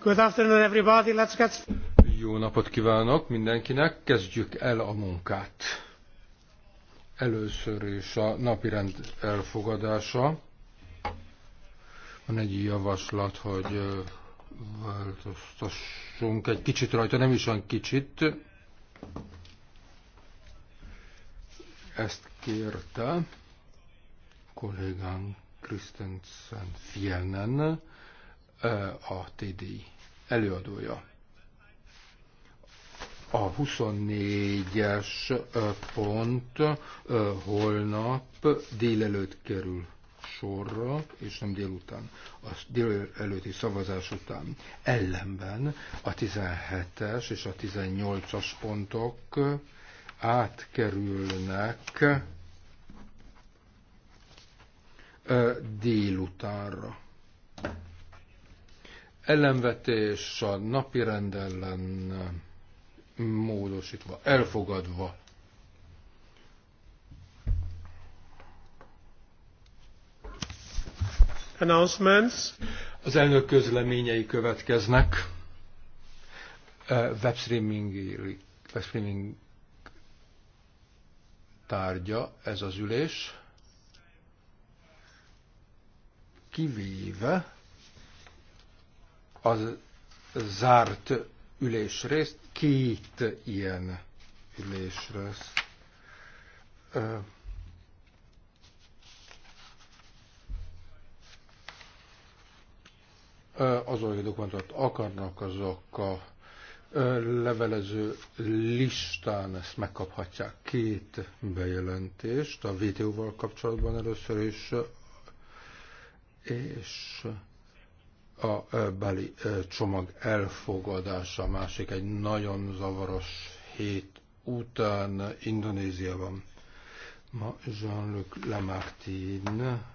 Good afternoon everybody. Let's get... Jó napot kívánok mindenkinek, kezdjük el a munkát. Először is a napirend elfogadása. Van egy javaslat, hogy változtassunk egy kicsit rajta, nem is olyan kicsit, ezt kérte kollégám Christensen Fjellnen, a TD előadója. A 24-es pont holnap délelőtt kerül sorra, és nem délután, a délelőtti szavazás után. Ellenben a 17-es és a 18-as pontok átkerülnek délutánra. Ellenvetés a napi rendellen módosítva, elfogadva. Announcements. Az elnök közleményei következnek. Webstreaming, webstreaming tárgya ez az ülés, kivéve az zárt ülésrészt, két ilyen ülésrészt. Az olyan dokumentumot akarnak, azok a levelező listán ezt megkaphatják. Két bejelentést a VTO-val kapcsolatban először is, és a beli csomag elfogadása a másik egy nagyon zavaros hét után Indonéziában. Ma Jean-Luc Lamartine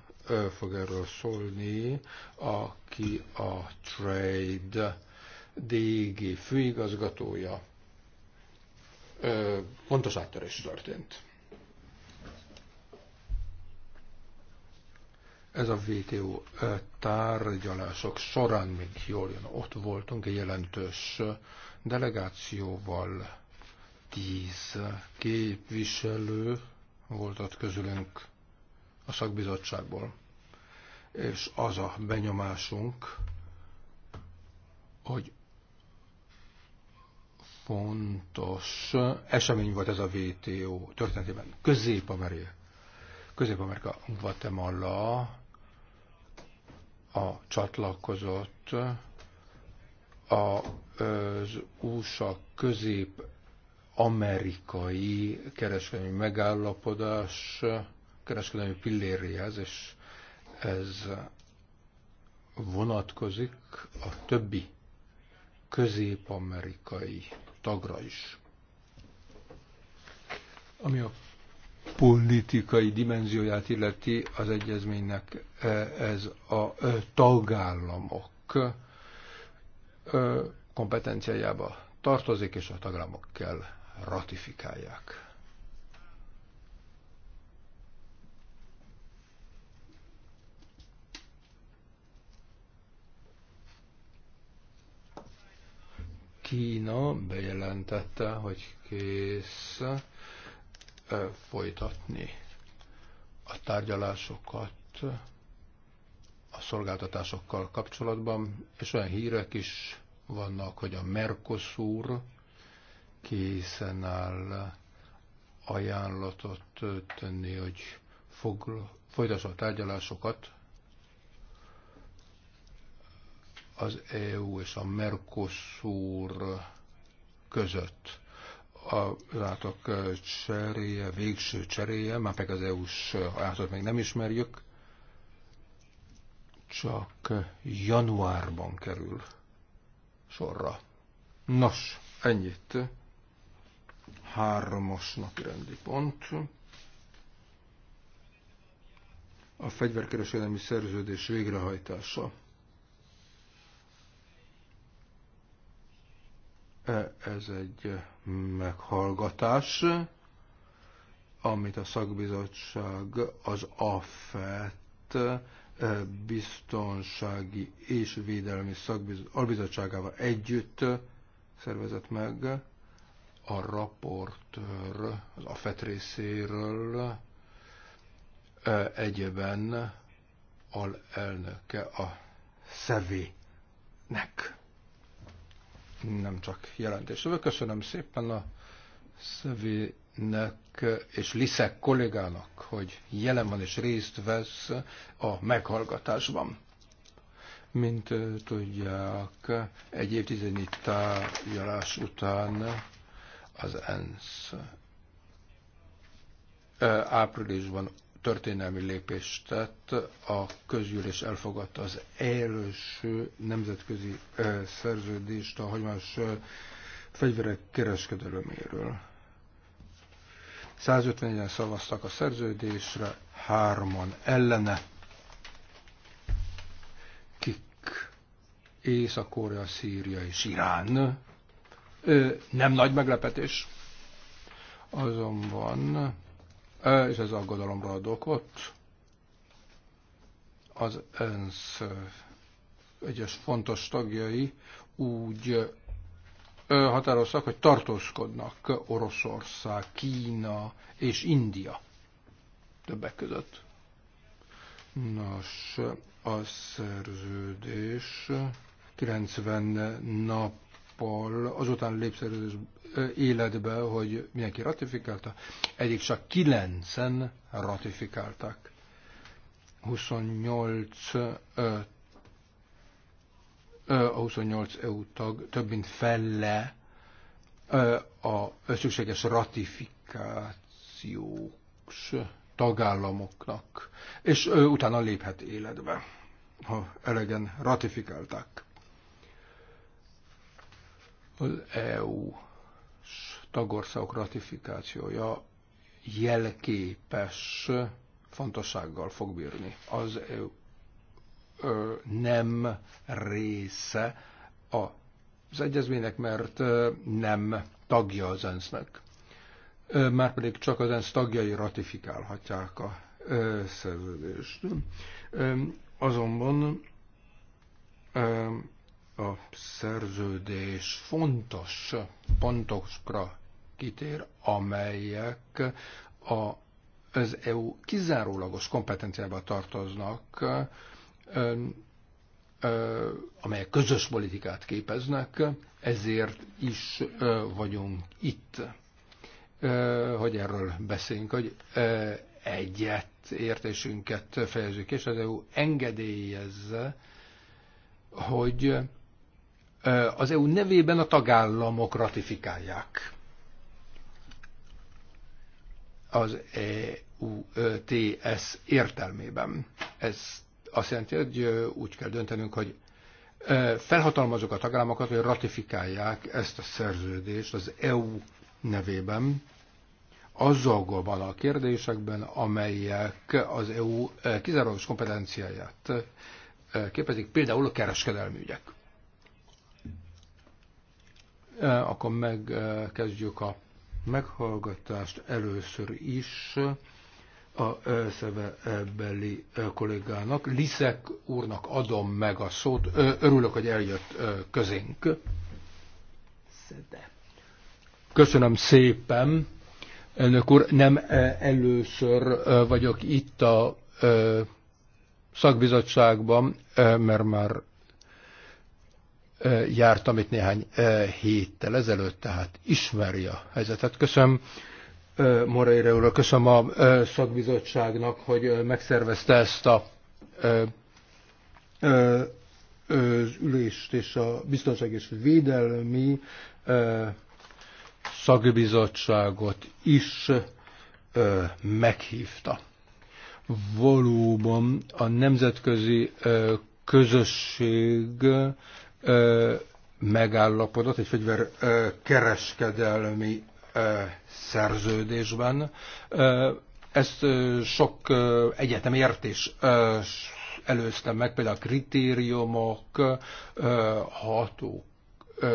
fog erről szólni, aki a Trade DG főigazgatója fontos áttörés történt. Ez a VTO tárgyalások során, még jól jön, ott voltunk egy jelentős delegációval, tíz képviselő volt ott közülünk a szakbizottságból. És az a benyomásunk, hogy fontos esemény volt ez a VTO történetében. Közép-Amerika, Közép-Amerika, Guatemala a csatlakozott a, az USA közép amerikai kereskedelmi megállapodás kereskedelmi pilléréhez, és ez vonatkozik a többi közép-amerikai tagra is. Ami a politikai dimenzióját illeti az egyezménynek e, ez a e, tagállamok e, kompetenciájába tartozik, és a tagállamok kell ratifikálják. Kína bejelentette, hogy kész folytatni a tárgyalásokat a szolgáltatásokkal kapcsolatban, és olyan hírek is vannak, hogy a Mercosur készen áll ajánlatot tenni, hogy fog, folytassa a tárgyalásokat az EU és a Mercosur között a látok cseréje, végső cseréje, már meg az EU-s ajánlatot még nem ismerjük, csak januárban kerül sorra. Nos, ennyit. Hármas napirendi pont. A fegyverkereskedelmi szerződés végrehajtása. Ez egy meghallgatás, amit a szakbizottság, az AFET eh, biztonsági és védelmi albizottságával együtt szervezett meg a raportőr az AFET részéről eh, egyben elnöke a szevének nem csak jelentéstől. Köszönöm szépen a szövének és Liszek kollégának, hogy jelen van és részt vesz a meghallgatásban. Mint tudják, egy évtizednyi tárgyalás után az ENSZ áprilisban történelmi lépést tett, a közgyűlés elfogadta az első nemzetközi szerződést a hagyományos fegyverek kereskedelőméről. 150-en szavaztak a szerződésre, hárman ellene. Kik? Észak-Korea, Szíria és Irán. Ö, nem nagy meglepetés. Azonban és ez aggodalomra ad okot. Az ENSZ egyes fontos tagjai úgy határoztak, hogy tartózkodnak Oroszország, Kína és India többek között. Nos, a szerződés 90 nap nappal azután lépszerűs életbe, hogy mindenki ratifikálta. Egyik csak kilencen ratifikáltak, 28 ö, a 28 EU tag több mint felle a szükséges ratifikációs tagállamoknak, és utána léphet életbe, ha elegen ratifikálták. Az EU tagországok ratifikációja jelképes fontossággal fog bírni. Az EU nem része az egyezménynek, mert nem tagja az ENSZ-nek. Márpedig csak az ENSZ tagjai ratifikálhatják a szerződést. azonban a szerződés fontos pontokra kitér, amelyek a, az EU kizárólagos kompetenciába tartoznak, amelyek közös politikát képeznek, ezért is vagyunk itt, hogy erről beszéljünk, hogy egyet értésünket fejezzük, és az EU engedélyezze, hogy az EU nevében a tagállamok ratifikálják. Az EUTS értelmében. Ez azt jelenti, hogy úgy kell döntenünk, hogy felhatalmazok a tagállamokat, hogy ratifikálják ezt a szerződést az EU nevében, azokban a kérdésekben, amelyek az EU kizárólagos kompetenciáját képezik, például a kereskedelmi ügyek. E, akkor megkezdjük a meghallgatást először is a e, szövebeli e, kollégának. Liszek úrnak adom meg a szót. Örülök, hogy eljött közénk. Köszönöm szépen. Elnök úr, nem először vagyok itt a szakbizottságban, mert már jártam itt néhány héttel ezelőtt, tehát ismeri a helyzetet. Köszönöm Moreira úr, köszönöm a szakbizottságnak, hogy megszervezte ezt a az ülést és a biztonság és védelmi szakbizottságot is meghívta. Valóban a nemzetközi közösség megállapodott egy fegyver kereskedelmi szerződésben. Ezt sok egyetem értés előztem meg, például a kritériumok, ö,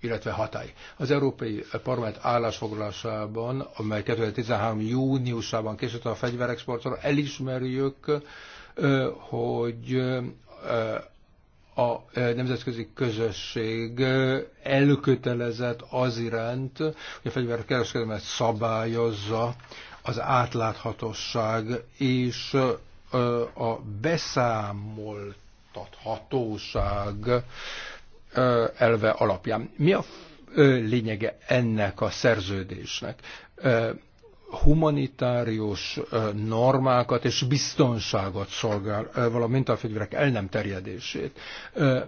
illetve hatály. Az Európai Parlament állásfoglalásában, amely 2013. júniusában készült a fegyverexportról, elismerjük, hogy a nemzetközi közösség elkötelezett az iránt, hogy a fegyverkereskedelmet szabályozza az átláthatóság és a beszámoltathatóság elve alapján. Mi a lényege ennek a szerződésnek? humanitárius normákat és biztonságot szolgál, valamint a fegyverek el nem terjedését.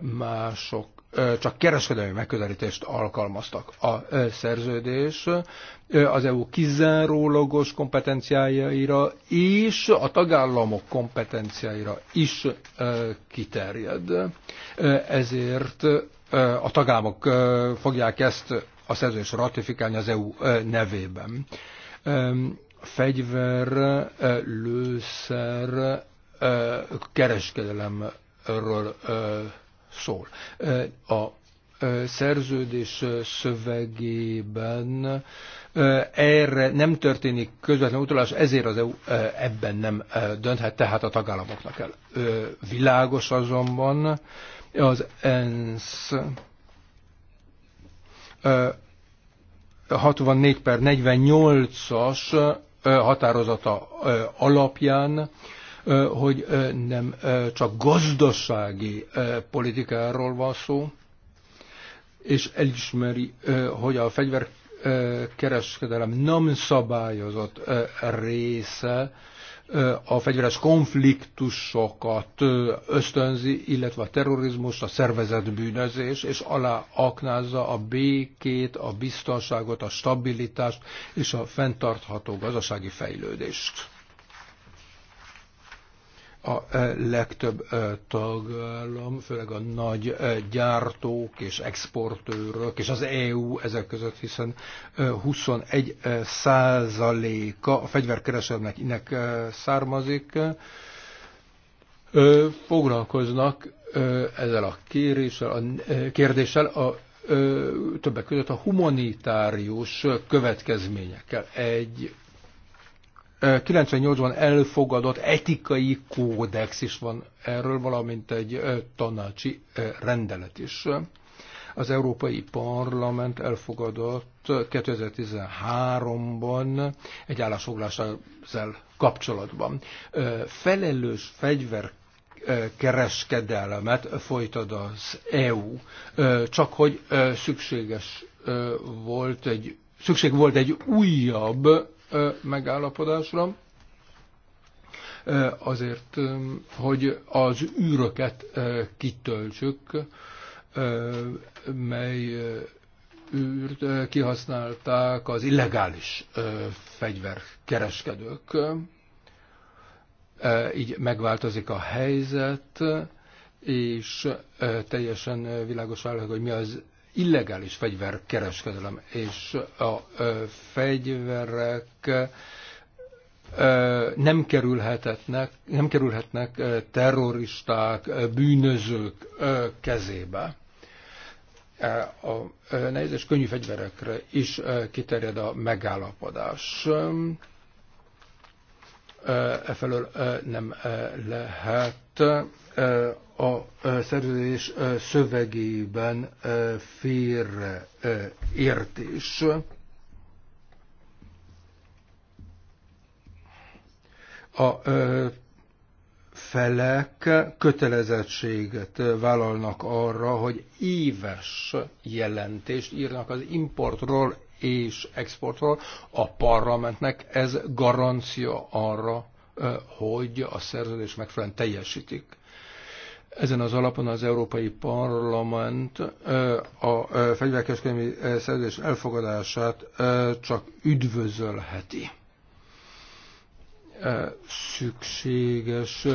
Mások csak kereskedelmi megközelítést alkalmaztak. A szerződés az EU kizárólagos kompetenciájaira és a tagállamok kompetenciáira is kiterjed. Ezért a tagállamok fogják ezt a szerződést ratifikálni az EU nevében fegyver, lőszer, kereskedelemről szól. A szerződés szövegében erre nem történik közvetlen utalás, ezért az EU ebben nem dönthet, tehát a tagállamoknak kell. Világos azonban az ENSZ 64 per 48-as határozata alapján, hogy nem csak gazdasági politikáról van szó, és elismeri, hogy a fegyverkereskedelem nem szabályozott része a fegyveres konfliktusokat ösztönzi, illetve a terrorizmus, a szervezetbűnözés, és alá aknázza a békét, a biztonságot, a stabilitást és a fenntartható gazdasági fejlődést a legtöbb tagállam, főleg a nagy gyártók és exportőrök, és az EU ezek között, hiszen 21 százaléka a fegyverkereselmnek innek származik, foglalkoznak ezzel a kéréssel, a kérdéssel a többek között a humanitárius következményekkel. Egy 98-ban elfogadott etikai kódex is van erről, valamint egy tanácsi rendelet is. Az Európai Parlament elfogadott 2013-ban egy állásfoglalást kapcsolatban. Felelős fegyver kereskedelmet folytat az EU, csak hogy szükséges volt egy, szükség volt egy újabb megállapodásra, azért, hogy az űröket kitöltsük, mely űrt kihasználták az illegális fegyverkereskedők. Így megváltozik a helyzet, és teljesen világos hogy mi az illegális fegyverkereskedelem és a fegyverek nem kerülhetetnek, nem kerülhetnek terroristák, bűnözők kezébe. A nehéz és könnyű fegyverekre is kiterjed a megállapodás. Efelől nem lehet a szerződés szövegében félre értés. A felek kötelezettséget vállalnak arra, hogy éves jelentést írnak az importról és exportról. A parlamentnek ez garancia arra, hogy a szerződés megfelelően teljesítik. Ezen az alapon az Európai Parlament a fegyverkeskedelmi szerződés elfogadását csak üdvözölheti. Szükséges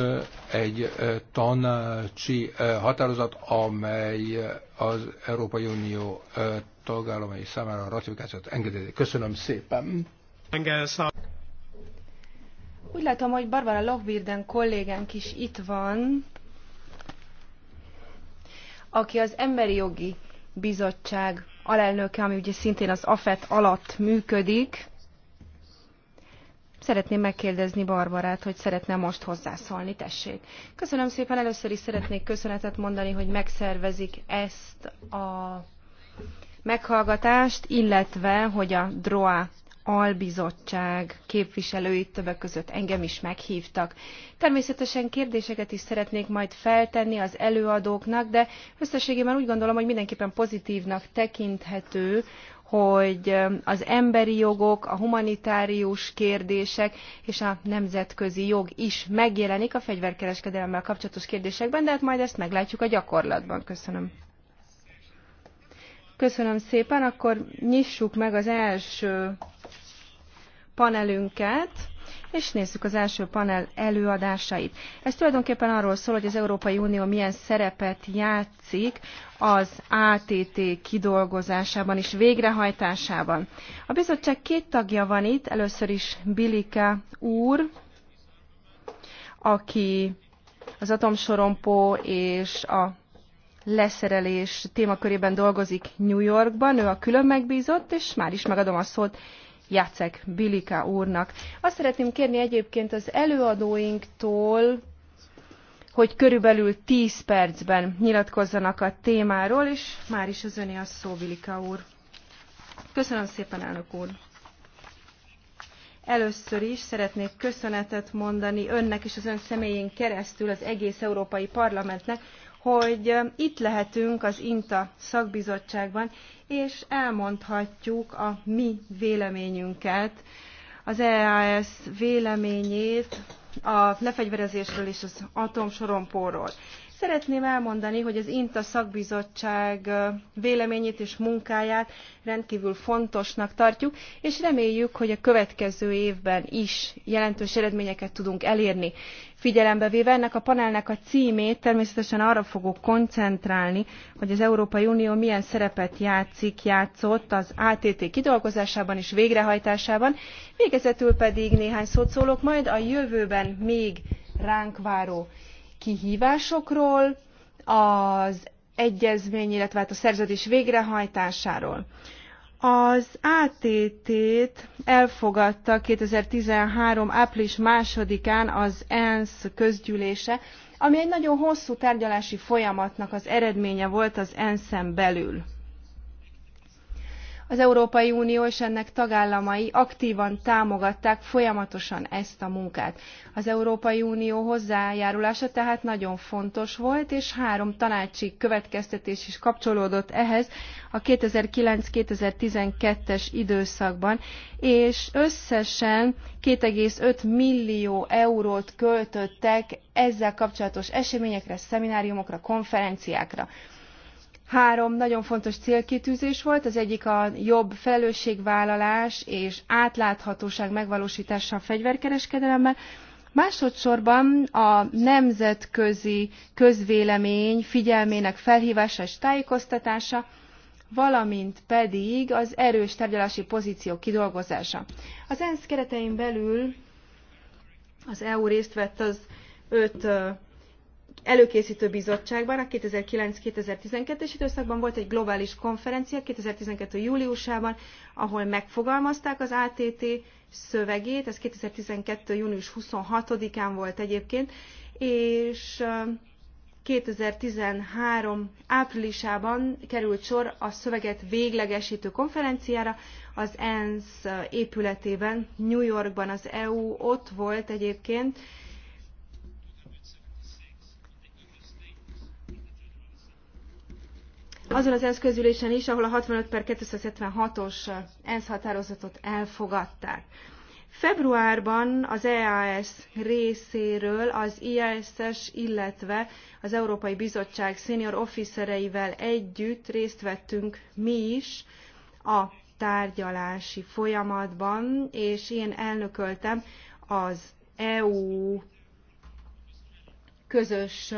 egy tanácsi határozat, amely az Európai Unió tagállamai számára a ratifikációt engedélyezi. Köszönöm szépen! Úgy látom, hogy Barbara Lochbirden kollégánk is itt van aki az Emberi Jogi Bizottság alelnöke, ami ugye szintén az AFET alatt működik. Szeretném megkérdezni Barbarát, hogy szeretne most hozzászólni, tessék. Köszönöm szépen, először is szeretnék köszönetet mondani, hogy megszervezik ezt a meghallgatást, illetve hogy a DROA albizottság képviselőit többek között engem is meghívtak. Természetesen kérdéseket is szeretnék majd feltenni az előadóknak, de összességében úgy gondolom, hogy mindenképpen pozitívnak tekinthető, hogy az emberi jogok, a humanitárius kérdések és a nemzetközi jog is megjelenik a fegyverkereskedelemmel kapcsolatos kérdésekben, de hát majd ezt meglátjuk a gyakorlatban. Köszönöm. Köszönöm szépen, akkor nyissuk meg az első panelünket, és nézzük az első panel előadásait. Ez tulajdonképpen arról szól, hogy az Európai Unió milyen szerepet játszik az ATT kidolgozásában és végrehajtásában. A bizottság két tagja van itt, először is Bilika úr, aki az atomsorompó és a leszerelés témakörében dolgozik New Yorkban, ő a külön megbízott, és már is megadom a szót Jacek Bilika úrnak. Azt szeretném kérni egyébként az előadóinktól, hogy körülbelül 10 percben nyilatkozzanak a témáról, és már is az öné a szó, Bilika úr. Köszönöm szépen, elnök úr! Először is szeretnék köszönetet mondani önnek és az ön személyén keresztül az egész Európai Parlamentnek, hogy itt lehetünk az INTA szakbizottságban, és elmondhatjuk a mi véleményünket, az EAS véleményét a lefegyverezésről és az atomsorompóról. Szeretném elmondani, hogy az INTA szakbizottság véleményét és munkáját rendkívül fontosnak tartjuk, és reméljük, hogy a következő évben is jelentős eredményeket tudunk elérni. Figyelembe véve ennek a panelnek a címét, természetesen arra fogok koncentrálni, hogy az Európai Unió milyen szerepet játszik, játszott az ATT kidolgozásában és végrehajtásában, végezetül pedig néhány szót szólok majd a jövőben még ránk váró kihívásokról, az egyezmény, illetve hát a szerződés végrehajtásáról. Az ATT-t elfogadta 2013. április másodikán az ENSZ közgyűlése, ami egy nagyon hosszú tárgyalási folyamatnak az eredménye volt az ENSZ-en belül. Az Európai Unió és ennek tagállamai aktívan támogatták folyamatosan ezt a munkát. Az Európai Unió hozzájárulása tehát nagyon fontos volt, és három tanácsi következtetés is kapcsolódott ehhez a 2009-2012-es időszakban, és összesen 2,5 millió eurót költöttek ezzel kapcsolatos eseményekre, szemináriumokra, konferenciákra. Három nagyon fontos célkitűzés volt, az egyik a jobb felelősségvállalás és átláthatóság megvalósítása a fegyverkereskedelemben, Másodszorban a nemzetközi közvélemény figyelmének felhívása és tájékoztatása, valamint pedig az erős tárgyalási pozíció kidolgozása. Az ENSZ keretein belül az EU részt vett az öt előkészítő bizottságban a 2009-2012-es időszakban volt egy globális konferencia 2012. júliusában, ahol megfogalmazták az ATT szövegét, ez 2012. június 26-án volt egyébként, és 2013 áprilisában került sor a szöveget véglegesítő konferenciára az ENSZ épületében, New Yorkban az EU ott volt egyébként, azon az ENSZ közülésen is, ahol a 65 per 276-os ENSZ határozatot elfogadták. Februárban az EAS részéről az ISS, illetve az Európai Bizottság senior officereivel együtt részt vettünk mi is a tárgyalási folyamatban, és én elnököltem az EU közös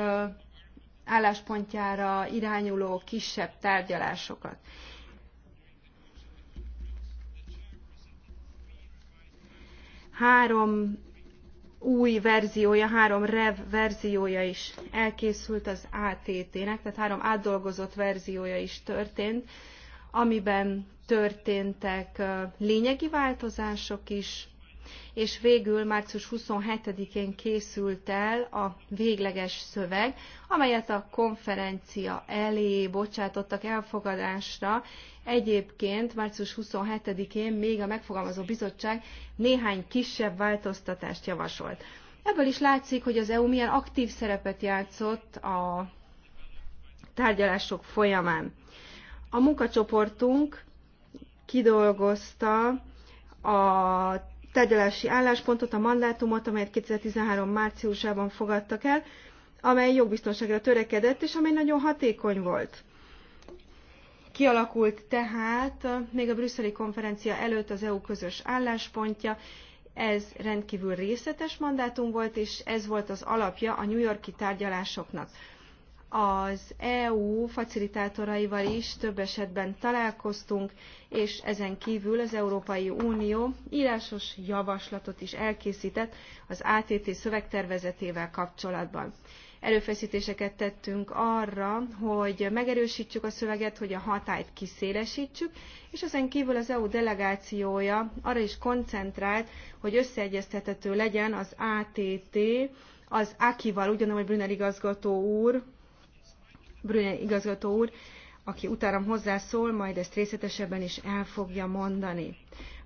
álláspontjára irányuló kisebb tárgyalásokat. Három új verziója, három rev verziója is elkészült az ATT-nek, tehát három átdolgozott verziója is történt, amiben történtek lényegi változások is, és végül március 27-én készült el a végleges szöveg, amelyet a konferencia elé bocsátottak elfogadásra. Egyébként március 27-én még a megfogalmazó bizottság néhány kisebb változtatást javasolt. Ebből is látszik, hogy az EU milyen aktív szerepet játszott a tárgyalások folyamán. A munkacsoportunk kidolgozta a tárgyalási álláspontot, a mandátumot, amelyet 2013 márciusában fogadtak el, amely jogbiztonságra törekedett, és amely nagyon hatékony volt. Kialakult tehát még a brüsszeli konferencia előtt az EU közös álláspontja, ez rendkívül részletes mandátum volt, és ez volt az alapja a New Yorki tárgyalásoknak az EU facilitátoraival is több esetben találkoztunk, és ezen kívül az Európai Unió írásos javaslatot is elkészített az ATT szövegtervezetével kapcsolatban. Erőfeszítéseket tettünk arra, hogy megerősítsük a szöveget, hogy a hatályt kiszélesítsük, és ezen kívül az EU delegációja arra is koncentrált, hogy összeegyeztethető legyen az ATT az aki ugyanúgy Brunner igazgató úr Brüne igazgató úr, aki utána hozzászól, majd ezt részletesebben is el fogja mondani.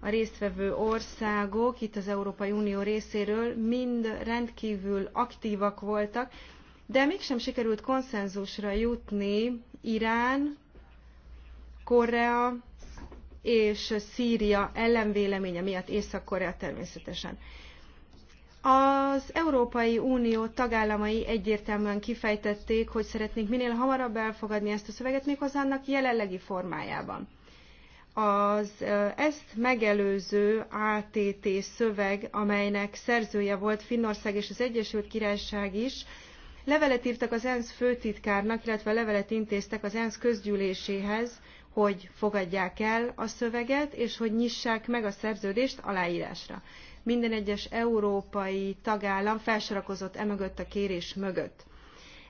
A résztvevő országok itt az Európai Unió részéről mind rendkívül aktívak voltak, de mégsem sikerült konszenzusra jutni Irán, Korea és Szíria ellenvéleménye miatt, Észak-Korea természetesen. Az Európai Unió tagállamai egyértelműen kifejtették, hogy szeretnék minél hamarabb elfogadni ezt a szöveget, méghozzá annak jelenlegi formájában. Az ezt megelőző ATT szöveg, amelynek szerzője volt Finnország és az Egyesült Királyság is, levelet írtak az ENSZ főtitkárnak, illetve levelet intéztek az ENSZ közgyűléséhez, hogy fogadják el a szöveget, és hogy nyissák meg a szerződést aláírásra minden egyes európai tagállam felsorakozott emögött a kérés mögött.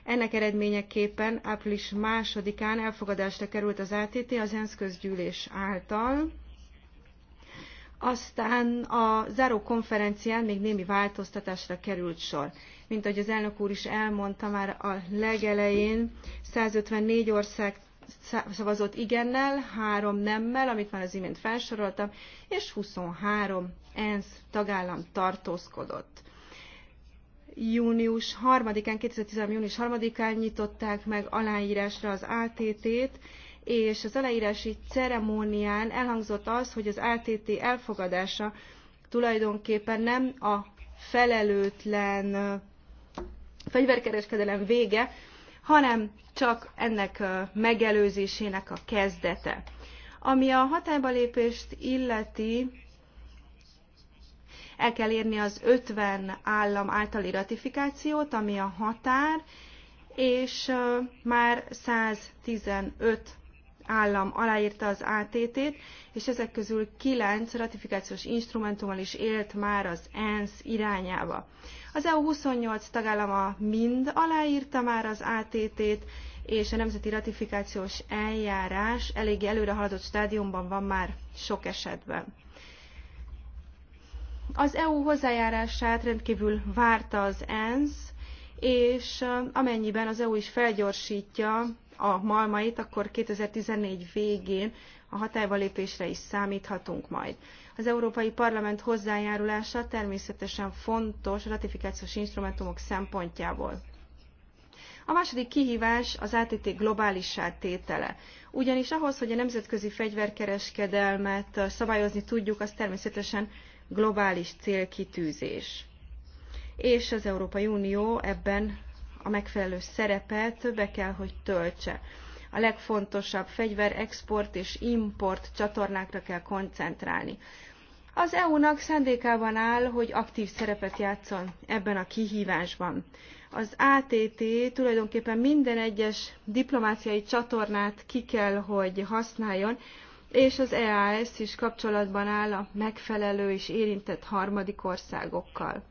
Ennek eredményeképpen április másodikán elfogadásra került az ATT az ENSZ közgyűlés által, aztán a záró konferencián még némi változtatásra került sor. Mint ahogy az elnök úr is elmondta már a legelején, 154 ország szavazott igennel, három nemmel, amit már az imént felsoroltam, és 23 ENSZ tagállam tartózkodott. Június 3-án, 2013. június 3-án nyitották meg aláírásra az ATT-t, és az aláírási ceremónián elhangzott az, hogy az ATT elfogadása tulajdonképpen nem a felelőtlen fegyverkereskedelem vége, hanem csak ennek megelőzésének a kezdete. Ami a hatályba lépést illeti, el kell érni az 50 állam általi ratifikációt, ami a határ, és már 115 állam aláírta az ATT-t, és ezek közül kilenc ratifikációs instrumentummal is élt már az ENSZ irányába. Az EU 28 tagállama mind aláírta már az ATT-t, és a nemzeti ratifikációs eljárás eléggé haladott stádiumban van már sok esetben. Az EU hozzájárását rendkívül várta az ENSZ, és eh, amennyiben az EU is felgyorsítja a malmait, akkor 2014 végén a hatályvalépésre is számíthatunk majd. Az Európai Parlament hozzájárulása természetesen fontos ratifikációs instrumentumok szempontjából. A második kihívás az ATT globális tétele. Ugyanis ahhoz, hogy a nemzetközi fegyverkereskedelmet szabályozni tudjuk, az természetesen globális célkitűzés. És az Európai Unió ebben a megfelelő szerepet be kell, hogy töltse. A legfontosabb fegyver export és import csatornákra kell koncentrálni. Az EU-nak szándékában áll, hogy aktív szerepet játszon ebben a kihívásban. Az ATT tulajdonképpen minden egyes diplomáciai csatornát ki kell, hogy használjon, és az EAS is kapcsolatban áll a megfelelő és érintett harmadik országokkal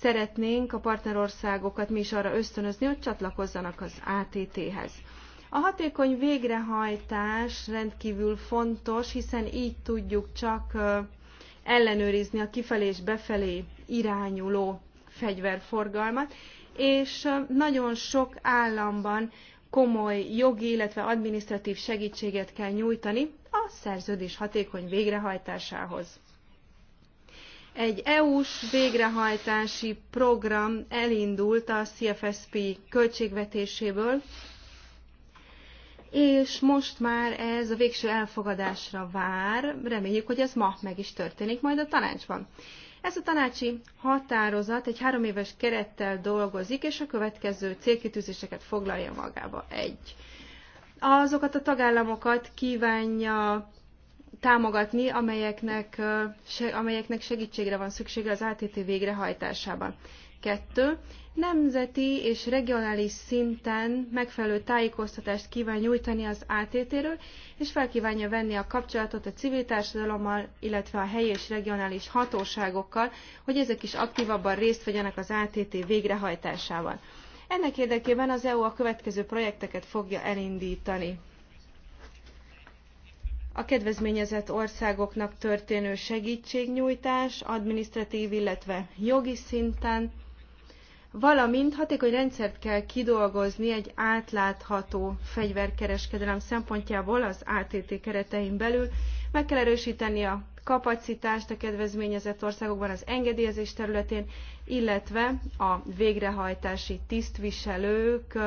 szeretnénk a partnerországokat mi is arra ösztönözni, hogy csatlakozzanak az ATT-hez. A hatékony végrehajtás rendkívül fontos, hiszen így tudjuk csak ellenőrizni a kifelé és befelé irányuló fegyverforgalmat, és nagyon sok államban komoly jogi, illetve adminisztratív segítséget kell nyújtani a szerződés hatékony végrehajtásához. Egy EU-s végrehajtási program elindult a CFSP költségvetéséből, és most már ez a végső elfogadásra vár, reméljük, hogy ez ma meg is történik majd a tanácsban. Ez a tanácsi határozat egy három éves kerettel dolgozik, és a következő célkitűzéseket foglalja magába egy. Azokat a tagállamokat kívánja támogatni, amelyeknek, amelyeknek segítségre van szüksége az ATT végrehajtásában. Kettő, nemzeti és regionális szinten megfelelő tájékoztatást kíván nyújtani az ATT-ről, és felkívánja venni a kapcsolatot a civil társadalommal, illetve a helyi és regionális hatóságokkal, hogy ezek is aktívabban részt vegyenek az ATT végrehajtásában. Ennek érdekében az EU a következő projekteket fogja elindítani a kedvezményezett országoknak történő segítségnyújtás adminisztratív, illetve jogi szinten, valamint hatékony rendszert kell kidolgozni egy átlátható fegyverkereskedelem szempontjából az ATT keretein belül, meg kell erősíteni a kapacitást a kedvezményezett országokban az engedélyezés területén, illetve a végrehajtási tisztviselők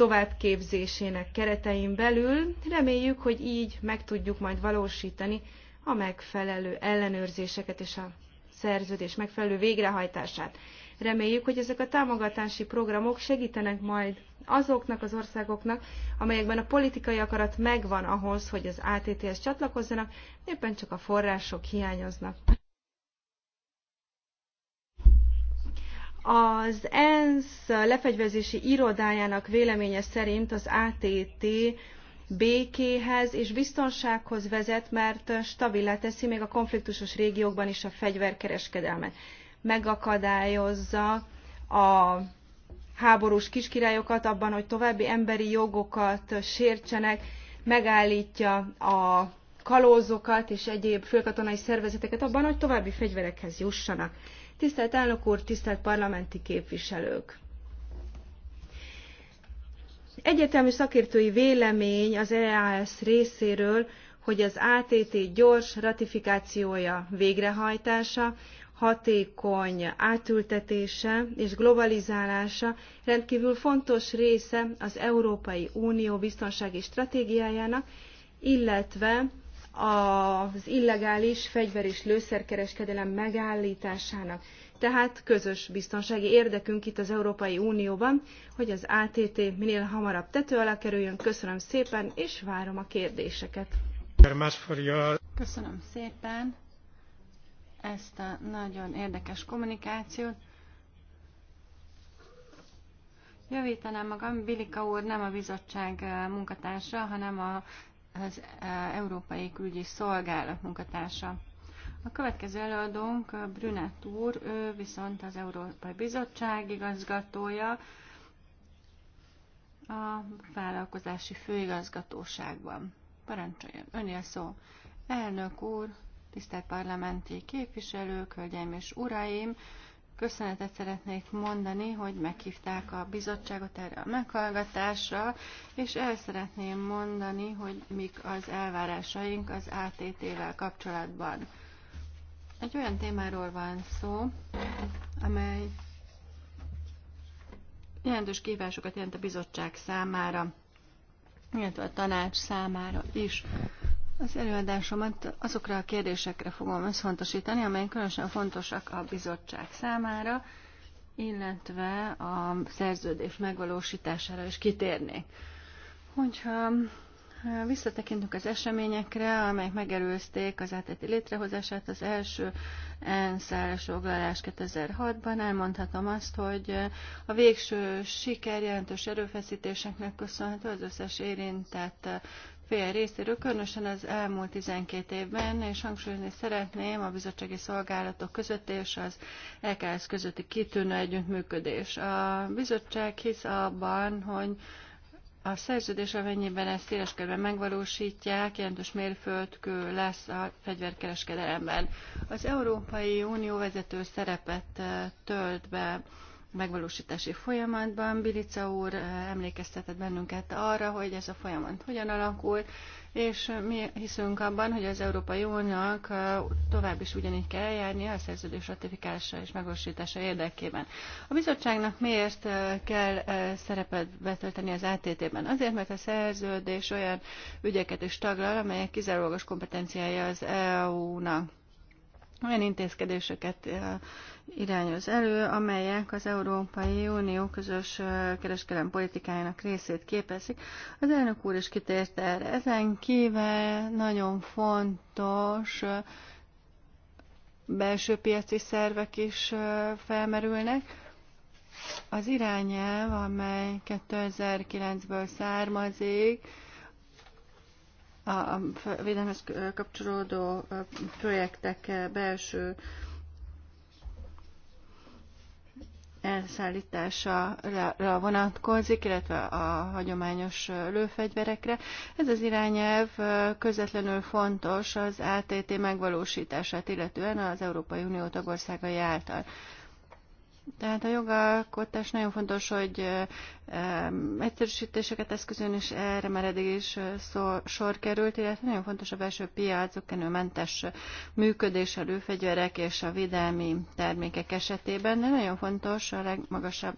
továbbképzésének keretein belül. Reméljük, hogy így meg tudjuk majd valósítani a megfelelő ellenőrzéseket és a szerződés megfelelő végrehajtását. Reméljük, hogy ezek a támogatási programok segítenek majd azoknak az országoknak, amelyekben a politikai akarat megvan ahhoz, hogy az ATTS csatlakozzanak, éppen csak a források hiányoznak. Az ENSZ lefegyverzési irodájának véleménye szerint az ATT békéhez és biztonsághoz vezet, mert stabilá teszi még a konfliktusos régiókban is a fegyverkereskedelmet. Megakadályozza a háborús kiskirályokat abban, hogy további emberi jogokat sértsenek, megállítja a kalózokat és egyéb főkatonai szervezeteket abban, hogy további fegyverekhez jussanak. Tisztelt elnök úr, tisztelt parlamenti képviselők! Egyértelmű szakértői vélemény az EAS részéről, hogy az ATT gyors ratifikációja, végrehajtása, hatékony átültetése és globalizálása rendkívül fontos része az Európai Unió biztonsági stratégiájának, illetve az illegális fegyver és lőszerkereskedelem megállításának. Tehát közös biztonsági érdekünk itt az Európai Unióban, hogy az ATT minél hamarabb tető alá kerüljön. Köszönöm szépen, és várom a kérdéseket. Köszönöm szépen ezt a nagyon érdekes kommunikációt. Jövítenem magam, Bilika úr nem a bizottság eh, munkatársa, hanem a az Európai Külügyi Szolgálat munkatársa. A következő előadónk Brünett úr, ő viszont az Európai Bizottság igazgatója, a vállalkozási főigazgatóságban. Parancsoljon, a szó. Elnök úr, tisztelt parlamenti képviselők, hölgyeim és uraim, köszönetet szeretnék mondani, hogy meghívták a bizottságot erre a meghallgatásra, és el szeretném mondani, hogy mik az elvárásaink az ATT-vel kapcsolatban. Egy olyan témáról van szó, amely jelentős kívásokat jelent a bizottság számára, illetve a tanács számára is. Az előadásomat azokra a kérdésekre fogom összpontosítani, amelyek különösen fontosak a bizottság számára, illetve a szerződés megvalósítására is kitérnék. Hogyha visszatekintünk az eseményekre, amelyek megerőzték az áteti létrehozását, az első ENSZ foglalás 2006-ban elmondhatom azt, hogy a végső siker jelentős erőfeszítéseknek köszönhető az összes érintett fél részéről, különösen az elmúlt 12 évben, és hangsúlyozni szeretném a bizottsági szolgálatok között és az LKS közötti kitűnő együttműködés. A bizottság hisz abban, hogy a szerződés, amennyiben ezt széles körben megvalósítják, jelentős mérföldkő lesz a fegyverkereskedelemben. Az Európai Unió vezető szerepet tölt be megvalósítási folyamatban. Bilica úr eh, emlékeztetett bennünket arra, hogy ez a folyamat hogyan alakul, és mi hiszünk abban, hogy az Európai Uniónak eh, tovább is ugyanígy kell eljárni a szerződés ratifikálása és megvalósítása érdekében. A bizottságnak miért eh, kell szerepet betölteni az ATT-ben? Azért, mert a szerződés olyan ügyeket is taglal, amelyek kizárólagos kompetenciája az EU-nak olyan intézkedéseket irányoz elő, amelyek az Európai Unió közös kereskedelmi politikájának részét képezik. Az elnök úr is kitért erre. Ezen kívül nagyon fontos belső piaci szervek is felmerülnek. Az irányelv, amely 2009-ből származik, a védelmez kapcsolódó projektek belső elszállítására vonatkozik, illetve a hagyományos lőfegyverekre. Ez az irányelv közvetlenül fontos az ATT megvalósítását, illetően az Európai Unió tagországai által. Tehát a jogalkotás nagyon fontos, hogy egyszerűsítéseket eszközön is erre már eddig is szó, sor került, illetve nagyon fontos a belső piacok mentes működés a lőfegyverek és a védelmi termékek esetében, de nagyon fontos a legmagasabb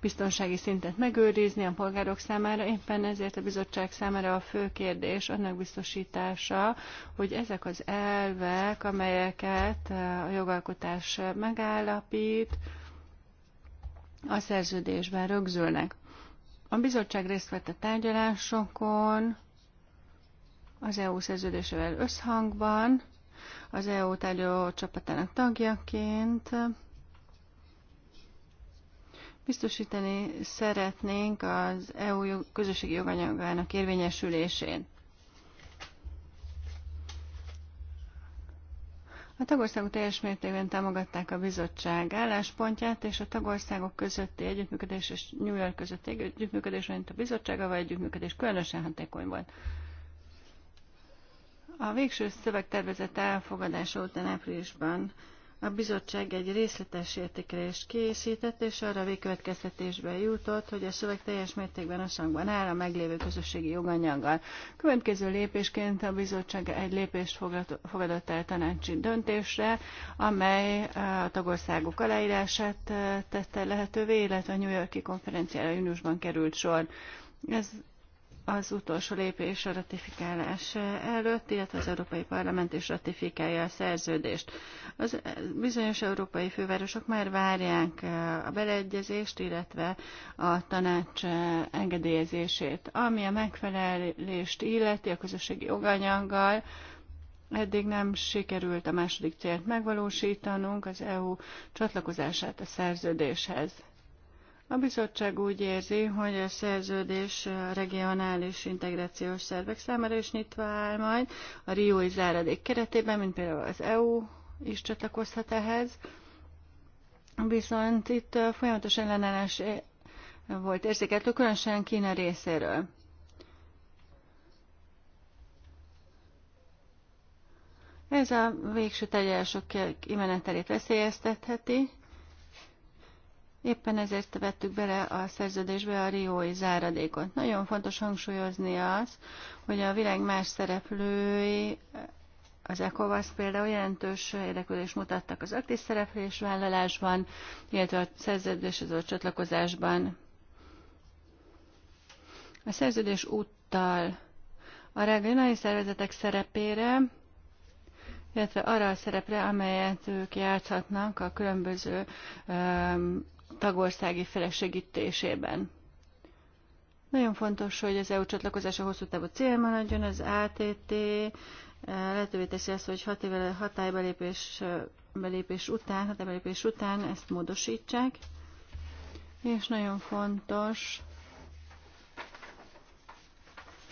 biztonsági szintet megőrizni a polgárok számára, éppen ezért a bizottság számára a fő kérdés annak biztosítása, hogy ezek az elvek, amelyeket a jogalkotás megállapít, a szerződésben rögzülnek. A bizottság részt vett a tárgyalásokon, az EU szerződésével összhangban, az EU tárgyaló csapatának tagjaként. Biztosítani szeretnénk az EU közösségi joganyagának érvényesülését. A tagországok teljes mértékben támogatták a bizottság álláspontját, és a tagországok közötti együttműködés és New York közötti együttműködés, mint a bizottsága, vagy együttműködés különösen hatékony volt. A végső szövegtervezet elfogadása után áprilisban a bizottság egy részletes értékelést készített, és arra végkövetkeztetésbe jutott, hogy a szöveg teljes mértékben összhangban áll a meglévő közösségi joganyaggal. Következő lépésként a bizottság egy lépést fogadott el tanácsi döntésre, amely a tagországok aláírását eh, tette lehetővé, illetve a New Yorki konferenciára júniusban került sor. Ez az utolsó lépés a ratifikálás előtt, illetve az Európai Parlament is ratifikálja a szerződést. Az bizonyos európai fővárosok már várják a beleegyezést, illetve a tanács engedélyezését, ami a megfelelést illeti a közösségi joganyaggal, Eddig nem sikerült a második célt megvalósítanunk, az EU csatlakozását a szerződéshez. A bizottság úgy érzi, hogy a szerződés regionális integrációs szervek számára is nyitva áll majd, a Riói záradék keretében, mint például az EU is csatlakozhat ehhez. Viszont itt folyamatos ellenállás volt érzékeltő, különösen Kína részéről. Ez a végső tegyelások kimenetelét veszélyeztetheti. Éppen ezért vettük bele a szerződésbe a riói záradékot. Nagyon fontos hangsúlyozni az, hogy a világ más szereplői, az ECOWAS például jelentős érdeklődést mutattak az aktív szereplés vállalásban, illetve a szerződéshez a csatlakozásban. A szerződés úttal a regionális szervezetek szerepére, illetve arra a szerepre, amelyet ők játszhatnak a különböző tagországi felek segítésében. Nagyon fontos, hogy az EU csatlakozása hosszú távú cél maradjon, az ATT eh, lehetővé teszi azt, hogy hat évvel hatálybelépés eh, belépés után, hatálybelépés után ezt módosítsák, és nagyon fontos,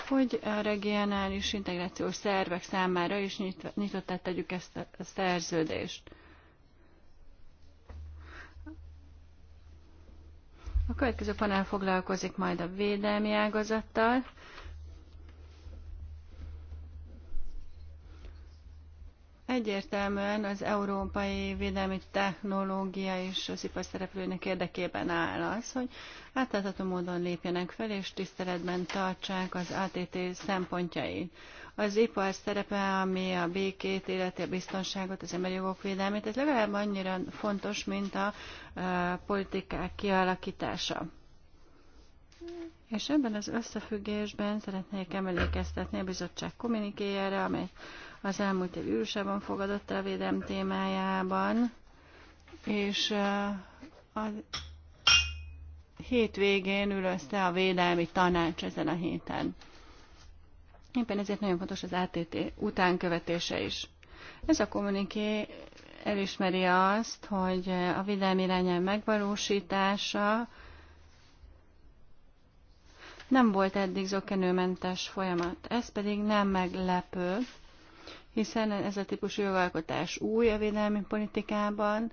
hogy a regionális integrációs szervek számára is nyitottá tegyük ezt a szerződést. A következő panel foglalkozik majd a védelmi ágazattal. Egyértelműen az európai védelmi technológia és az ipar szereplőinek érdekében áll az, hogy átlátható módon lépjenek fel és tiszteletben tartsák az ATT szempontjait az ipar szerepe, ami a békét, illeti a biztonságot, az emberi jogok védelmét, ez legalább annyira fontos, mint a politikák kialakítása. És ebben az összefüggésben szeretnék emlékeztetni a bizottság kommunikéjára, amely az elmúlt év júliusában fogadott a védelm témájában, és a hétvégén ül össze a védelmi tanács ezen a héten. Éppen ezért nagyon fontos az ATT utánkövetése is. Ez a kommuniké elismeri azt, hogy a védelmi irányel megvalósítása nem volt eddig zokkenőmentes folyamat. Ez pedig nem meglepő, hiszen ez a típusú jogalkotás új a védelmi politikában,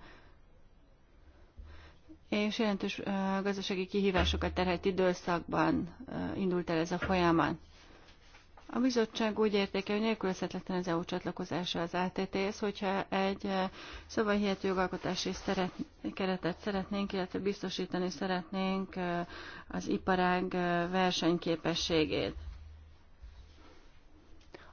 és jelentős gazdasági kihívásokat terhelt időszakban indult el ez a folyamat. A bizottság úgy értékel, hogy nélkülözhetetlen az EU csatlakozása az ATT-hez, hogyha egy eh, szavahihető jogalkotási szeret, keretet szeretnénk, illetve biztosítani szeretnénk eh, az iparág eh, versenyképességét.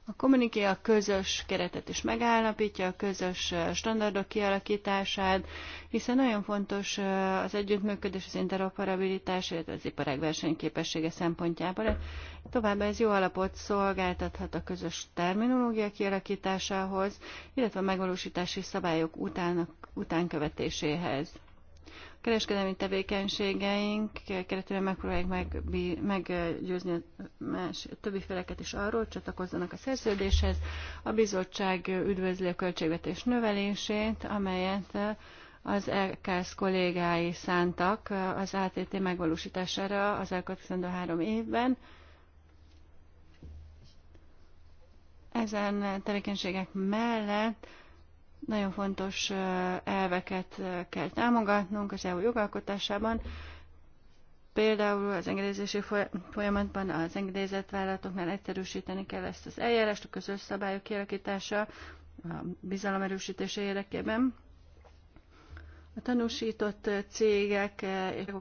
A kommuniké a közös keretet is megállapítja, a közös standardok kialakítását, hiszen nagyon fontos az együttműködés, az interoperabilitás, illetve az iparág versenyképessége szempontjából. Továbbá ez jó alapot szolgáltathat a közös terminológia kialakításához, illetve a megvalósítási szabályok után, utánkövetéséhez kereskedelmi tevékenységeink keretében megpróbáljuk meggyőzni más többi feleket is arról, hogy csatlakozzanak a szerződéshez. A bizottság üdvözli a költségvetés növelését, amelyet az EKSZ kollégái szántak az ATT megvalósítására az elkövetkezendő három évben. Ezen tevékenységek mellett nagyon fontos elveket kell támogatnunk az EU jogalkotásában, például az engedélyezési folyamatban az engedélyezett vállalatoknál egyszerűsíteni kell ezt az eljárást, a közös szabályok kialakítása, a bizalom erősítése érdekében. A tanúsított cégek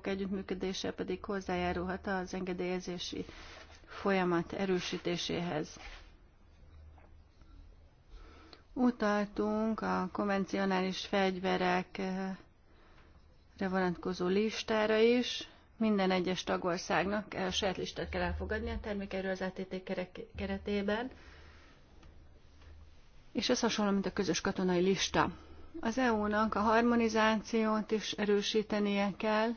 együttműködése pedig hozzájárulhat az engedélyezési folyamat erősítéséhez. Utaltunk a konvencionális fegyverekre vonatkozó listára is. Minden egyes tagországnak a saját listát kell elfogadni a termékerről az ATT keretében, és ez hasonló, mint a közös katonai lista. Az EU-nak a harmonizációt is erősítenie kell,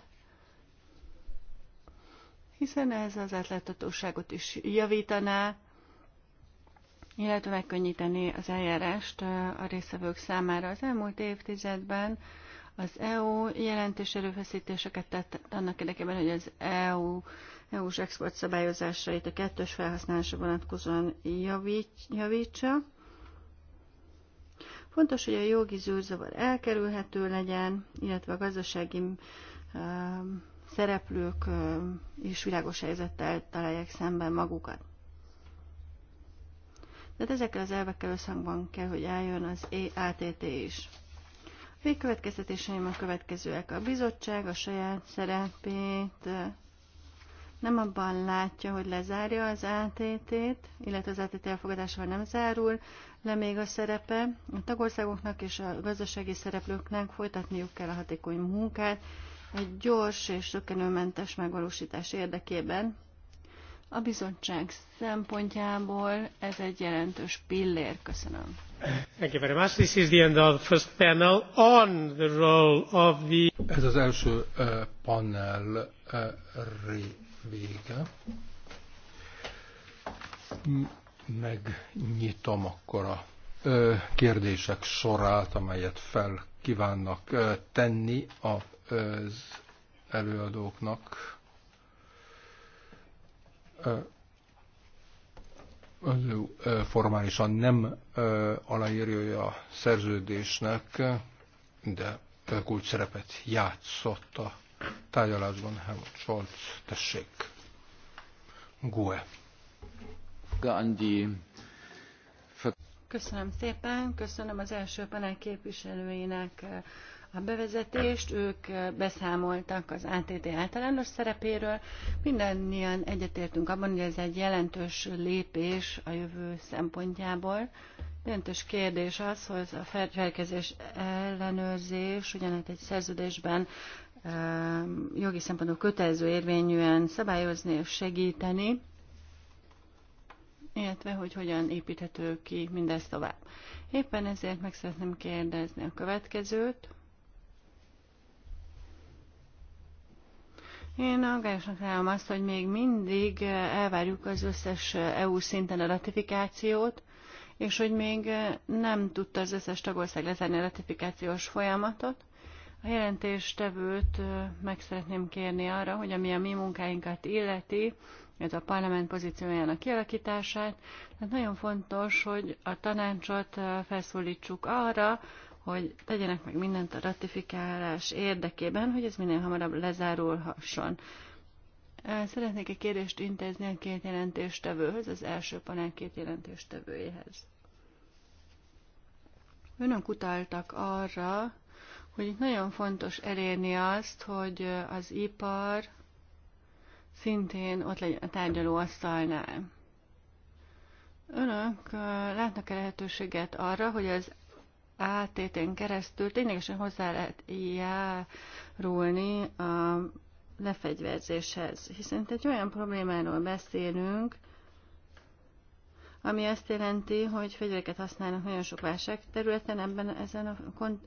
hiszen ez az átláthatóságot is javítaná, illetve megkönnyíteni az eljárást a részvevők számára. Az elmúlt évtizedben az EU jelentős erőfeszítéseket tett annak érdekében, hogy az EU, EU-s export szabályozásait a kettős felhasználásra vonatkozóan javítsa. Fontos, hogy a jogi zűrzavar elkerülhető legyen, illetve a gazdasági szereplők is világos helyzettel találják szemben magukat. Tehát ezekkel az elvekkel összhangban kell, hogy álljon az e ATT is. A végkövetkeztetéseim a következőek. A bizottság a saját szerepét nem abban látja, hogy lezárja az ATT-t, illetve az ATT elfogadásával nem zárul le még a szerepe. A tagországoknak és a gazdasági szereplőknek folytatniuk kell a hatékony munkát egy gyors és rökkenőmentes megvalósítás érdekében, a bizottság szempontjából ez egy jelentős pillér. Köszönöm. Thank you very much. This is the end of the first panel on the role of the... Ez az első uh, panel uh, vége. Megnyitom akkor a uh, kérdések sorát, amelyet fel kívánnak uh, tenni az előadóknak formálisan nem aláírja a szerződésnek, de kulcs szerepet játszott a tárgyalásban Helmut Scholz. Tessék. Gue. Gandhi. Köszönöm szépen, köszönöm az első panel képviselőinek a bevezetést, ők beszámoltak az ATT általános szerepéről. Mindannyian egyetértünk abban, hogy ez egy jelentős lépés a jövő szempontjából. Jelentős kérdés az, hogy a felkezés ellenőrzés ugyanett hát egy szerződésben jogi szempontból kötelező érvényűen szabályozni és segíteni, illetve hogy hogyan építhető ki mindez tovább. Éppen ezért meg szeretném kérdezni a következőt. Én aggályosnak találom azt, hogy még mindig eh, elvárjuk az összes eh, EU szinten a ratifikációt, és hogy még eh, nem tudta az összes tagország lezárni a ratifikációs folyamatot. A jelentéstevőt meg szeretném kérni arra, hogy ami a mi munkáinkat illeti, ez a parlament pozíciójának kialakítását, tehát nagyon fontos, hogy a tanácsot felszólítsuk arra, hogy tegyenek meg mindent a ratifikálás érdekében, hogy ez minél hamarabb lezárulhasson. Szeretnék egy kérdést intézni a két jelentéstevőhöz, az első panel két jelentéstevőjéhez. Önök utaltak arra, hogy itt nagyon fontos elérni azt, hogy az ipar szintén ott legyen a tárgyalóasztalnál. Önök látnak-e lehetőséget arra, hogy az átétén keresztül ténylegesen hozzá lehet járulni a lefegyverzéshez. Hiszen egy olyan problémáról beszélünk, ami azt jelenti, hogy fegyvereket használnak nagyon sok területen ebben ezen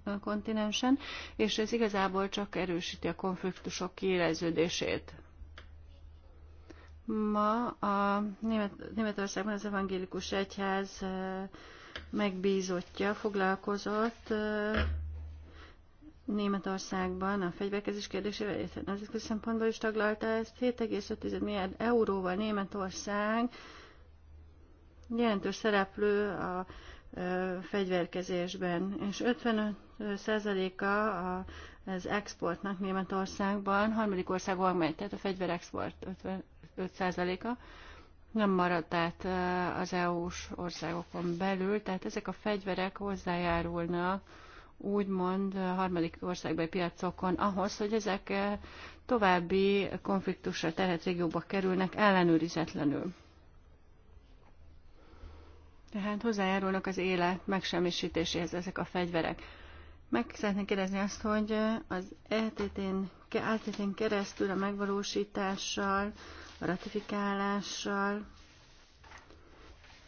a kontinensen, és ez igazából csak erősíti a konfliktusok kiéleződését. Ma a Német, Németországban az evangélikus egyház megbízottja foglalkozott Németországban a fegyverkezés kérdésével, illetve nemzetközi szempontból is taglalta ezt. 7,5 milliárd euróval Németország jelentős szereplő a fegyverkezésben, és 55%-a az exportnak Németországban, harmadik országban megy, tehát a fegyverexport 55%-a nem maradt át az EU-s országokon belül, tehát ezek a fegyverek hozzájárulnak úgymond harmadik országbeli piacokon ahhoz, hogy ezek további konfliktusra terhet régióba kerülnek ellenőrizetlenül. Tehát hozzájárulnak az élet megsemmisítéséhez ezek a fegyverek. Meg szeretném kérdezni azt, hogy az ETT-n keresztül a megvalósítással a ratifikálással.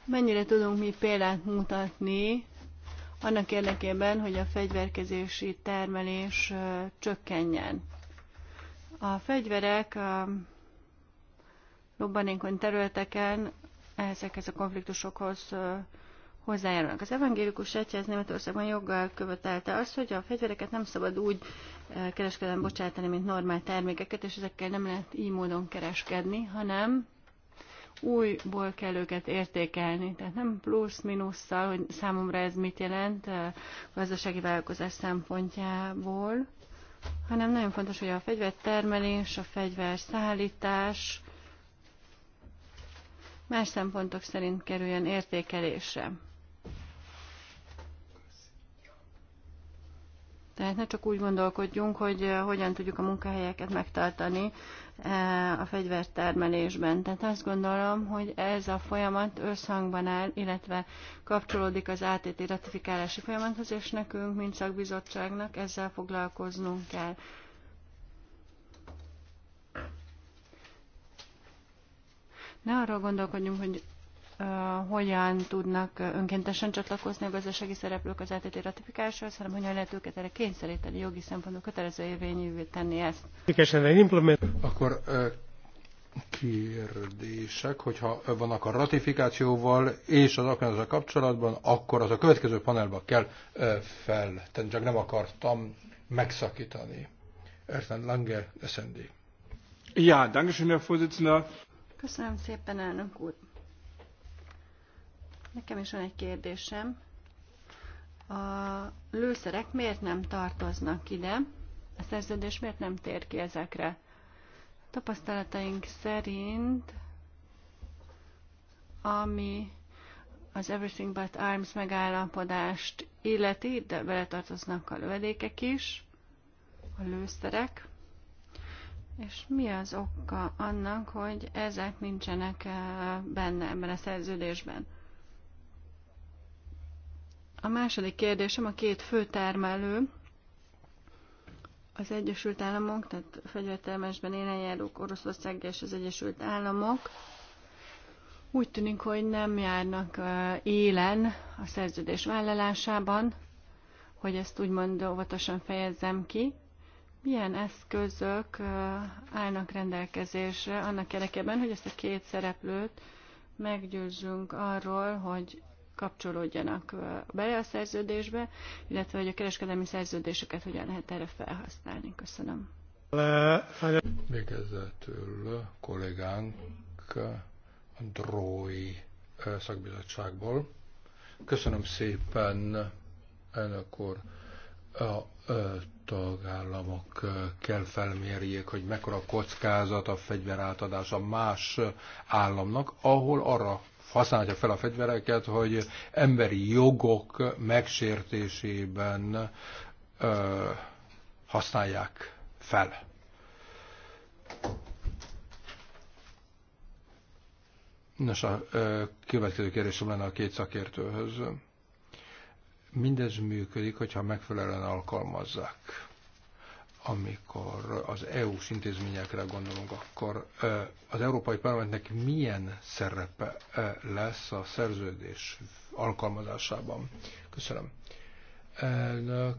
Mennyire tudunk mi példát mutatni annak érdekében, hogy a fegyverkezési termelés csökkenjen. A fegyverek a lobbanékony területeken ezekhez a konfliktusokhoz hozzájárulnak. Az evangélikus egyház Németországban joggal követelte azt, hogy a fegyvereket nem szabad úgy kereskedelem bocsátani, mint normál termékeket, és ezekkel nem lehet így módon kereskedni, hanem újból kell őket értékelni. Tehát nem plusz, minusszal, hogy számomra ez mit jelent a gazdasági vállalkozás szempontjából, hanem nagyon fontos, hogy a fegyvertermelés, a fegyverszállítás más szempontok szerint kerüljön értékelésre. Tehát ne csak úgy gondolkodjunk, hogy eh, hogyan tudjuk a munkahelyeket megtartani eh, a fegyvertermelésben. Tehát azt gondolom, hogy ez a folyamat összhangban áll, illetve kapcsolódik az ATT ratifikálási folyamathoz, és nekünk, mint szakbizottságnak ezzel foglalkoznunk kell. Ne arról gondolkodjunk, hogy hogyan tudnak önkéntesen csatlakozni a gazdasági szereplők az ATT ratifikáláshoz, hanem hogyan lehet őket erre kényszeríteni, jogi szempontból kötelező érvényűvé tenni ezt. Akkor kérdések, hogyha vannak a ratifikációval és az akadályozással kapcsolatban, akkor az a következő panelba kell feltenni, csak nem akartam megszakítani. Erten Lange, SND. Ja, danke schön, Herr Vorsitzender. Köszönöm szépen, elnök úr. Nekem is van egy kérdésem. A lőszerek miért nem tartoznak ide? A szerződés miért nem tér ki ezekre? A tapasztalataink szerint, ami az Everything But Arms megállapodást illeti, de beletartoznak a lövedékek is, a lőszerek. És mi az oka annak, hogy ezek nincsenek eh, benne ebben a szerződésben? A második kérdésem a két fő termelő, az Egyesült Államok, tehát élen járók, Oroszország és az Egyesült Államok úgy tűnik, hogy nem járnak élen a szerződés vállalásában, hogy ezt úgymond óvatosan fejezzem ki. Milyen eszközök állnak rendelkezésre annak érdekében, hogy ezt a két szereplőt meggyőzzünk arról, hogy kapcsolódjanak bele a szerződésbe, illetve hogy a kereskedelmi szerződéseket hogyan lehet erre felhasználni. Köszönöm. Végezetül kollégánk a Drói szakbizottságból. Köszönöm szépen, ennek úr. A tagállamok kell felmérjék, hogy mekkora kockázat a fegyver átadása más államnak, ahol arra használhatja fel a fegyvereket, hogy emberi jogok megsértésében ö, használják fel. Nos, a ö, következő kérdésem lenne a két szakértőhöz. Mindez működik, hogyha megfelelően alkalmazzák amikor az EU-s intézményekre gondolunk, akkor az Európai Parlamentnek milyen szerepe lesz a szerződés alkalmazásában? Köszönöm. Elnök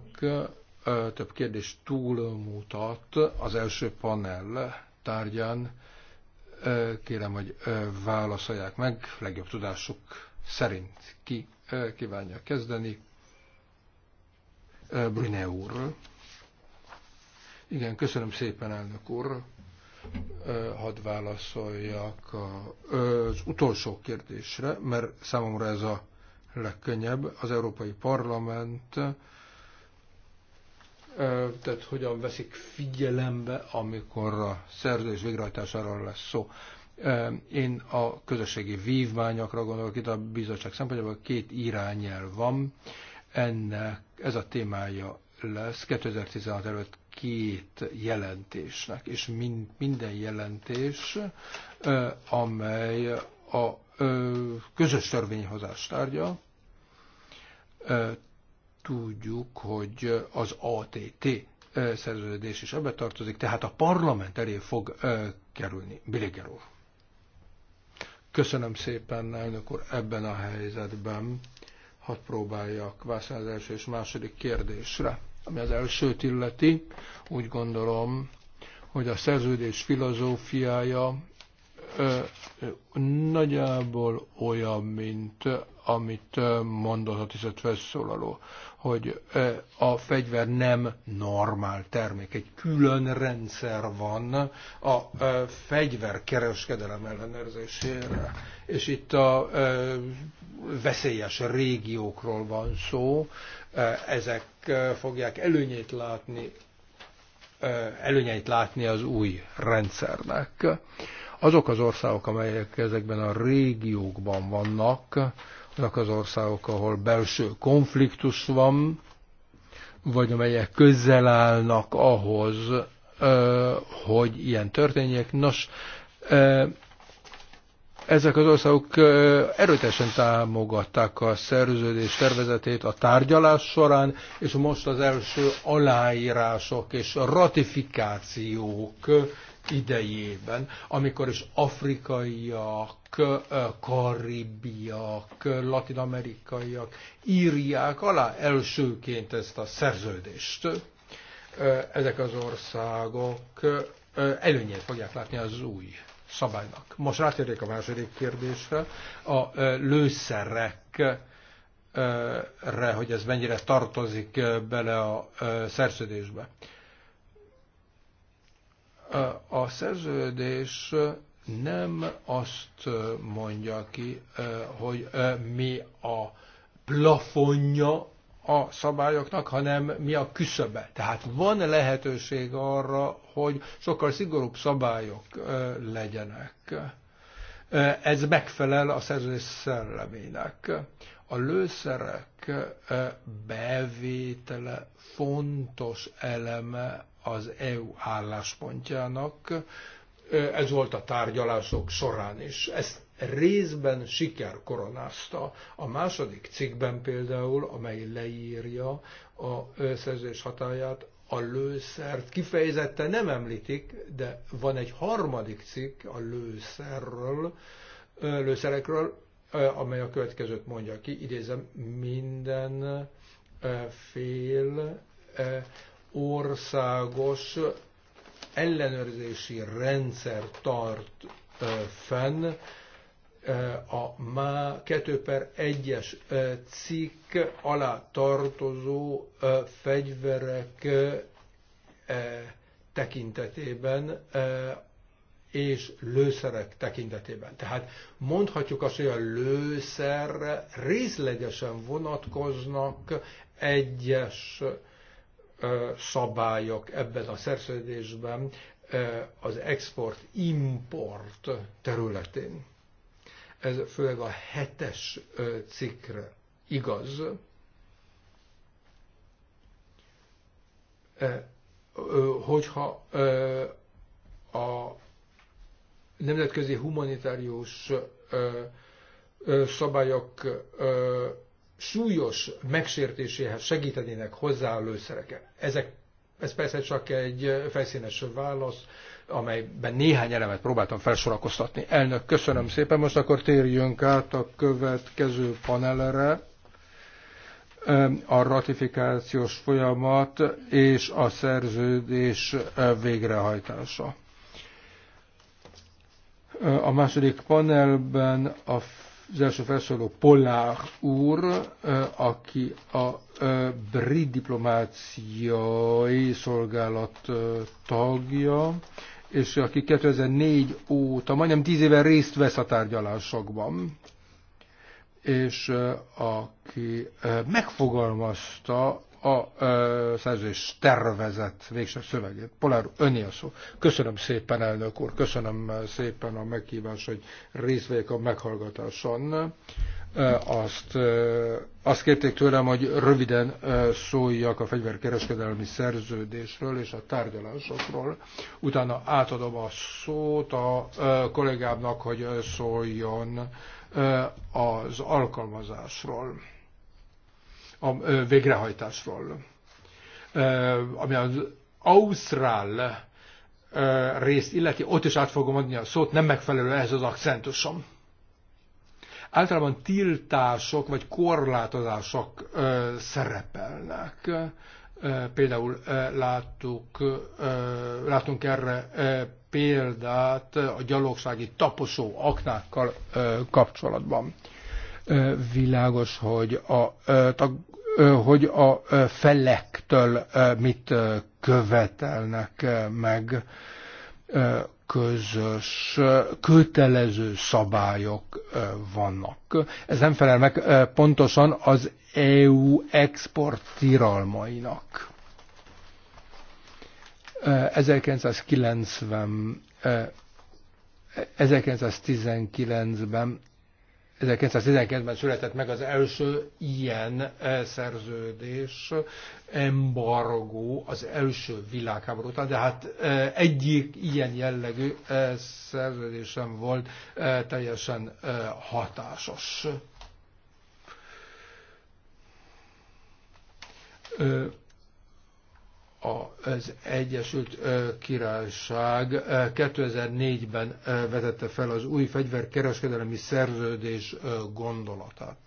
több kérdés túlmutat az első panel tárgyán. Kérem, hogy válaszolják meg, legjobb tudásuk szerint ki kívánja kezdeni. Brüne úr. Igen, köszönöm szépen, elnök úr. Hadd válaszoljak az utolsó kérdésre, mert számomra ez a legkönnyebb. Az Európai Parlament tehát hogyan veszik figyelembe, amikor a szerződés végrehajtásáról lesz szó. Én a közösségi vívmányokra gondolok, itt a bizottság szempontjából két irányel van, ennek ez a témája lesz 2016 előtt két jelentésnek, és mind, minden jelentés, amely a közös törvényhozás tárgya, tudjuk, hogy az ATT szerződés is ebbe tartozik, tehát a parlament elé fog kerülni. Billiger úr. Köszönöm szépen, elnök úr, ebben a helyzetben hadd próbáljak válaszolni az első és második kérdésre ami az elsőt illeti, úgy gondolom, hogy a szerződés filozófiája nagyjából olyan, mint amit mondott a tisztelt felszólaló, hogy a fegyver nem normál termék. Egy külön rendszer van a fegyverkereskedelem ellenőrzésére. És itt a veszélyes régiókról van szó, ezek fogják előnyét látni, előnyeit látni az új rendszernek. Azok az országok, amelyek ezekben a régiókban vannak, az országok, ahol belső konfliktus van, vagy amelyek közel állnak ahhoz, hogy ilyen történjék. Nos, ezek az országok erőteljesen támogatták a szerződés tervezetét a tárgyalás során, és most az első aláírások és ratifikációk idejében, amikor is afrikaiak, karibiak, latinamerikaiak, írják alá elsőként ezt a szerződést. Ezek az országok előnyét fogják látni az új szabálynak. Most rátérnék a második kérdésre, a lőszerek re, hogy ez mennyire tartozik bele a szerződésbe. A szerződés nem azt mondja ki, hogy mi a plafonja a szabályoknak, hanem mi a küszöbe. Tehát van lehetőség arra, hogy sokkal szigorúbb szabályok legyenek. Ez megfelel a szerződés szellemének. A lőszerek bevétele fontos eleme az EU álláspontjának. Ez volt a tárgyalások során is. Ezt részben siker koronázta. A második cikkben például, amely leírja a szerződés hatáját, a lőszert kifejezetten nem említik, de van egy harmadik cikk a lőszerről, lőszerekről, amely a következőt mondja ki, idézem, minden fél országos ellenőrzési rendszer tart fenn a má 2 per 1-es cikk alá tartozó fegyverek tekintetében és lőszerek tekintetében. Tehát mondhatjuk azt, hogy a lőszer részlegesen vonatkoznak egyes szabályok ebben a szerződésben az export-import területén. Ez főleg a hetes cikkre igaz hogyha a nemzetközi humanitárius szabályok súlyos megsértéséhez segítenének hozzá a lőszereket. Ezek, ez persze csak egy felszínes válasz, amelyben néhány elemet próbáltam felsorakoztatni. Elnök, köszönöm szépen. Most akkor térjünk át a következő panelre a ratifikációs folyamat és a szerződés végrehajtása. A második panelben a az első felszóló Pollár úr, aki a brit diplomáciai szolgálat tagja, és aki 2004 óta, majdnem 10 éve részt vesz a tárgyalásokban, és aki megfogalmazta a ö, tervezet tervezett végső szövegét. Polár öné a szó. Köszönöm szépen, elnök úr, köszönöm szépen a meghívás, hogy részt vegyek a meghallgatáson. Azt, azt kérték tőlem, hogy röviden szóljak a fegyverkereskedelmi szerződésről és a tárgyalásokról. Utána átadom a szót a kollégámnak, hogy szóljon az alkalmazásról a végrehajtásról, ami az Ausztrál részt illeti, ott is át fogom adni a szót, nem megfelelő ehhez az akcentusom. Általában tiltások vagy korlátozások szerepelnek. Például láttuk, látunk erre példát a gyalogsági taposó aknákkal kapcsolatban. Világos, hogy a tag hogy a felektől mit követelnek meg közös, kötelező szabályok vannak. Ez nem felel meg pontosan az EU export tiralmainak. 1990 1919-ben 1912-ben született meg az első ilyen eh, szerződés, embargó az első világháború után, de hát eh, egyik ilyen jellegű eh, szerződésem volt teljesen hatásos az Egyesült Királyság 2004-ben vezette fel az új fegyverkereskedelmi szerződés gondolatát.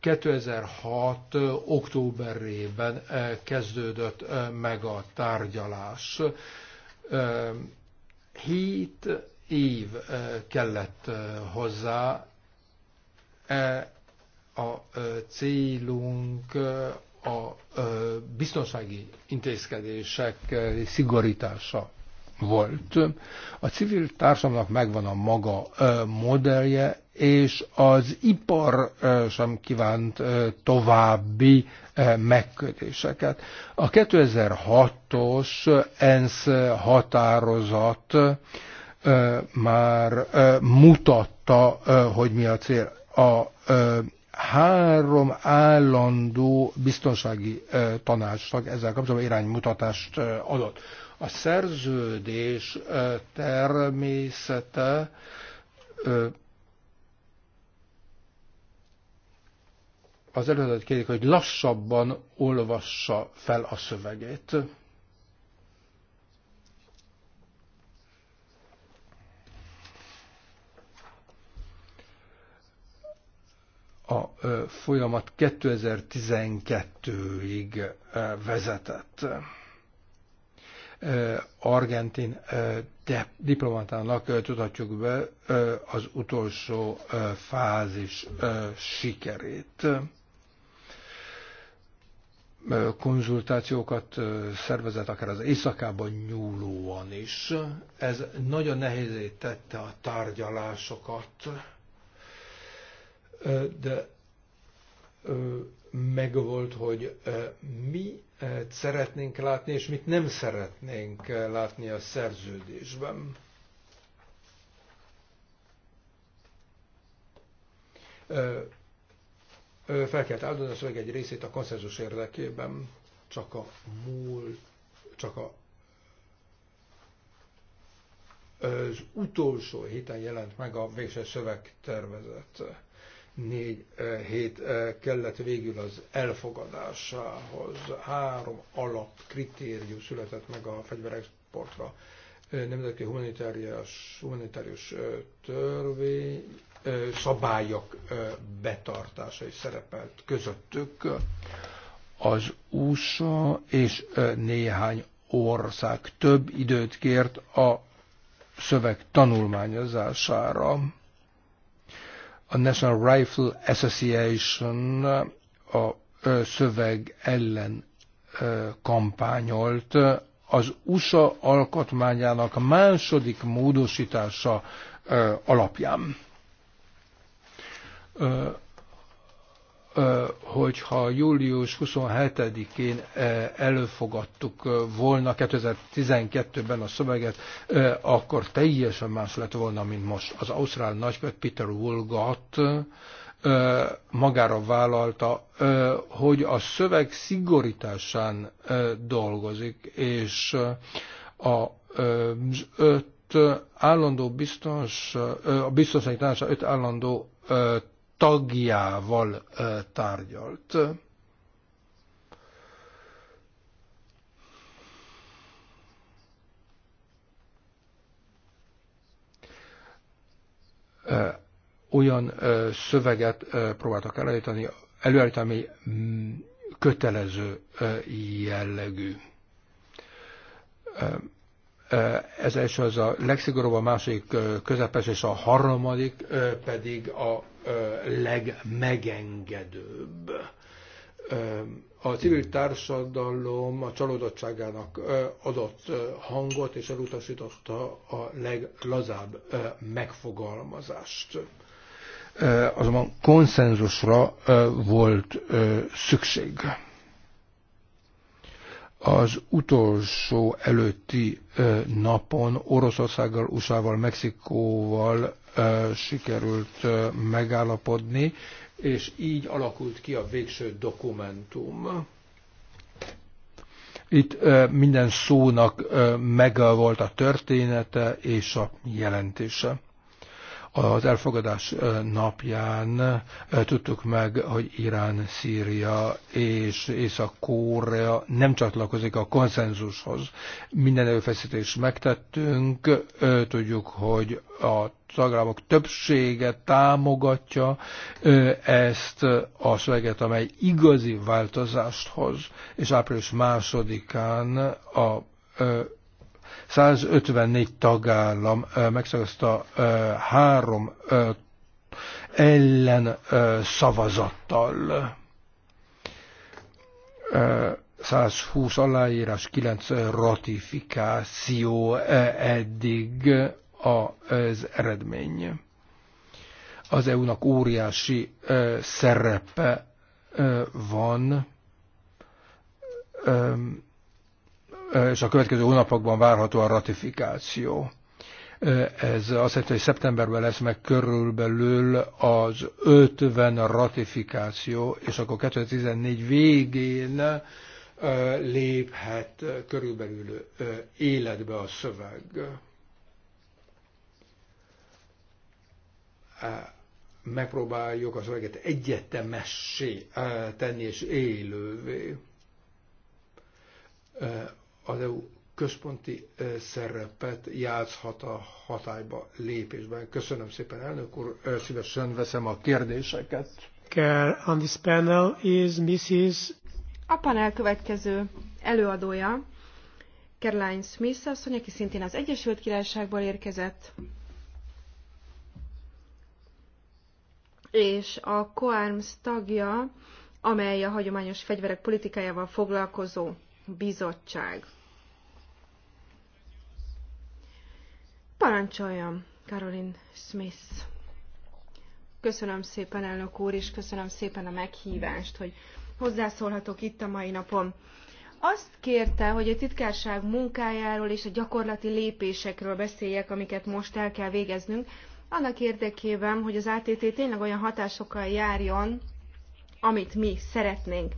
2006. októberében kezdődött meg a tárgyalás. Hét év kellett hozzá. E, a célunk a biztonsági intézkedések szigorítása volt. A civil társadalomnak megvan a maga modellje, és az ipar sem kívánt további megkötéseket. A 2006-os ENSZ határozat már mutatta, hogy mi a cél. A három állandó biztonsági tanácsnak ezzel kapcsolatban iránymutatást adott. A szerződés természete az előadat kérik, hogy lassabban olvassa fel a szövegét. a folyamat 2012-ig vezetett. Argentin diplomatának tudhatjuk be az utolsó fázis sikerét konzultációkat szervezett, akár az éjszakában nyúlóan is. Ez nagyon nehézé tette a tárgyalásokat de megvolt, hogy mi szeretnénk látni, és mit nem szeretnénk látni a szerződésben. Fel kell áldozni a szöveg egy részét a konszenzus érdekében, csak a múl, csak a az utolsó héten jelent meg a végső szövegtervezet négy hét kellett végül az elfogadásához. Három alap kritérium született meg a fegyverexportra. Nemzetközi humanitárius, humanitárius törvény, szabályok betartása is szerepelt közöttük. Az USA és néhány ország több időt kért a szöveg tanulmányozására a National Rifle Association a szöveg ellen kampányolt. Az USA alkotmányának második módosítása alapján hogyha július 27-én előfogadtuk volna 2012-ben a szöveget, akkor teljesen más lett volna, mint most. Az ausztrál nagykövet Peter Woolgott magára vállalta, hogy a szöveg szigorításán dolgozik, és a öt állandó biztons, a biztonsági tanácsa öt állandó tagjával tárgyalt. Olyan szöveget próbáltak előállítani, előállítani, ami mm, kötelező jellegű ez első az a legszigorúbb, a másik közepes, és a harmadik pedig a legmegengedőbb. A civil társadalom a csalódottságának adott hangot, és elutasította a leglazább megfogalmazást azonban konszenzusra volt szükség az utolsó előtti napon Oroszországgal, USA-val, Mexikóval sikerült megállapodni, és így alakult ki a végső dokumentum. Itt minden szónak meg volt a története és a jelentése. Az elfogadás napján tudtuk meg, hogy Irán, Szíria és Észak-Korea nem csatlakozik a konszenzushoz. Minden előfeszítést megtettünk, tudjuk, hogy a tagállamok többsége támogatja ezt a szöveget, amely igazi változást hoz, és április másodikán a 154 tagállam megszavazta három ellen szavazattal. 120 aláírás, 9 ratifikáció eddig az eredmény. Az EU-nak óriási szerepe van és a következő hónapokban várható a ratifikáció. Ez azt jelenti, hogy szeptemberben lesz meg körülbelül az 50 ratifikáció, és akkor 2014 végén léphet körülbelül életbe a szöveg megpróbáljuk a szöveget egyetemessé tenni és élővé az EU központi szerepet játszhat a hatályba lépésben. Köszönöm szépen, elnök úr, szívesen veszem a kérdéseket. On this panel is Mrs. A panel következő előadója Caroline Smith asszony, aki szintén az Egyesült Királyságból érkezett, és a COARMS tagja, amely a hagyományos fegyverek politikájával foglalkozó bizottság. Parancsoljam, Caroline Smith. Köszönöm szépen, elnök úr, és köszönöm szépen a meghívást, hogy hozzászólhatok itt a mai napon. Azt kérte, hogy a titkárság munkájáról és a gyakorlati lépésekről beszéljek, amiket most el kell végeznünk, annak érdekében, hogy az ATT tényleg olyan hatásokkal járjon, amit mi szeretnénk.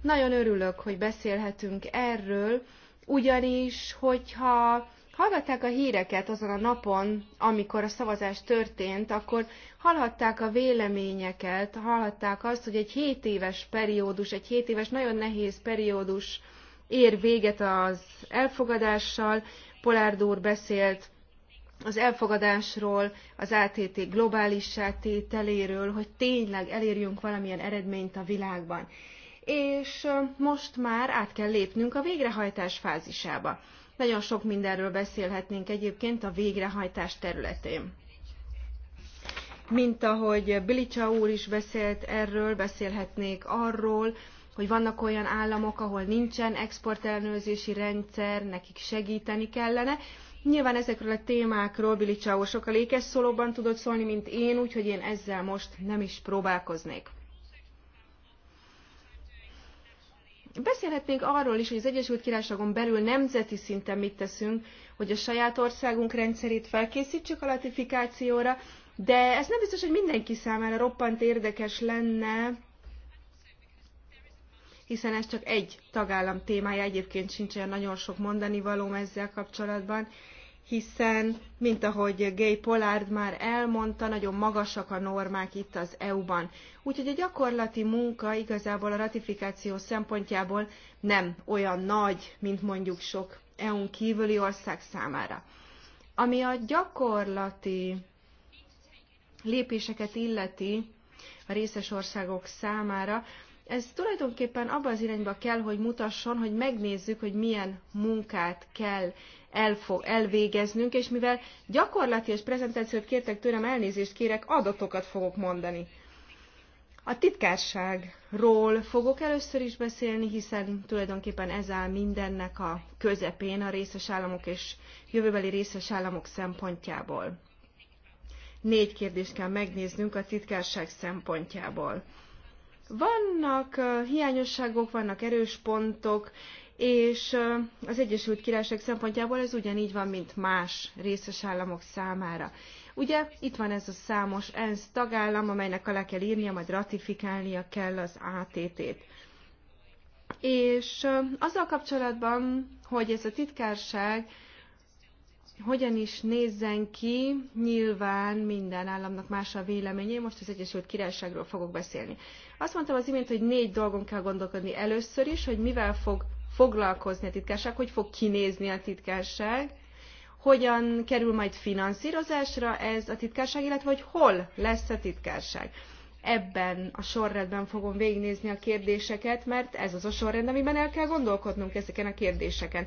Nagyon örülök, hogy beszélhetünk erről, ugyanis, hogyha hallgatták a híreket azon a napon, amikor a szavazás történt, akkor hallhatták a véleményeket, hallhatták azt, hogy egy 7 éves periódus, egy 7 éves nagyon nehéz periódus ér véget az elfogadással. Polárd úr beszélt az elfogadásról, az ATT globális tételéről, hogy tényleg elérjünk valamilyen eredményt a világban. És most már át kell lépnünk a végrehajtás fázisába. Nagyon sok mindenről beszélhetnénk egyébként a végrehajtás területén. Mint ahogy Bilicsa úr is beszélt erről, beszélhetnék arról, hogy vannak olyan államok, ahol nincsen exportellenőrzési rendszer, nekik segíteni kellene. Nyilván ezekről a témákról Bilicsa úr sokkal ékes szólóban tudott szólni, mint én, úgyhogy én ezzel most nem is próbálkoznék. Beszélhetnénk arról is, hogy az Egyesült Királyságon belül nemzeti szinten mit teszünk, hogy a saját országunk rendszerét felkészítsük a ratifikációra, de ez nem biztos, hogy mindenki számára roppant érdekes lenne, hiszen ez csak egy tagállam témája, egyébként sincs olyan nagyon sok mondani valóm ezzel kapcsolatban, hiszen, mint ahogy Gay Pollard már elmondta, nagyon magasak a normák itt az EU-ban. Úgyhogy a gyakorlati munka igazából a ratifikáció szempontjából nem olyan nagy, mint mondjuk sok EU-n kívüli ország számára. Ami a gyakorlati lépéseket illeti a részes országok számára, ez tulajdonképpen abba az irányba kell, hogy mutasson, hogy megnézzük, hogy milyen munkát kell elfog, elvégeznünk, és mivel gyakorlati és prezentációt kértek tőlem, elnézést kérek, adatokat fogok mondani. A titkárságról fogok először is beszélni, hiszen tulajdonképpen ez áll mindennek a közepén a részes államok és jövőbeli részes államok szempontjából. Négy kérdést kell megnéznünk a titkárság szempontjából. Vannak hiányosságok, vannak erős pontok, és az Egyesült Királyság szempontjából ez ugyanígy van, mint más részes államok számára. Ugye itt van ez a számos ENSZ tagállam, amelynek alá kell írnia, majd ratifikálnia kell az ATT-t. És azzal kapcsolatban, hogy ez a titkárság hogyan is nézzen ki, nyilván minden államnak más a véleménye, most az Egyesült Királyságról fogok beszélni. Azt mondtam az imént, hogy négy dolgon kell gondolkodni először is, hogy mivel fog foglalkozni a titkárság, hogy fog kinézni a titkárság, hogyan kerül majd finanszírozásra ez a titkárság, illetve hogy hol lesz a titkárság. Ebben a sorrendben fogom végignézni a kérdéseket, mert ez az a sorrend, amiben el kell gondolkodnunk ezeken a kérdéseken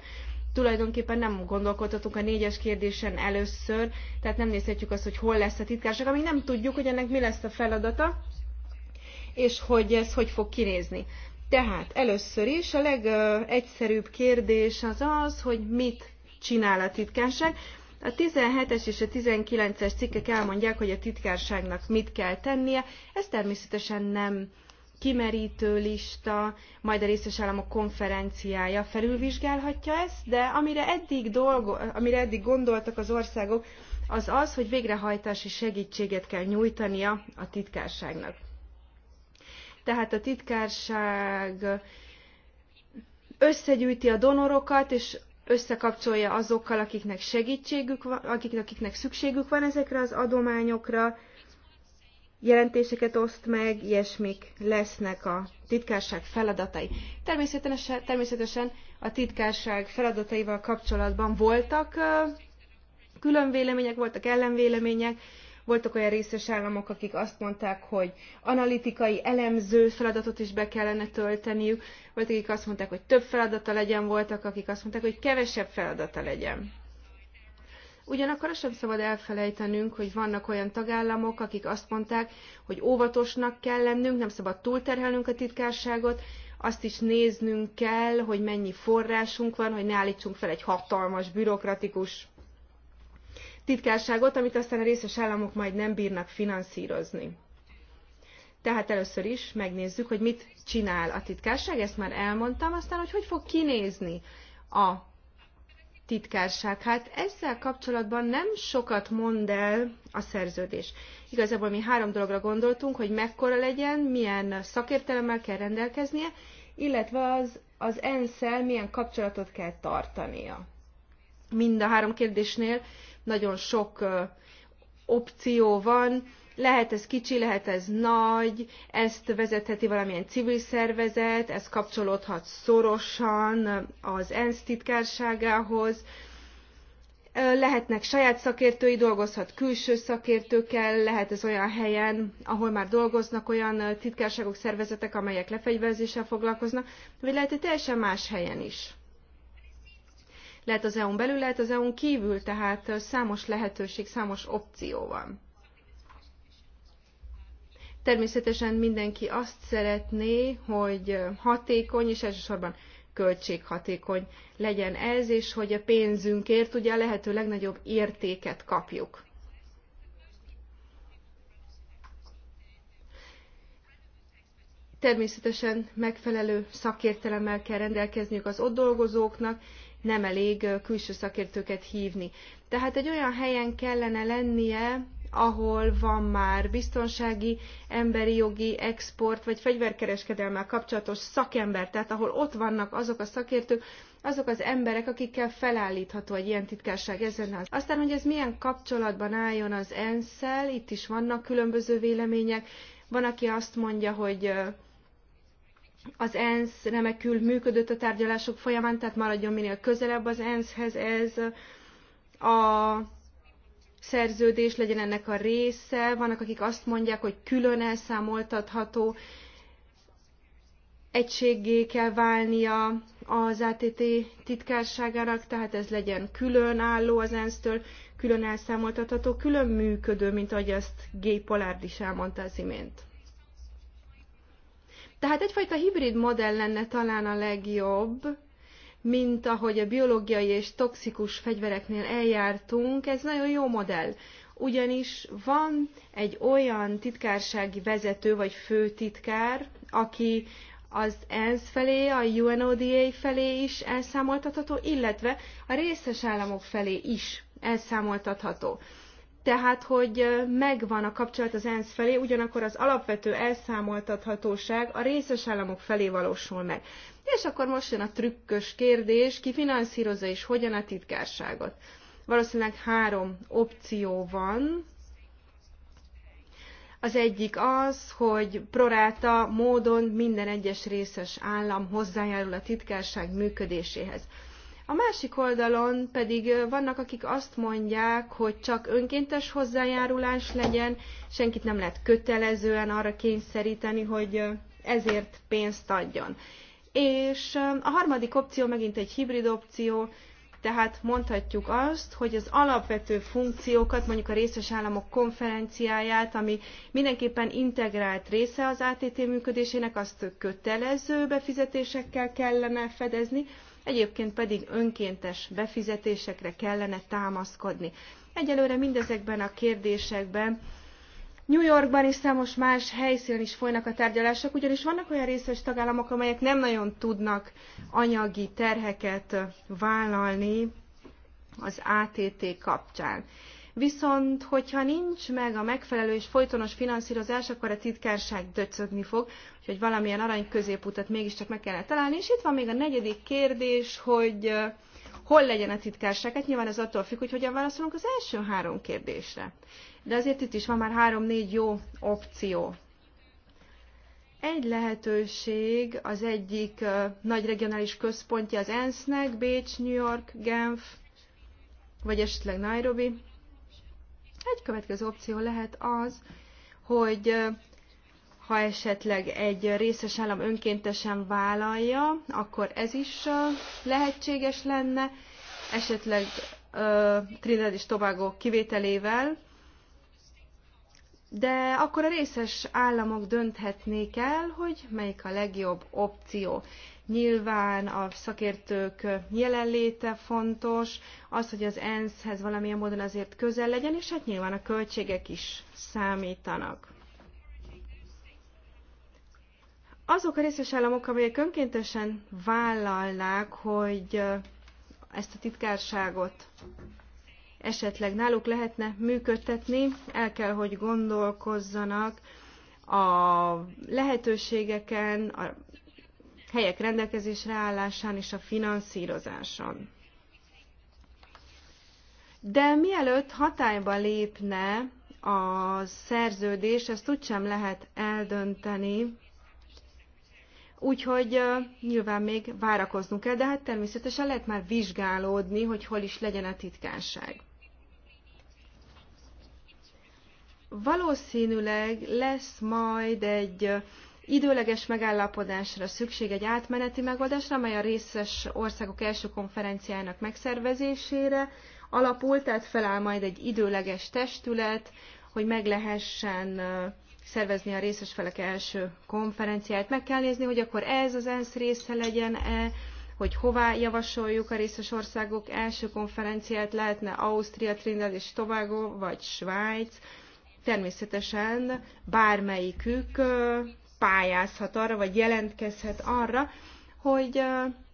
tulajdonképpen nem gondolkodhatunk a négyes kérdésen először, tehát nem nézhetjük azt, hogy hol lesz a titkárság, amíg nem tudjuk, hogy ennek mi lesz a feladata, és hogy ez hogy fog kinézni. Tehát először is a legegyszerűbb kérdés az az, hogy mit csinál a titkárság. A 17-es és a 19-es cikkek elmondják, hogy a titkárságnak mit kell tennie. Ez természetesen nem kimerítő lista, majd a részes államok konferenciája felülvizsgálhatja ezt, de amire eddig, dolgo, amire eddig gondoltak az országok, az az, hogy végrehajtási segítséget kell nyújtania a titkárságnak tehát a titkárság összegyűjti a donorokat, és összekapcsolja azokkal, akiknek segítségük van, akiknek, akiknek szükségük van ezekre az adományokra, jelentéseket oszt meg, ilyesmik lesznek a titkárság feladatai. Természetesen, természetesen a titkárság feladataival kapcsolatban voltak külön vélemények voltak ellenvélemények, voltak olyan részes államok, akik azt mondták, hogy analitikai, elemző feladatot is be kellene tölteniük, voltak, akik azt mondták, hogy több feladata legyen, voltak, akik azt mondták, hogy kevesebb feladata legyen. Ugyanakkor azt sem szabad elfelejtenünk, hogy vannak olyan tagállamok, akik azt mondták, hogy óvatosnak kell lennünk, nem szabad túlterhelnünk a titkárságot, azt is néznünk kell, hogy mennyi forrásunk van, hogy ne állítsunk fel egy hatalmas, bürokratikus titkárságot, amit aztán a részes államok majd nem bírnak finanszírozni. Tehát először is megnézzük, hogy mit csinál a titkárság, ezt már elmondtam, aztán, hogy hogy fog kinézni a titkárság. Hát ezzel kapcsolatban nem sokat mond el a szerződés. Igazából mi három dologra gondoltunk, hogy mekkora legyen, milyen szakértelemmel kell rendelkeznie, illetve az, az ENSZ-el milyen kapcsolatot kell tartania. Mind a három kérdésnél nagyon sok opció van, lehet ez kicsi, lehet ez nagy, ezt vezetheti valamilyen civil szervezet, ez kapcsolódhat szorosan az ENSZ titkárságához, lehetnek saját szakértői, dolgozhat külső szakértőkkel, lehet ez olyan helyen, ahol már dolgoznak olyan titkárságok, szervezetek, amelyek lefegyverzéssel foglalkoznak, vagy lehet egy teljesen más helyen is. Lehet az EU-n belül, lehet az EU-n kívül, tehát számos lehetőség, számos opció van. Természetesen mindenki azt szeretné, hogy hatékony és elsősorban költséghatékony legyen ez, és hogy a pénzünkért ugye a lehető legnagyobb értéket kapjuk. Természetesen megfelelő szakértelemmel kell rendelkezniük az ott dolgozóknak, nem elég külső szakértőket hívni. Tehát egy olyan helyen kellene lennie, ahol van már biztonsági, emberi jogi, export vagy fegyverkereskedelmel kapcsolatos szakember, tehát ahol ott vannak azok a szakértők, azok az emberek, akikkel felállítható egy ilyen titkárság ezen az. Aztán, hogy ez milyen kapcsolatban álljon az ENSZ-szel, itt is vannak különböző vélemények. Van, aki azt mondja, hogy az ENSZ remekül működött a tárgyalások folyamán, tehát maradjon minél közelebb az ENSZ-hez ez a szerződés, legyen ennek a része. Vannak, akik azt mondják, hogy külön elszámoltatható egységgé kell válnia az ATT titkárságának, tehát ez legyen különálló az ENSZ-től, külön elszámoltatható, külön működő, mint ahogy azt Gay Pollard is elmondta az imént. Tehát egyfajta hibrid modell lenne talán a legjobb, mint ahogy a biológiai és toxikus fegyvereknél eljártunk, ez nagyon jó modell. Ugyanis van egy olyan titkársági vezető vagy főtitkár, aki az ENSZ felé, a UNODA felé is elszámoltatható, illetve a részes államok felé is elszámoltatható tehát hogy megvan a kapcsolat az ENSZ felé, ugyanakkor az alapvető elszámoltathatóság a részes államok felé valósul meg. És akkor most jön a trükkös kérdés, ki finanszírozza és hogyan a titkárságot. Valószínűleg három opció van. Az egyik az, hogy proráta módon minden egyes részes állam hozzájárul a titkárság működéséhez. A másik oldalon pedig vannak, akik azt mondják, hogy csak önkéntes hozzájárulás legyen, senkit nem lehet kötelezően arra kényszeríteni, hogy ezért pénzt adjon. És a harmadik opció megint egy hibrid opció, tehát mondhatjuk azt, hogy az alapvető funkciókat, mondjuk a részes államok konferenciáját, ami mindenképpen integrált része az ATT működésének, azt kötelező befizetésekkel kellene fedezni, egyébként pedig önkéntes befizetésekre kellene támaszkodni. Egyelőre mindezekben a kérdésekben New Yorkban is számos más helyszínen is folynak a tárgyalások, ugyanis vannak olyan részes tagállamok, amelyek nem nagyon tudnak anyagi terheket vállalni az ATT kapcsán viszont hogyha nincs meg a megfelelő és folytonos finanszírozás, akkor a titkárság döcögni fog, hogy valamilyen arany középutat mégiscsak meg kellene találni. És itt van még a negyedik kérdés, hogy hol legyen a titkárság. Hát nyilván ez attól függ, hogy hogyan válaszolunk az első három kérdésre. De azért itt is van már három-négy jó opció. Egy lehetőség az egyik nagy regionális központja az ENSZ-nek, Bécs, New York, Genf, vagy esetleg Nairobi. Egy következő opció lehet az, hogy ha esetleg egy részes állam önkéntesen vállalja, akkor ez is lehetséges lenne, esetleg Trinidad és Tobago kivételével, de akkor a részes államok dönthetnék el, hogy melyik a legjobb opció. Nyilván a szakértők jelenléte fontos, az, hogy az ENSZ-hez valamilyen módon azért közel legyen, és hát nyilván a költségek is számítanak. Azok a részes államok, amelyek önkéntesen vállalnák, hogy ezt a titkárságot esetleg náluk lehetne működtetni, el kell, hogy gondolkozzanak a lehetőségeken, a helyek rendelkezésre állásán és a finanszírozáson. De mielőtt hatályba lépne a szerződés, ezt úgysem lehet eldönteni, Úgyhogy nyilván még várakoznunk kell, de hát természetesen lehet már vizsgálódni, hogy hol is legyen a titkárság. Valószínűleg lesz majd egy Időleges megállapodásra szükség egy átmeneti megoldásra, amely a részes országok első konferenciájának megszervezésére alapul, tehát feláll majd egy időleges testület, hogy meg lehessen szervezni a részes felek első konferenciáját. Meg kell nézni, hogy akkor ez az ENSZ része legyen-e, hogy hová javasoljuk a részes országok első konferenciát, lehetne Ausztria, Trinidad és Tobago, vagy Svájc. Természetesen bármelyikük pályázhat arra, vagy jelentkezhet arra, hogy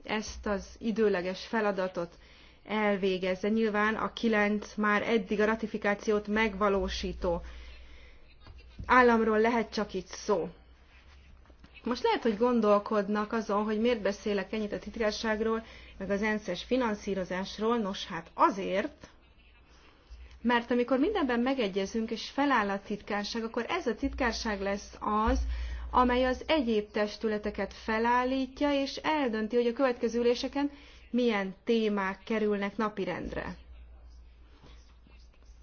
ezt az időleges feladatot elvégezze. Nyilván a kilenc már eddig a ratifikációt megvalósító államról lehet csak itt szó. Most lehet, hogy gondolkodnak azon, hogy miért beszélek ennyit a titkárságról, meg az ENSZ-es finanszírozásról. Nos, hát azért, mert amikor mindenben megegyezünk, és feláll a titkárság, akkor ez a titkárság lesz az, amely az egyéb testületeket felállítja, és eldönti, hogy a következő üléseken milyen témák kerülnek napirendre.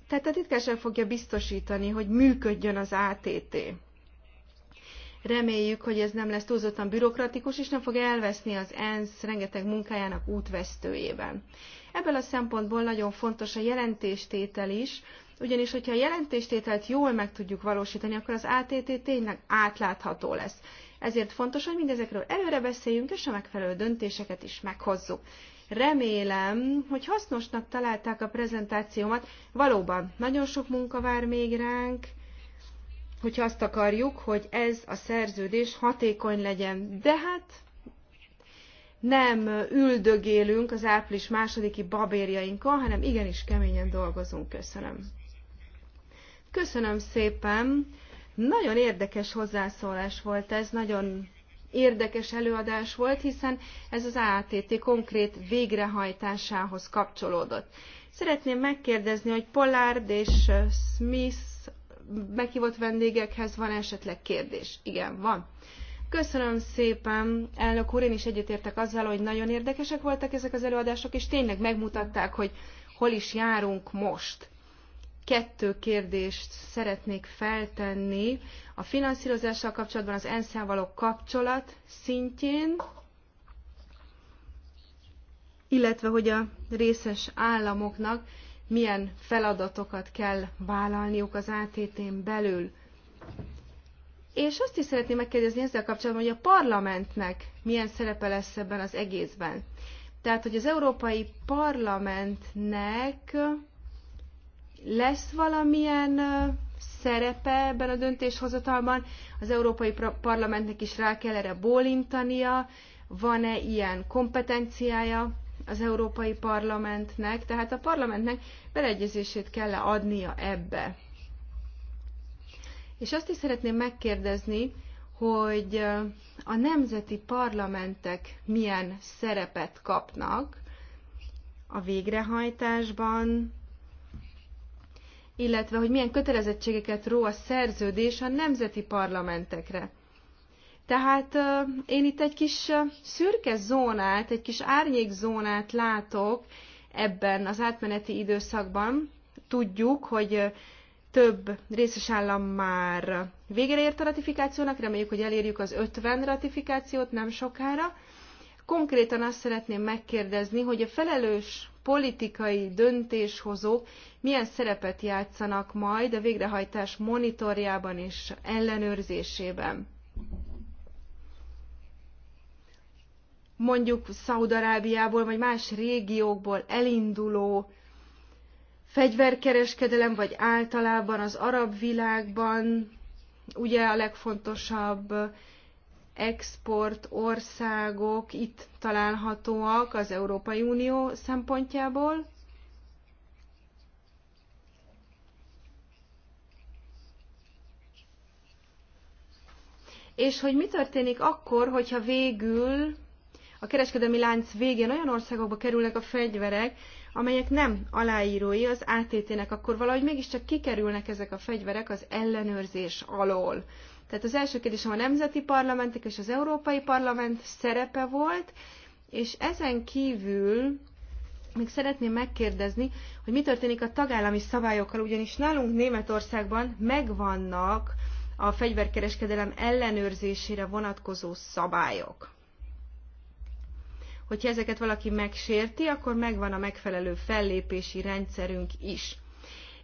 Tehát a titkárság fogja biztosítani, hogy működjön az ATT. Reméljük, hogy ez nem lesz túlzottan bürokratikus, és nem fog elveszni az ENSZ rengeteg munkájának útvesztőjében. Ebből a szempontból nagyon fontos a jelentéstétel is, ugyanis hogyha a jelentéstételt jól meg tudjuk valósítani, akkor az ATT tényleg átlátható lesz. Ezért fontos, hogy mindezekről előre beszéljünk, és a megfelelő döntéseket is meghozzuk. Remélem, hogy hasznosnak találták a prezentációmat. Valóban, nagyon sok munka vár még ránk, hogyha azt akarjuk, hogy ez a szerződés hatékony legyen. De hát nem üldögélünk az április másodiki babérjainkon, hanem igenis keményen dolgozunk. Köszönöm. Köszönöm szépen! Nagyon érdekes hozzászólás volt ez, nagyon érdekes előadás volt, hiszen ez az ATT konkrét végrehajtásához kapcsolódott. Szeretném megkérdezni, hogy Pollard és Smith meghívott vendégekhez van esetleg kérdés? Igen, van. Köszönöm szépen, elnök úr, én is egyetértek azzal, hogy nagyon érdekesek voltak ezek az előadások, és tényleg megmutatták, hogy hol is járunk most kettő kérdést szeretnék feltenni. A finanszírozással kapcsolatban az ensz való kapcsolat szintjén, illetve hogy a részes államoknak milyen feladatokat kell vállalniuk az ATT-n belül. És azt is szeretném megkérdezni ezzel kapcsolatban, hogy a parlamentnek milyen szerepe lesz ebben az egészben. Tehát, hogy az Európai Parlamentnek lesz valamilyen szerepe ebben a döntéshozatalban? Az Európai Parlamentnek is rá kell erre bólintania, van-e ilyen kompetenciája az Európai Parlamentnek, tehát a parlamentnek beleegyezését kell adnia ebbe. És azt is szeretném megkérdezni, hogy a nemzeti parlamentek milyen szerepet kapnak a végrehajtásban, illetve hogy milyen kötelezettségeket ró a szerződés a nemzeti parlamentekre. Tehát én itt egy kis szürke zónát, egy kis árnyék zónát látok ebben az átmeneti időszakban. Tudjuk, hogy több részes állam már végre ért a ratifikációnak, reméljük, hogy elérjük az 50 ratifikációt nem sokára. Konkrétan azt szeretném megkérdezni, hogy a felelős politikai döntéshozók milyen szerepet játszanak majd a végrehajtás monitorjában és ellenőrzésében. Mondjuk Szaudarábiából vagy más régiókból elinduló fegyverkereskedelem, vagy általában az arab világban ugye a legfontosabb export országok itt találhatóak az Európai Unió szempontjából. És hogy mi történik akkor, hogyha végül a kereskedelmi lánc végén olyan országokba kerülnek a fegyverek, amelyek nem aláírói az ATT-nek, akkor valahogy mégiscsak kikerülnek ezek a fegyverek az ellenőrzés alól. Tehát az első kérdésem a nemzeti parlamentek és az Európai Parlament szerepe volt, és ezen kívül még szeretném megkérdezni, hogy mi történik a tagállami szabályokkal, ugyanis nálunk Németországban megvannak a fegyverkereskedelem ellenőrzésére vonatkozó szabályok. Hogyha ezeket valaki megsérti, akkor megvan a megfelelő fellépési rendszerünk is.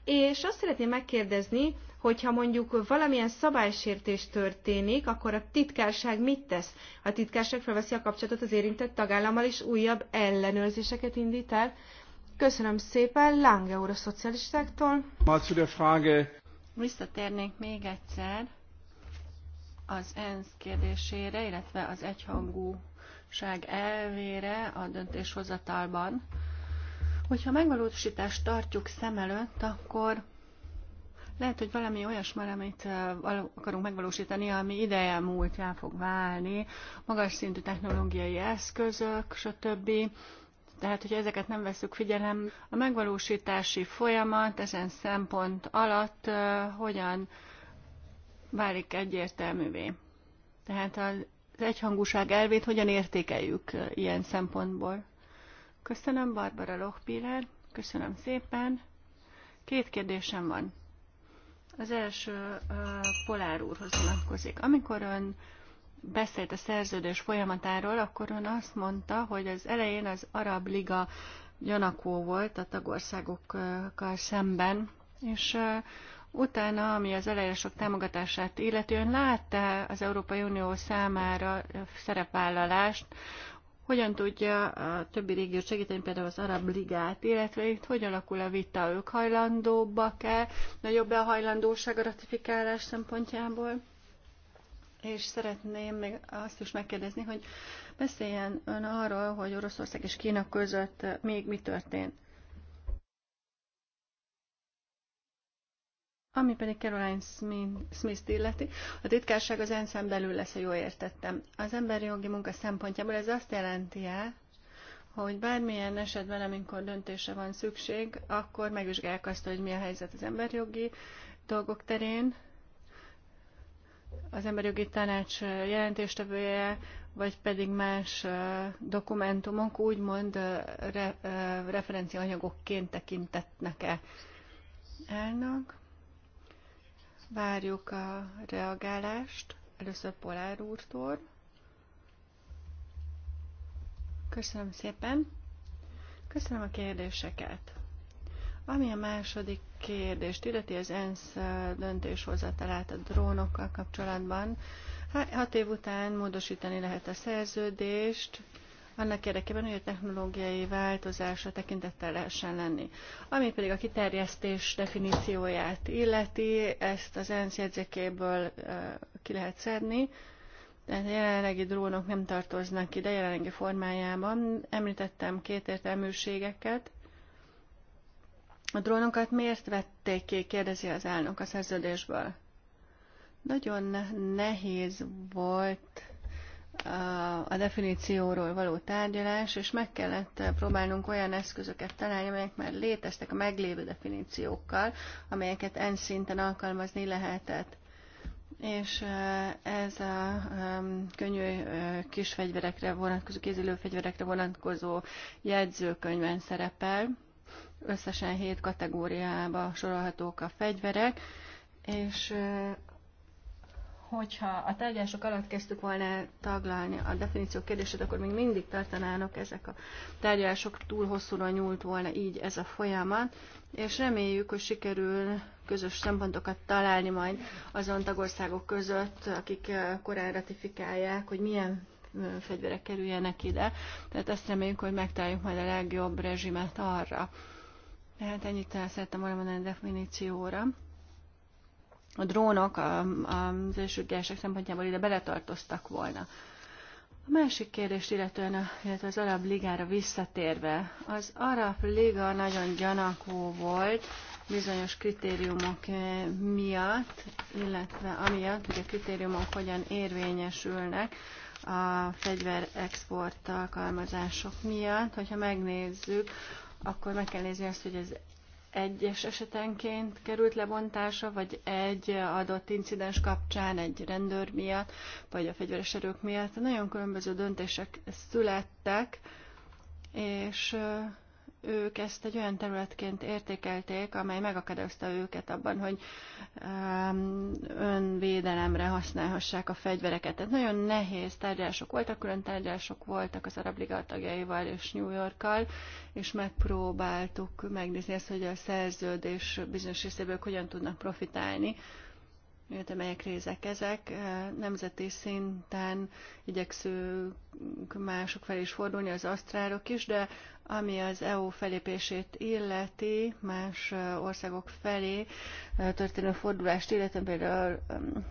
És azt szeretném megkérdezni, hogyha mondjuk valamilyen szabálysértés történik, akkor a titkárság mit tesz? A titkárság felveszi a kapcsolatot az érintett tagállammal, és újabb ellenőrzéseket indít el. Köszönöm szépen, Lange úr a szocialistáktól. Visszatérnénk még egyszer az ENSZ kérdésére, illetve az egyhangúság elvére a döntéshozatalban. Hogyha megvalósítást tartjuk szem előtt, akkor lehet, hogy valami olyasmar, amit akarunk megvalósítani, ami ideje múltján fog válni, magas szintű technológiai eszközök, stb. Tehát, hogyha ezeket nem veszük figyelem, a megvalósítási folyamat ezen szempont alatt hogyan válik egyértelművé. Tehát az egyhangúság elvét hogyan értékeljük ilyen szempontból. Köszönöm, Barbara Lochpiller, köszönöm szépen. Két kérdésem van. Az első Polár úrhoz vonatkozik. Amikor ön beszélt a szerződés folyamatáról, akkor ön azt mondta, hogy az elején az Arab Liga gyanakó volt a tagországokkal szemben, és utána, ami az elejésok támogatását illetően látta az Európai Unió számára szerepvállalást hogyan tudja a többi régiót segíteni, például az Arab Ligát, illetve itt hogy alakul a vita, ők hajlandóbbak-e, nagyobb-e a hajlandóság a ratifikálás szempontjából? És szeretném még azt is megkérdezni, hogy beszéljen ön arról, hogy Oroszország és Kína között még mi történt. Ami pedig Caroline Smith-t illeti, a titkárság az ensz belül lesz, ha jól értettem. Az emberi jogi munka szempontjából ez azt jelenti -e, hogy bármilyen esetben, amikor döntése van szükség, akkor megvizsgálják azt, hogy mi a helyzet az emberi jogi dolgok terén. Az emberi jogi tanács jelentéstevője, vagy pedig más dokumentumok úgymond re, referenciaanyagokként tekintetnek-e elnök. Várjuk a reagálást, először Polár úrtól. Köszönöm szépen. Köszönöm a kérdéseket. Ami a második kérdést illeti az ENSZ döntéshozatalát a drónokkal kapcsolatban, hat év után módosítani lehet a szerződést, annak érdekében, hogy a technológiai változásra tekintettel lehessen lenni. Ami pedig a kiterjesztés definícióját illeti, ezt az ENSZ jegyzékéből ki lehet szedni, tehát a jelenlegi drónok nem tartoznak ide jelenlegi formájában. Említettem két értelműségeket. A drónokat miért vették ki, kérdezi az elnök a szerződésből. Nagyon nehéz volt a definícióról való tárgyalás, és meg kellett eh, próbálnunk olyan eszközöket találni, amelyek már léteztek a meglévő definíciókkal, amelyeket en szinten alkalmazni lehetett. És eh, ez a könnyű eh, kisfegyverekre vonatkozó, fegyverekre vonatkozó jegyzőkönyvben szerepel. Összesen hét kategóriába sorolhatók a fegyverek, és hogyha a tárgyások alatt kezdtük volna taglalni a definíció kérdését, akkor még mindig tartanának ezek a tárgyalások, túl hosszúra nyúlt volna így ez a folyamat, és reméljük, hogy sikerül közös szempontokat találni majd azon tagországok között, akik korán ratifikálják, hogy milyen fegyverek kerüljenek ide. Tehát azt reméljük, hogy megtaláljuk majd a legjobb rezsimet arra. Tehát ennyit szerettem volna mondani a definícióra a drónok az elsőgések szempontjából ide beletartoztak volna. A másik kérdés illetően, illetve az Arab Ligára visszatérve, az Arab Liga nagyon gyanakó volt bizonyos kritériumok eh, miatt, illetve amiatt, hogy a kritériumok hogyan érvényesülnek a fegyverexport alkalmazások miatt. Hogyha megnézzük, akkor meg kell nézni azt, hogy az egyes esetenként került lebontása, vagy egy adott incidens kapcsán, egy rendőr miatt, vagy a fegyveres erők miatt. Nagyon különböző döntések születtek, és ők ezt egy olyan területként értékelték, amely megakadályozta őket abban, hogy um, önvédelemre használhassák a fegyvereket. Tehát nagyon nehéz tárgyalások voltak, külön tárgyalások voltak az Arab Liga tagjaival és New Yorkkal, és megpróbáltuk megnézni ezt, hogy a szerződés bizonyos részéből hogyan tudnak profitálni illetve melyek részek ezek. Nemzeti szinten igyekszünk mások felé is fordulni, az asztrárok is, de ami az EU felépését illeti, más országok felé történő fordulást, illetve például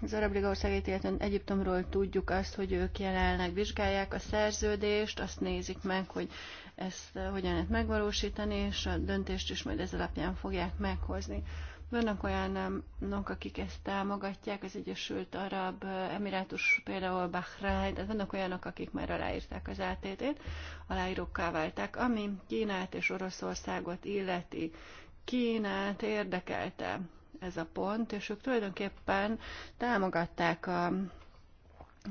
az Arab Liga országait, illetve Egyiptomról tudjuk azt, hogy ők jelenleg vizsgálják a szerződést, azt nézik meg, hogy ezt hogyan lehet megvalósítani, és a döntést is majd ez alapján fogják meghozni. Vannak olyanok, akik ezt támogatják, az Egyesült Arab Emirátus, például Bahrain, tehát vannak olyanok, akik már aláírták az ATT-t, aláírókká válták, ami Kínát és Oroszországot illeti. Kínát érdekelte ez a pont, és ők tulajdonképpen támogatták a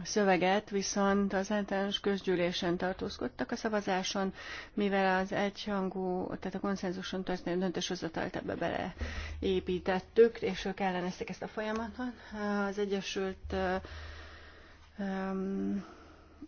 szöveget, viszont az általános közgyűlésen tartózkodtak a szavazáson, mivel az egyhangú, tehát a konszenzuson történő döntéshozatalt ebbe beleépítettük, és ők ellenezték ezt a folyamatot. Az Egyesült um,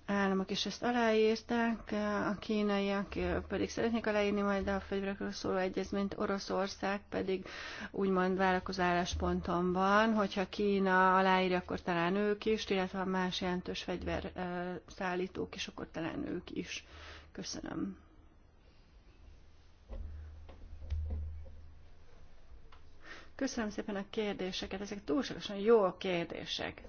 államok is ezt aláírták, a kínaiak pedig szeretnék aláírni majd a fegyverekről szóló egyezményt, Oroszország pedig úgymond várakozó állásponton van, hogyha Kína aláírja, akkor talán ők is, illetve a más jelentős fegyverszállítók is, akkor talán ők is. Köszönöm. Köszönöm szépen a kérdéseket, ezek túlságosan jó kérdések.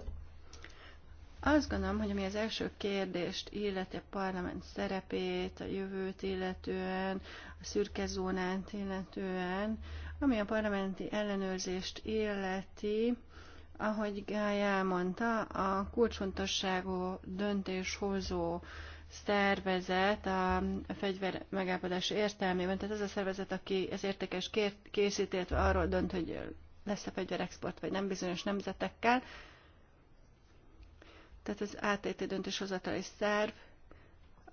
Azt gondolom, hogy ami az első kérdést illeti a parlament szerepét, a jövőt illetően, a szürke zónát illetően, ami a parlamenti ellenőrzést illeti, ahogy Gály elmondta, a kulcsfontosságú döntéshozó szervezet a fegyver megállapodás értelmében, tehát ez a szervezet, aki az értékes készít, arról dönt, hogy lesz-e fegyverexport, vagy nem bizonyos nemzetekkel, tehát az átéti döntéshozatali szerv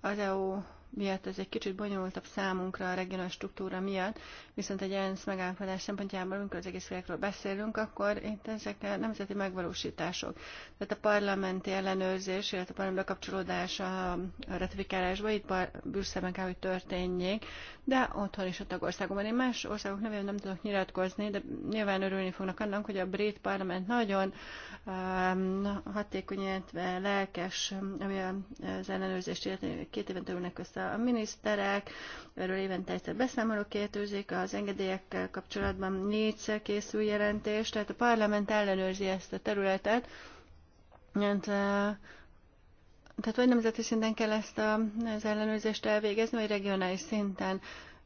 az EU miatt ez egy kicsit bonyolultabb számunkra a regionális struktúra miatt, viszont egy ENSZ megállapodás szempontjából, amikor az egész világról beszélünk, akkor itt ezek a nemzeti megvalósítások. Tehát a parlamenti ellenőrzés, illetve a parlament bekapcsolódás a ratifikálásba, itt Brüsszelben kell, hogy történjék, de otthon is a tagországokban. Én más országok nevében nem tudok nyilatkozni, de nyilván örülni fognak annak, hogy a brit parlament nagyon um, hatékony, illetve lelkes, ami az ellenőrzést illetve két évente ülnek össze a miniszterek, erről évente egyszer beszámolok, kértőzik, az engedélyekkel kapcsolatban négyszer készül jelentés, tehát a parlament ellenőrzi ezt a területet, mert tehát vagy nemzeti szinten kell ezt a, az ellenőrzést elvégezni, vagy regionális szinten.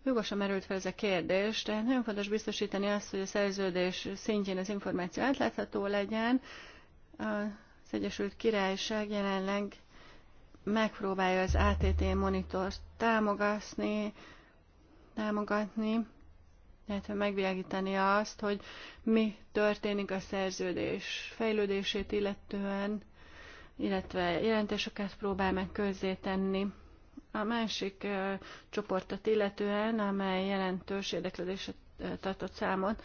Jogosan merült fel ez a kérdés, de nagyon fontos biztosítani azt, hogy a szerződés szintjén az információ átlátható legyen. Az Egyesült Királyság jelenleg megpróbálja az ATT monitort támogatni, támogatni, illetve megvilágítani azt, hogy mi történik a szerződés fejlődését illetően, illetve jelentéseket próbál meg közzétenni. A másik csoportot illetően, amely jelentős érdeklődésre tartott számot,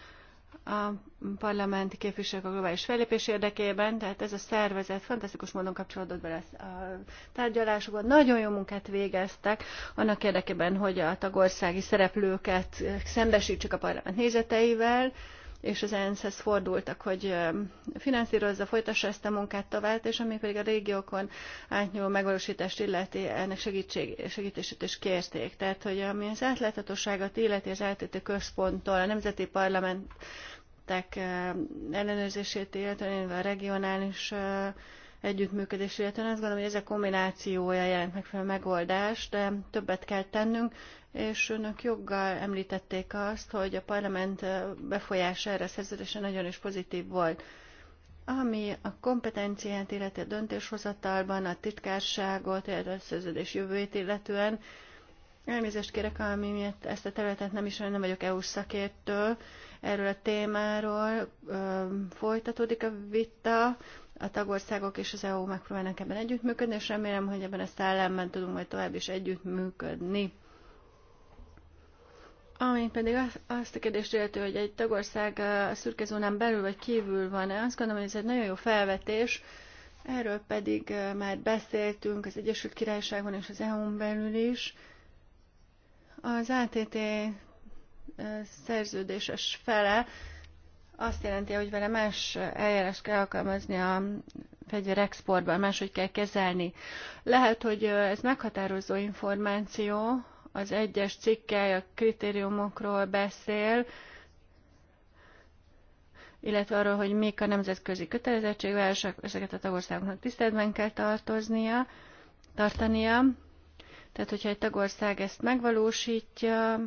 a parlamenti képviselők a globális fellépés érdekében, tehát ez a szervezet fantasztikus módon kapcsolódott bele a tárgyalásokban. Nagyon jó munkát végeztek annak érdekében, hogy a tagországi szereplőket szembesítsük a parlament nézeteivel, és az ENSZ-hez fordultak, hogy finanszírozza, folytassa ezt a munkát tovább, és ami pedig a régiókon átnyúló megvalósítást illeti, ennek segítség, segítését is kérték. Tehát, hogy ami az átláthatóságot illeti az áttétő központtól, a Nemzeti parlamentek ellenőrzését illetően, a regionális együttműködés, illetve azt gondolom, hogy ezek kombinációja jelent meg fel a megoldás, de többet kell tennünk, és önök joggal említették azt, hogy a parlament befolyása erre szerződése nagyon is pozitív volt. Ami a kompetenciát, illetve a döntéshozatalban, a titkárságot, illetve a szerződés jövőjét illetően, Elnézést kérek, ami miatt ezt a területet nem is nem vagyok EU szakértő. Erről a témáról ö, folytatódik a vita a tagországok és az EU megpróbálnak ebben együttműködni, és remélem, hogy ebben a szellemben tudunk majd tovább is együttműködni. Ami pedig azt a kérdést illeti, hogy egy tagország a szürkezónán belül vagy kívül van-e, azt gondolom, hogy ez egy nagyon jó felvetés, erről pedig már beszéltünk az Egyesült Királyságon és az EU-n belül is. Az ATT szerződéses fele azt jelenti, hogy vele más eljárást kell alkalmazni a exportban, máshogy kell kezelni. Lehet, hogy ez meghatározó információ, az egyes cikkely a kritériumokról beszél, illetve arról, hogy mik a nemzetközi kötelezettségvárosok, ezeket a tagországoknak tiszteletben kell tartoznia, tartania. Tehát, hogyha egy tagország ezt megvalósítja,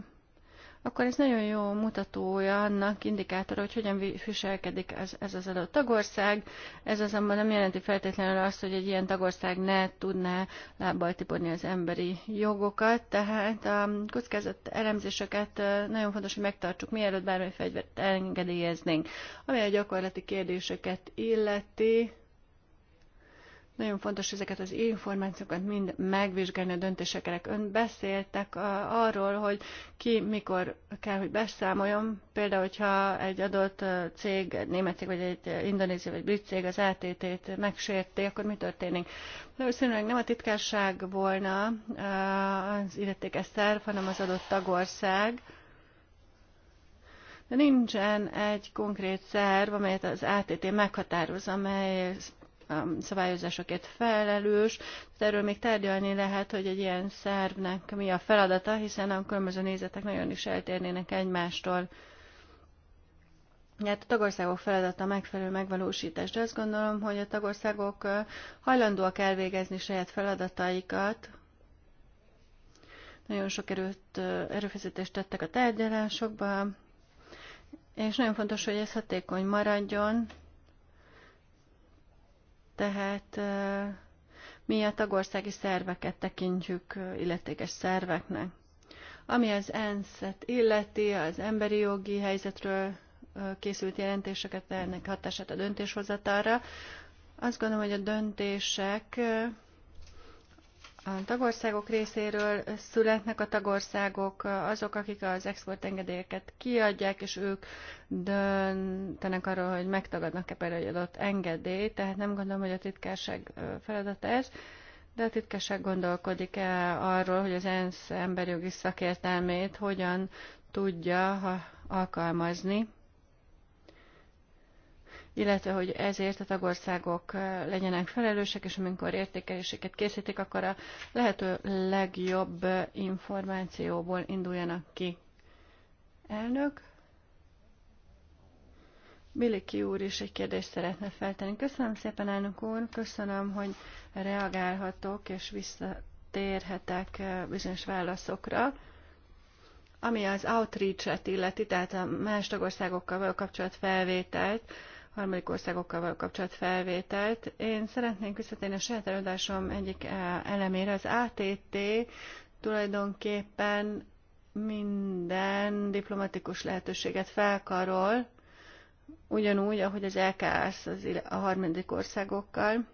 akkor ez nagyon jó mutatója annak, indikátora, hogy hogyan viselkedik ez, ez az adott tagország. Ez azonban nem jelenti feltétlenül azt, hogy egy ilyen tagország ne tudná lábbal tiporni az emberi jogokat, tehát a kockázat elemzéseket nagyon fontos, hogy megtartsuk, mielőtt bármely fegyvert engedélyeznénk. Ami a gyakorlati kérdéseket illeti, nagyon fontos ezeket az információkat mind megvizsgálni a döntésekre. Ön beszéltek arról, hogy ki mikor kell, hogy beszámoljon. Például, hogyha egy adott cég, egy német cég, vagy egy indonézia, vagy brit cég az ATT-t megsérti, akkor mi történik? Valószínűleg nem a titkárság volna az illetékes szerv, hanem az adott tagország. De nincsen egy konkrét szerv, amelyet az ATT meghatároz, amely szabályozásokért felelős. Tehát erről még tárgyalni lehet, hogy egy ilyen szervnek mi a feladata, hiszen a különböző nézetek nagyon is eltérnének egymástól. Hát a tagországok feladata megfelelő megvalósítás, de azt gondolom, hogy a tagországok hajlandóak elvégezni saját feladataikat. Nagyon sok erőt, erőfeszítést tettek a tárgyalásokba, és nagyon fontos, hogy ez hatékony maradjon, tehát mi a tagországi szerveket tekintjük illetékes szerveknek. Ami az ENSZ-et illeti, az emberi jogi helyzetről készült jelentéseket, ennek hatását a döntéshozatalra, azt gondolom, hogy a döntések a tagországok részéről születnek a tagországok, azok, akik az exportengedélyeket kiadják, és ők döntenek arról, hogy megtagadnak-e például egy adott engedélyt, tehát nem gondolom, hogy a titkárság feladata ez, de a titkárság gondolkodik-e arról, hogy az ENSZ emberjogi szakértelmét hogyan tudja alkalmazni illetve hogy ezért a tagországok legyenek felelősek, és amikor értékeléseket készítik, akkor a lehető legjobb információból induljanak ki. Elnök. Biliki úr is egy kérdést szeretne feltenni. Köszönöm szépen, elnök úr, köszönöm, hogy reagálhatok és visszatérhetek bizonyos válaszokra. Ami az outreach-et illeti, tehát a más tagországokkal való kapcsolatfelvételt, harmadik országokkal való kapcsolat felvételt. Én szeretném visszatérni a saját előadásom egyik eh, elemére. Az ATT tulajdonképpen minden diplomatikus lehetőséget felkarol, ugyanúgy, ahogy az LKS az a harmadik országokkal.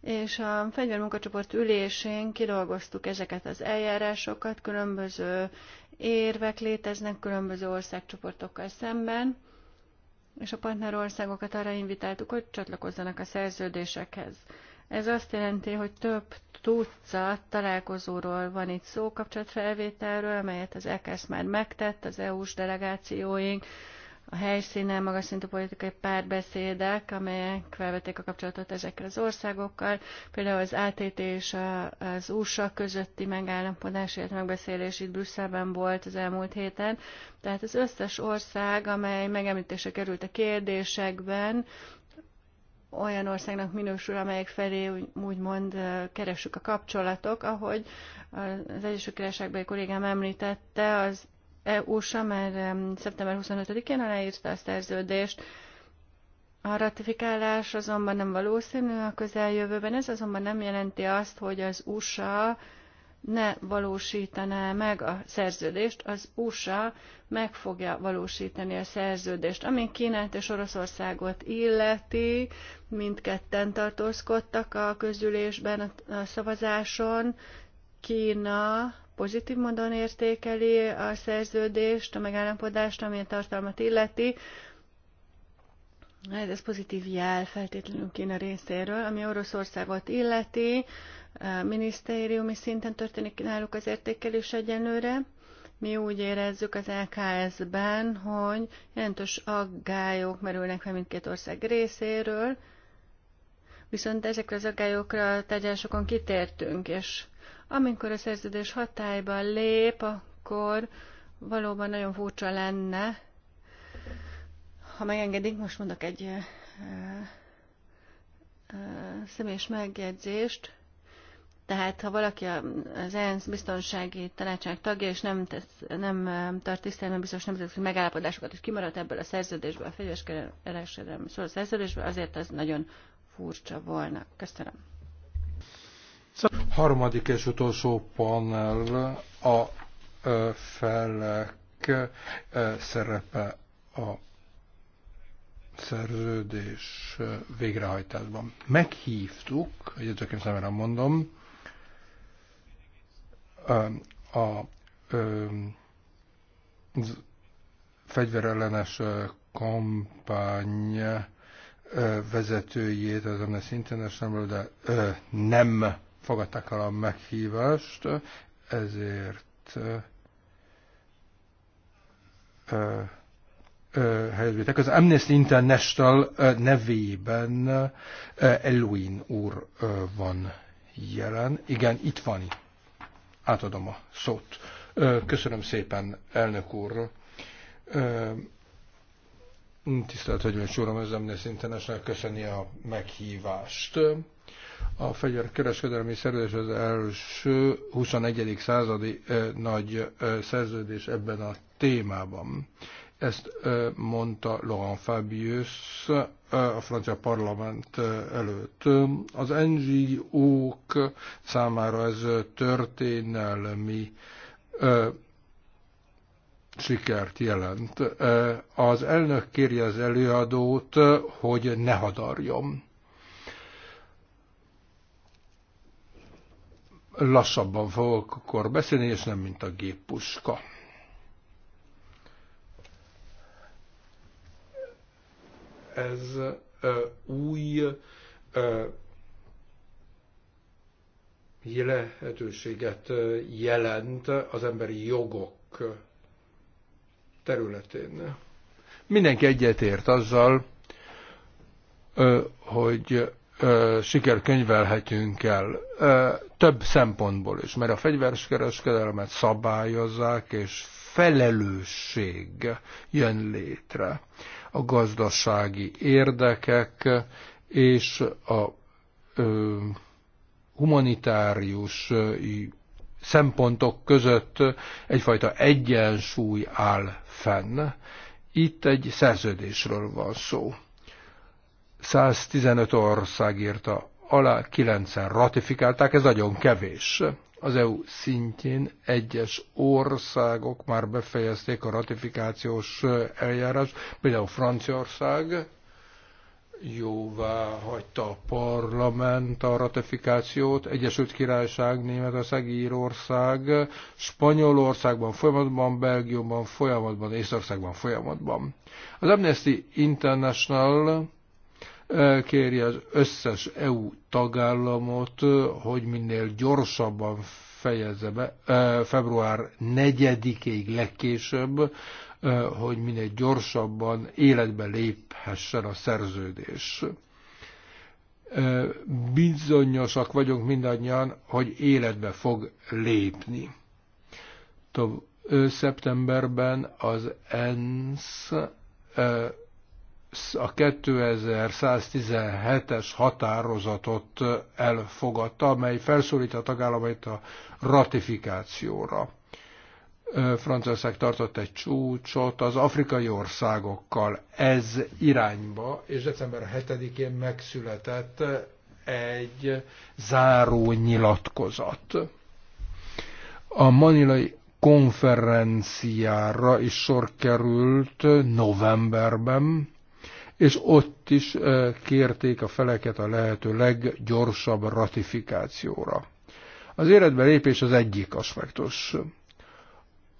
És a fegyvermunkacsoport ülésén kidolgoztuk ezeket az eljárásokat, különböző érvek léteznek különböző országcsoportokkal szemben, és a partnerországokat arra invitáltuk, hogy csatlakozzanak a szerződésekhez. Ez azt jelenti, hogy több tucat találkozóról van itt szó kapcsolatfelvételről, amelyet az EKSZ már megtett, az EU-s delegációink, a helyszínen magas szintű politikai párbeszédek, amelyek felvették a kapcsolatot ezekkel az országokkal, például az ATT és az USA közötti megállapodás, illetve megbeszélés itt Brüsszelben volt az elmúlt héten. Tehát az összes ország, amely megemlítése került a kérdésekben, olyan országnak minősül, amelyek felé úgymond keresünk a kapcsolatok, ahogy az Egyesült egy kollégám említette, az E USA már szeptember 25-én aláírta a szerződést. A ratifikálás azonban nem valószínű a közeljövőben, ez azonban nem jelenti azt, hogy az USA ne valósítaná meg a szerződést, az USA meg fogja valósítani a szerződést. Ami Kínát és Oroszországot illeti, mindketten tartózkodtak a közülésben, a szavazáson. Kína pozitív módon értékeli a szerződést, a megállapodást, ami a tartalmat illeti. Ez, hát ez pozitív jel feltétlenül Kína részéről, ami Oroszországot illeti, minisztériumi szinten történik náluk az értékelés egyenlőre. Mi úgy érezzük az LKS-ben, hogy jelentős aggályok merülnek fel mindkét ország részéről, viszont ezekre az aggályokra a tárgyalásokon kitértünk, és amikor a szerződés hatályba lép, akkor valóban nagyon furcsa lenne, ha megengedik, most mondok egy e, e, személyes megjegyzést. Tehát, ha valaki az ENSZ biztonsági tanácsának tagja, és nem, tesz, nem tart tiszteletben biztos nemzetközi megállapodásokat, és kimaradt ebből a szerződésből, a fegyvereskedelmi szóló szerződésből, azért az nagyon furcsa volna. Köszönöm. Harmadik és utolsó panel a felek szerepe a szerződés végrehajtásban. Meghívtuk, egyébként szemben mondom, a, a fegyverellenes kampány vezetőjét az Amnesty International, de nem fogadták el a meghívást, ezért helyezték. helyezvétek. Az Amnesty International nevében Elwin úr van jelen. Igen, itt van. Átadom a szót. Köszönöm szépen, elnök úr. Tisztelt Hölgyeim és Uram, az Amnesty International köszöni a meghívást. A Kereskedelmi szerződés az első 21. századi nagy szerződés ebben a témában. Ezt mondta Laurent Fabius a francia parlament előtt. Az NGO-k számára ez történelmi sikert jelent. Az elnök kéri az előadót, hogy ne hadarjon. lassabban fogok akkor beszélni, és nem mint a géppuska. Ez ö, új ö, lehetőséget jelent az emberi jogok területén. Mindenki egyetért azzal, hogy siker könyvelhetünk el több szempontból is, mert a fegyveres kereskedelmet szabályozzák, és felelősség jön létre. A gazdasági érdekek és a ö, humanitárius szempontok között egyfajta egyensúly áll fenn. Itt egy szerződésről van szó. 115 ország írta alá, 9-en ratifikálták, ez nagyon kevés. Az EU szintjén egyes országok már befejezték a ratifikációs eljárás, például Franciaország jóvá hagyta a parlament a ratifikációt, Egyesült Királyság, Németország, Írország, Spanyolországban folyamatban, Belgiumban folyamatban, Észországban folyamatban. Az Amnesty International kéri az összes EU tagállamot, hogy minél gyorsabban fejezze be, február 4-ig legkésőbb, hogy minél gyorsabban életbe léphessen a szerződés. Bizonyosak vagyunk mindannyian, hogy életbe fog lépni. Szeptemberben az ENSZ a 2117-es határozatot elfogadta, amely felszólítja a tagállamait a ratifikációra. Franciaország tartott egy csúcsot az afrikai országokkal ez irányba, és december 7-én megszületett egy záró nyilatkozat. A manilai konferenciára is sor került novemberben, és ott is kérték a feleket a lehető leggyorsabb ratifikációra. Az életbe lépés az egyik aspektus.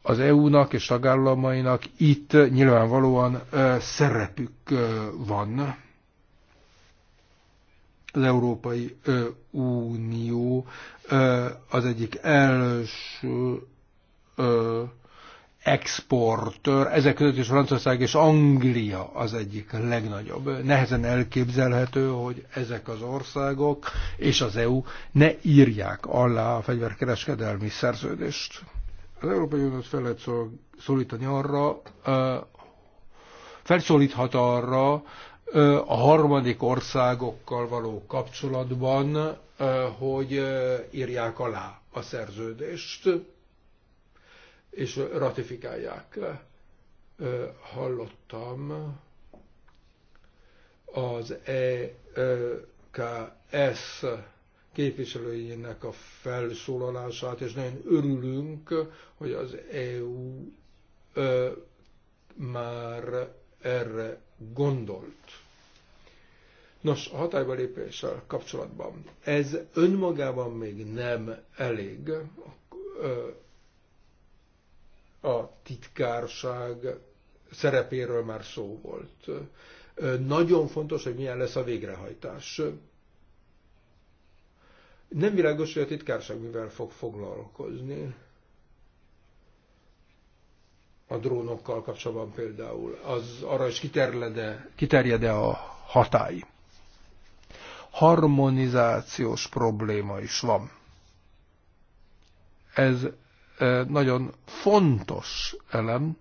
Az EU-nak és tagállamainak itt nyilvánvalóan szerepük van. Az Európai Unió az egyik első exportőr, ezek között is Franciaország és Anglia az egyik legnagyobb. Nehezen elképzelhető, hogy ezek az országok és az EU ne írják alá a fegyverkereskedelmi szerződést. Az Európai Uniót fel lehet szólítani arra, felszólíthat arra a harmadik országokkal való kapcsolatban, hogy írják alá a szerződést és ratifikálják. Hallottam az EKS képviselőjének a felszólalását, és nagyon örülünk, hogy az EU már erre gondolt. Nos, a hatályba lépéssel kapcsolatban ez önmagában még nem elég a titkárság szerepéről már szó volt. Nagyon fontos, hogy milyen lesz a végrehajtás. Nem világos, hogy a titkárság mivel fog foglalkozni. A drónokkal kapcsolatban például. Az arra is kiterjed-e kiterjed a hatály. Harmonizációs probléma is van. Ez nagyon fontos elem,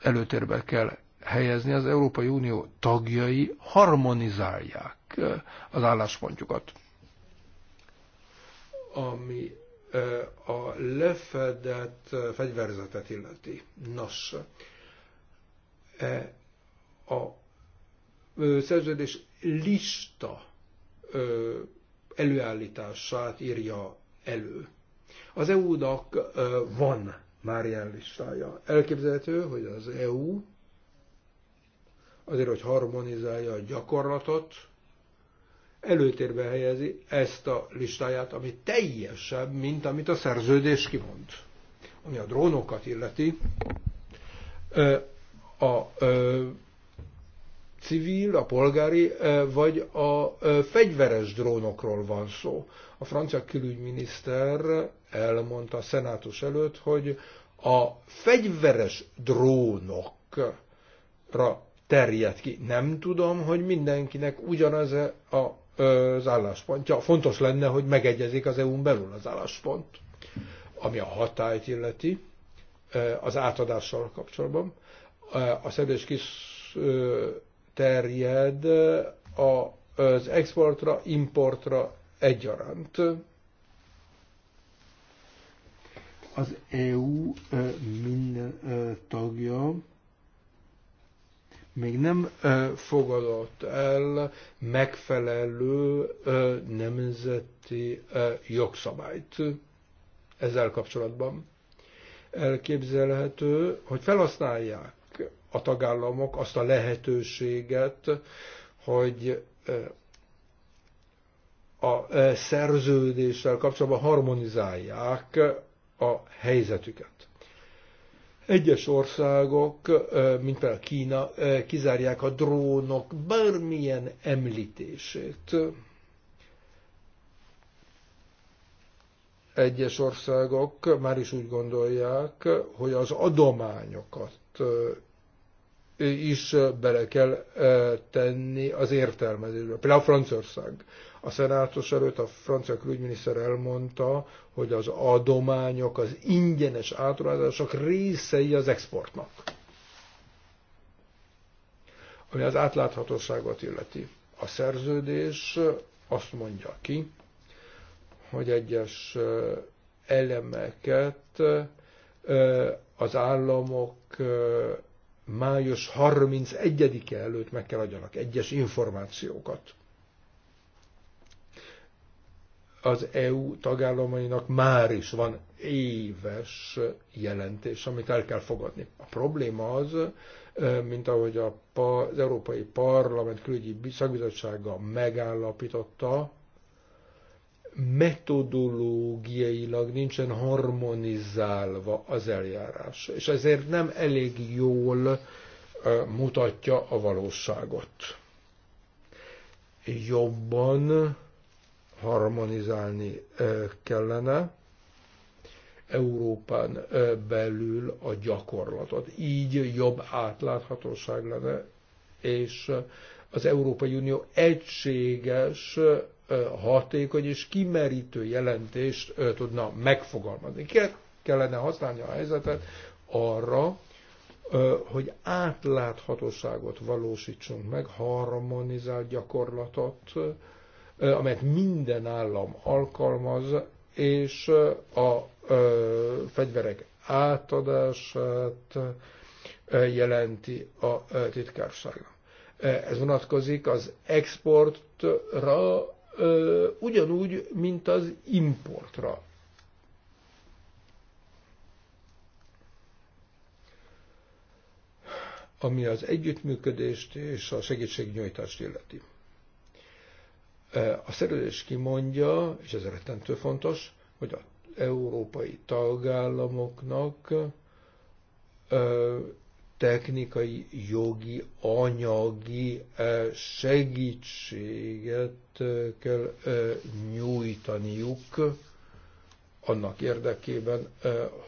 előtérbe kell helyezni, az Európai Unió tagjai harmonizálják az álláspontjukat. Ami a lefedett fegyverzetet illeti. Nos, e, a szerződés lista előállítását írja elő. Az EU-nak van már ilyen listája. Elképzelhető, hogy az EU azért, hogy harmonizálja a gyakorlatot, előtérbe helyezi ezt a listáját, ami teljesebb, mint amit a szerződés kimond. Ami a drónokat illeti, a civil, a polgári vagy a fegyveres drónokról van szó. A francia külügyminiszter elmondta a szenátus előtt, hogy a fegyveres drónokra terjed ki. Nem tudom, hogy mindenkinek ugyanaz -e a, az álláspontja. Fontos lenne, hogy megegyezik az EU-n belül az álláspont, ami a hatályt illeti az átadással kapcsolatban. A szerződés kis terjed a, az exportra, importra egyaránt. Az EU minden tagja még nem fogadott el megfelelő nemzeti jogszabályt ezzel kapcsolatban. Elképzelhető, hogy felhasználják a tagállamok azt a lehetőséget, hogy e, a e, szerződéssel kapcsolatban harmonizálják a helyzetüket. Egyes országok, e, mint például Kína, kizárják a drónok bármilyen említését. Egyes országok már is úgy gondolják, hogy az adományokat is bele kell tenni az értelmezésbe. Például Franciaország. A szenátus előtt a francia külügyminiszter elmondta, hogy az adományok, az ingyenes átruházások részei az exportnak. Ami az átláthatóságot illeti. A szerződés azt mondja ki, hogy egyes elemeket az államok május 31-e előtt meg kell adjanak egyes információkat. Az EU tagállamainak már is van éves jelentés, amit el kell fogadni. A probléma az, mint ahogy az Európai Parlament külügyi szakbizottsága megállapította, metodológiailag nincsen harmonizálva az eljárás, és ezért nem elég jól mutatja a valóságot. Jobban harmonizálni kellene Európán belül a gyakorlatot. Így jobb átláthatóság lenne, és az Európai Unió egységes hatékony és kimerítő jelentést tudna megfogalmazni. kellene használni a helyzetet arra, hogy átláthatóságot valósítsunk meg, harmonizált gyakorlatot, amelyet minden állam alkalmaz, és a fegyverek átadását jelenti a titkársága. Ez vonatkozik az exportra, ugyanúgy, mint az importra. ami az együttműködést és a segítségnyújtást illeti. A szerződés kimondja, és ez rettentő fontos, hogy az európai tagállamoknak technikai, jogi, anyagi eh, segítséget eh, kell eh, nyújtaniuk annak érdekében,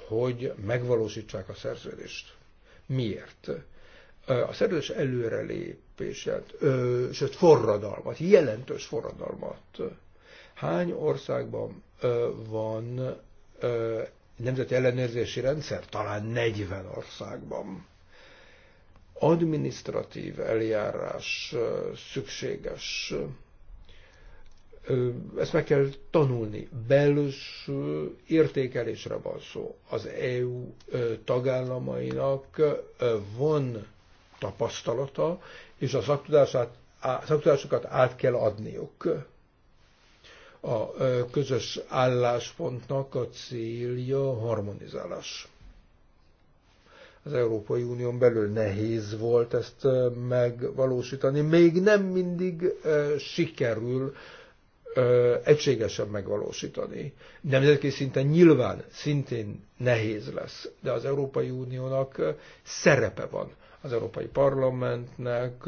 hogy megvalósítsák a szerződést. Miért? A szerződés előrelépését, sőt forradalmat, jelentős forradalmat. Hány országban van nemzeti ellenőrzési rendszer? Talán 40 országban administratív eljárás szükséges. Ezt meg kell tanulni. Belső értékelésre van szó. Az EU tagállamainak van tapasztalata, és a szaktudásokat át kell adniuk. A közös álláspontnak a célja harmonizálás az Európai Unión belül nehéz volt ezt megvalósítani. Még nem mindig sikerül egységesen megvalósítani. Nemzetközi szinten nyilván szintén nehéz lesz, de az Európai Uniónak szerepe van az Európai Parlamentnek,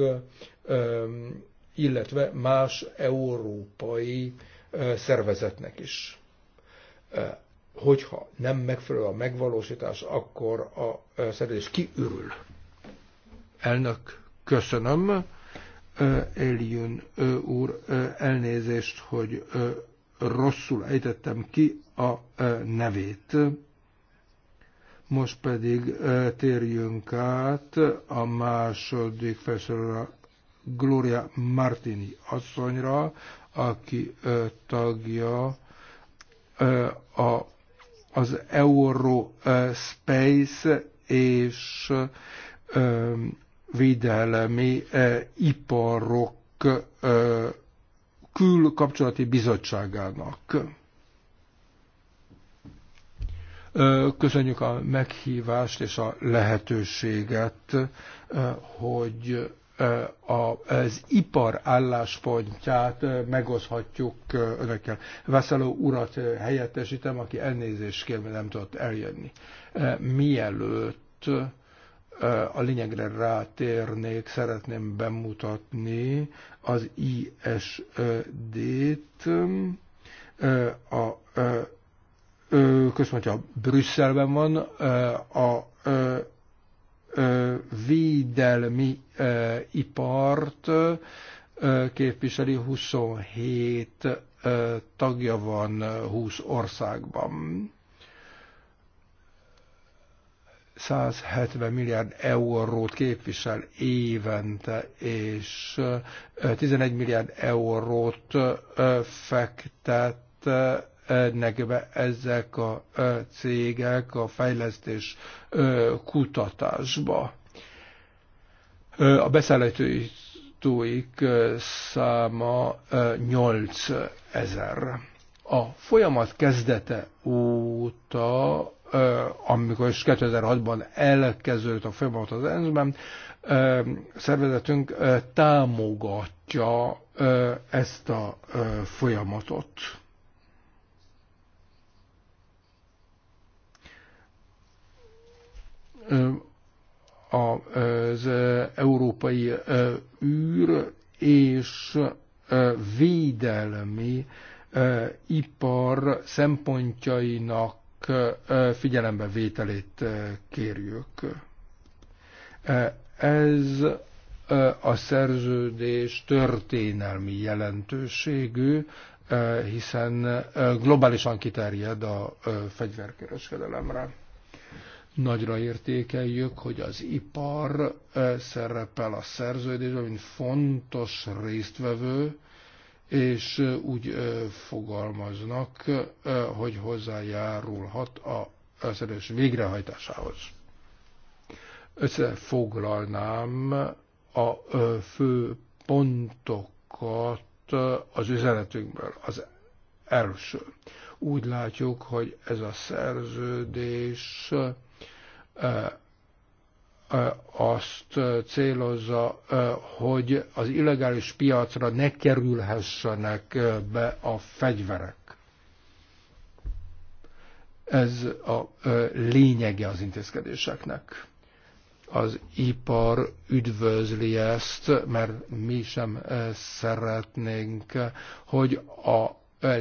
illetve más európai szervezetnek is hogyha nem megfelelő a megvalósítás, akkor a szerződés kiürül. Elnök, köszönöm. Eljön úr, elnézést, hogy rosszul ejtettem ki a nevét. Most pedig térjünk át a második felszólalra Gloria Martini asszonyra, aki tagja a az Eurospace és védelmi iparok külkapcsolati bizottságának. Köszönjük a meghívást és a lehetőséget, hogy az ipar álláspontját megoszhatjuk önökkel. Veszeló urat helyettesítem, aki elnézést kér, nem tudott eljönni. Mielőtt a lényegre rátérnék, szeretném bemutatni az ISD-t, a központja Brüsszelben van, a védelmi ipart képviseli 27 tagja van 20 országban. 170 milliárd eurót képvisel évente, és 11 milliárd eurót fektet ennek be ezek a cégek a fejlesztés kutatásba. A beszállítóik száma 8 ezer. A folyamat kezdete óta, amikor is 2006-ban elkezdődött a folyamat az ENSZ-ben, szervezetünk támogatja ezt a folyamatot az európai űr és védelmi ipar szempontjainak vételét kérjük. Ez a szerződés történelmi jelentőségű, hiszen globálisan kiterjed a fegyverkereskedelemre. Nagyra értékeljük, hogy az ipar eh, szerepel a szerződésben, mint fontos résztvevő, és eh, úgy eh, fogalmaznak, hogy hozzájárulhat a szerződés végrehajtásához. Összefoglalnám a fő pontokat az üzenetünkből. Az első. Úgy látjuk, hogy ez a szerződés azt célozza, hogy az illegális piacra ne kerülhessenek be a fegyverek. Ez a lényege az intézkedéseknek. Az ipar üdvözli ezt, mert mi sem szeretnénk, hogy a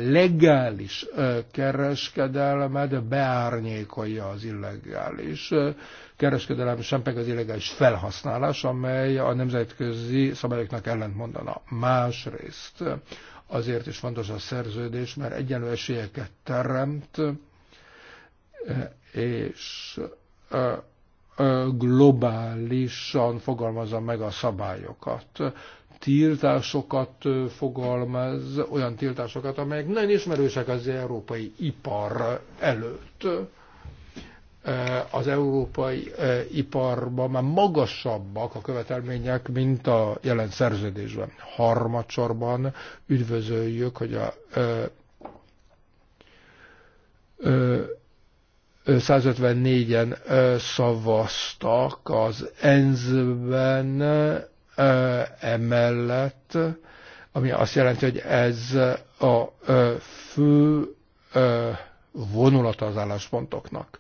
legális kereskedelmet beárnyékolja az illegális kereskedelem, sem pedig az illegális felhasználás, amely a nemzetközi szabályoknak ellentmondana. Másrészt azért is fontos a szerződés, mert egyenlő esélyeket teremt, és globálisan fogalmazza meg a szabályokat tiltásokat fogalmaz, olyan tiltásokat, amelyek nagyon ismerősek az európai ipar előtt. Az európai iparban már magasabbak a követelmények, mint a jelen szerződésben. Harmadsorban üdvözöljük, hogy a 154-en szavaztak az ENSZ-ben emellett, ami azt jelenti, hogy ez a fő vonulata az álláspontoknak.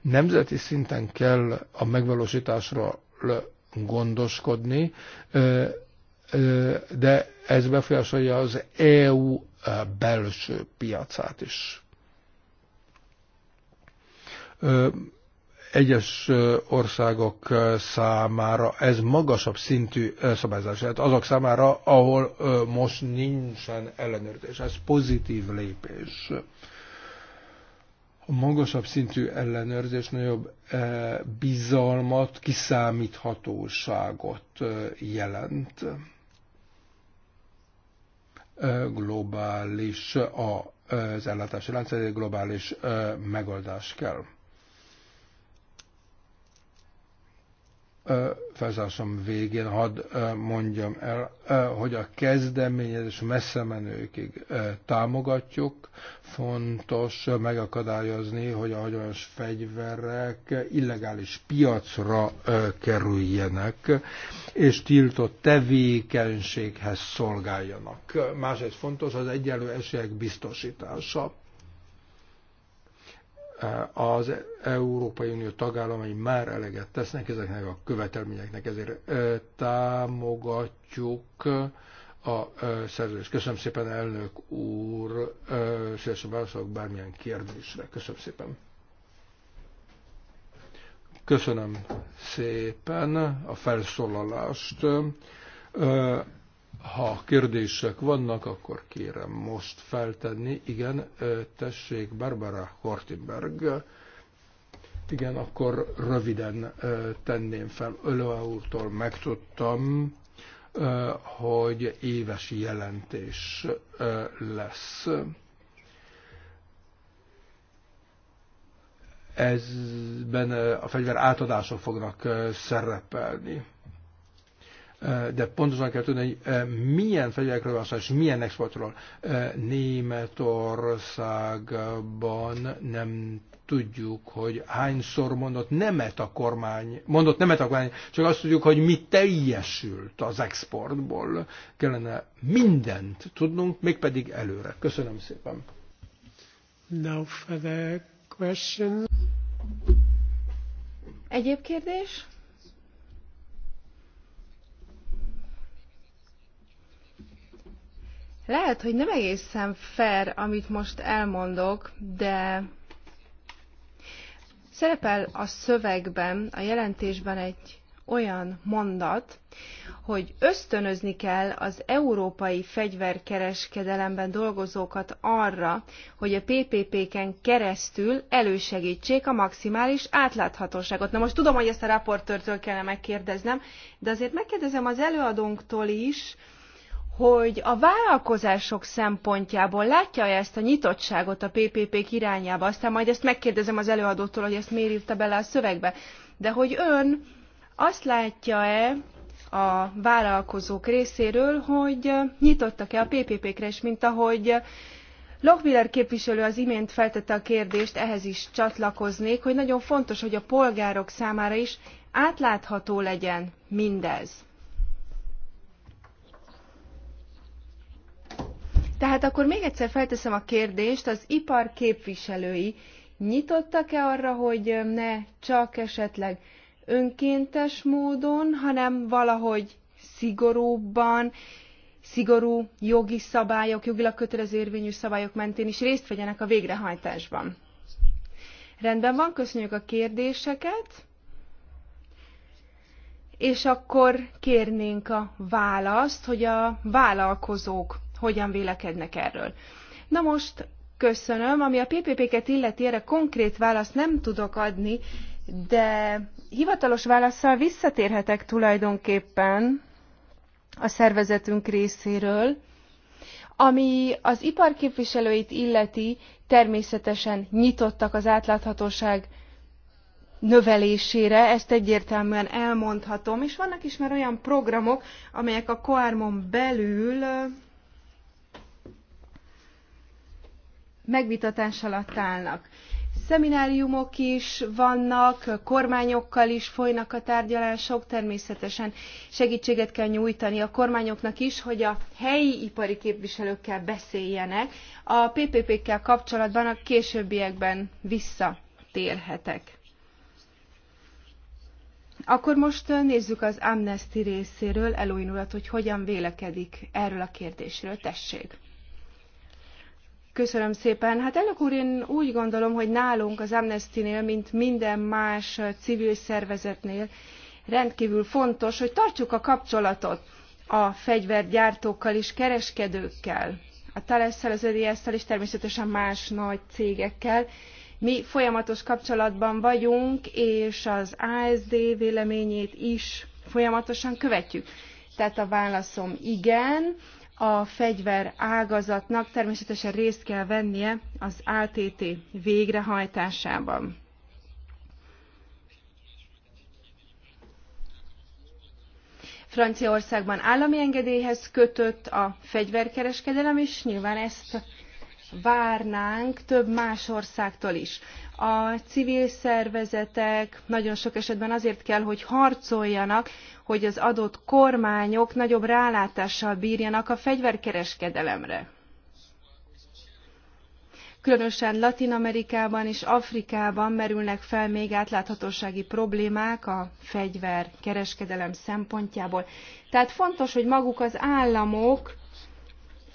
Nemzeti szinten kell a megvalósításról gondoskodni, de ez befolyásolja az EU belső piacát is egyes országok számára ez magasabb szintű szabályzás, lehet azok számára, ahol most nincsen ellenőrzés. Ez pozitív lépés. A magasabb szintű ellenőrzés nagyobb bizalmat, kiszámíthatóságot jelent globális, az ellátási rendszer globális megoldás kell. felszállásom végén hadd mondjam el, hogy a kezdeményezés messze menőkig támogatjuk. Fontos megakadályozni, hogy a hagyományos fegyverek illegális piacra kerüljenek, és tiltott tevékenységhez szolgáljanak. Másrészt fontos az egyenlő esélyek biztosítása az Európai Unió tagállamai már eleget tesznek ezeknek a követelményeknek, ezért támogatjuk a szerződést. Köszönöm szépen, elnök úr, szívesen válaszolok bármilyen kérdésre. Köszönöm szépen. Köszönöm szépen a felszólalást ha kérdések vannak, akkor kérem most feltenni. Igen, tessék, Barbara Hortenberg. Igen, akkor röviden tenném fel. Ölöa úrtól megtudtam, hogy éves jelentés lesz. Ezben a fegyver átadások fognak szerepelni de pontosan kell tudni, hogy milyen fegyverekről van szó, és milyen exportról. Németországban nem tudjuk, hogy hányszor mondott nemet a kormány, mondott nemet a kormány, csak azt tudjuk, hogy mi teljesült az exportból. Kellene mindent tudnunk, mégpedig előre. Köszönöm szépen. No further questions. Egyéb kérdés? Lehet, hogy nem egészen fair, amit most elmondok, de szerepel a szövegben, a jelentésben egy olyan mondat, hogy ösztönözni kell az európai fegyverkereskedelemben dolgozókat arra, hogy a PPP-ken keresztül elősegítsék a maximális átláthatóságot. Na most tudom, hogy ezt a raportőrtől kellene megkérdeznem, de azért megkérdezem az előadónktól is, hogy a vállalkozások szempontjából látja-e ezt a nyitottságot a PPP-k irányába? Aztán majd ezt megkérdezem az előadótól, hogy ezt miért írta bele a szövegbe. De hogy ön azt látja-e a vállalkozók részéről, hogy nyitottak-e a PPP-kre, és mint ahogy Lochbiller képviselő az imént feltette a kérdést, ehhez is csatlakoznék, hogy nagyon fontos, hogy a polgárok számára is átlátható legyen mindez. Tehát akkor még egyszer felteszem a kérdést, az ipar képviselői nyitottak-e arra, hogy ne csak esetleg önkéntes módon, hanem valahogy szigorúbban, szigorú jogi szabályok, jogilag kötelező érvényű szabályok mentén is részt vegyenek a végrehajtásban. Rendben van, köszönjük a kérdéseket. És akkor kérnénk a választ, hogy a vállalkozók hogyan vélekednek erről. Na most köszönöm, ami a PPP-ket illeti, erre konkrét választ nem tudok adni, de hivatalos válaszsal visszatérhetek tulajdonképpen a szervezetünk részéről, ami az iparképviselőit illeti, természetesen nyitottak az átláthatóság növelésére, ezt egyértelműen elmondhatom, és vannak is már olyan programok, amelyek a koármon belül megvitatás alatt állnak. Szemináriumok is vannak, kormányokkal is folynak a tárgyalások, természetesen segítséget kell nyújtani a kormányoknak is, hogy a helyi ipari képviselőkkel beszéljenek. A PPP-kkel kapcsolatban a későbbiekben visszatérhetek. Akkor most nézzük az Amnesty részéről előinulat, hogy hogyan vélekedik erről a kérdésről. Tessék! Köszönöm szépen. Hát elnök úr, én úgy gondolom, hogy nálunk az Amnestynél, mint minden más civil szervezetnél rendkívül fontos, hogy tartsuk a kapcsolatot a fegyvergyártókkal és kereskedőkkel, a Thales-szel, az öds és természetesen más nagy cégekkel. Mi folyamatos kapcsolatban vagyunk, és az ASD véleményét is folyamatosan követjük. Tehát a válaszom igen a fegyver ágazatnak természetesen részt kell vennie az ATT végrehajtásában. Franciaországban állami engedélyhez kötött a fegyverkereskedelem, és nyilván ezt várnánk több más országtól is a civil szervezetek nagyon sok esetben azért kell, hogy harcoljanak, hogy az adott kormányok nagyobb rálátással bírjanak a fegyverkereskedelemre. Különösen Latin Amerikában és Afrikában merülnek fel még átláthatósági problémák a fegyverkereskedelem szempontjából. Tehát fontos, hogy maguk az államok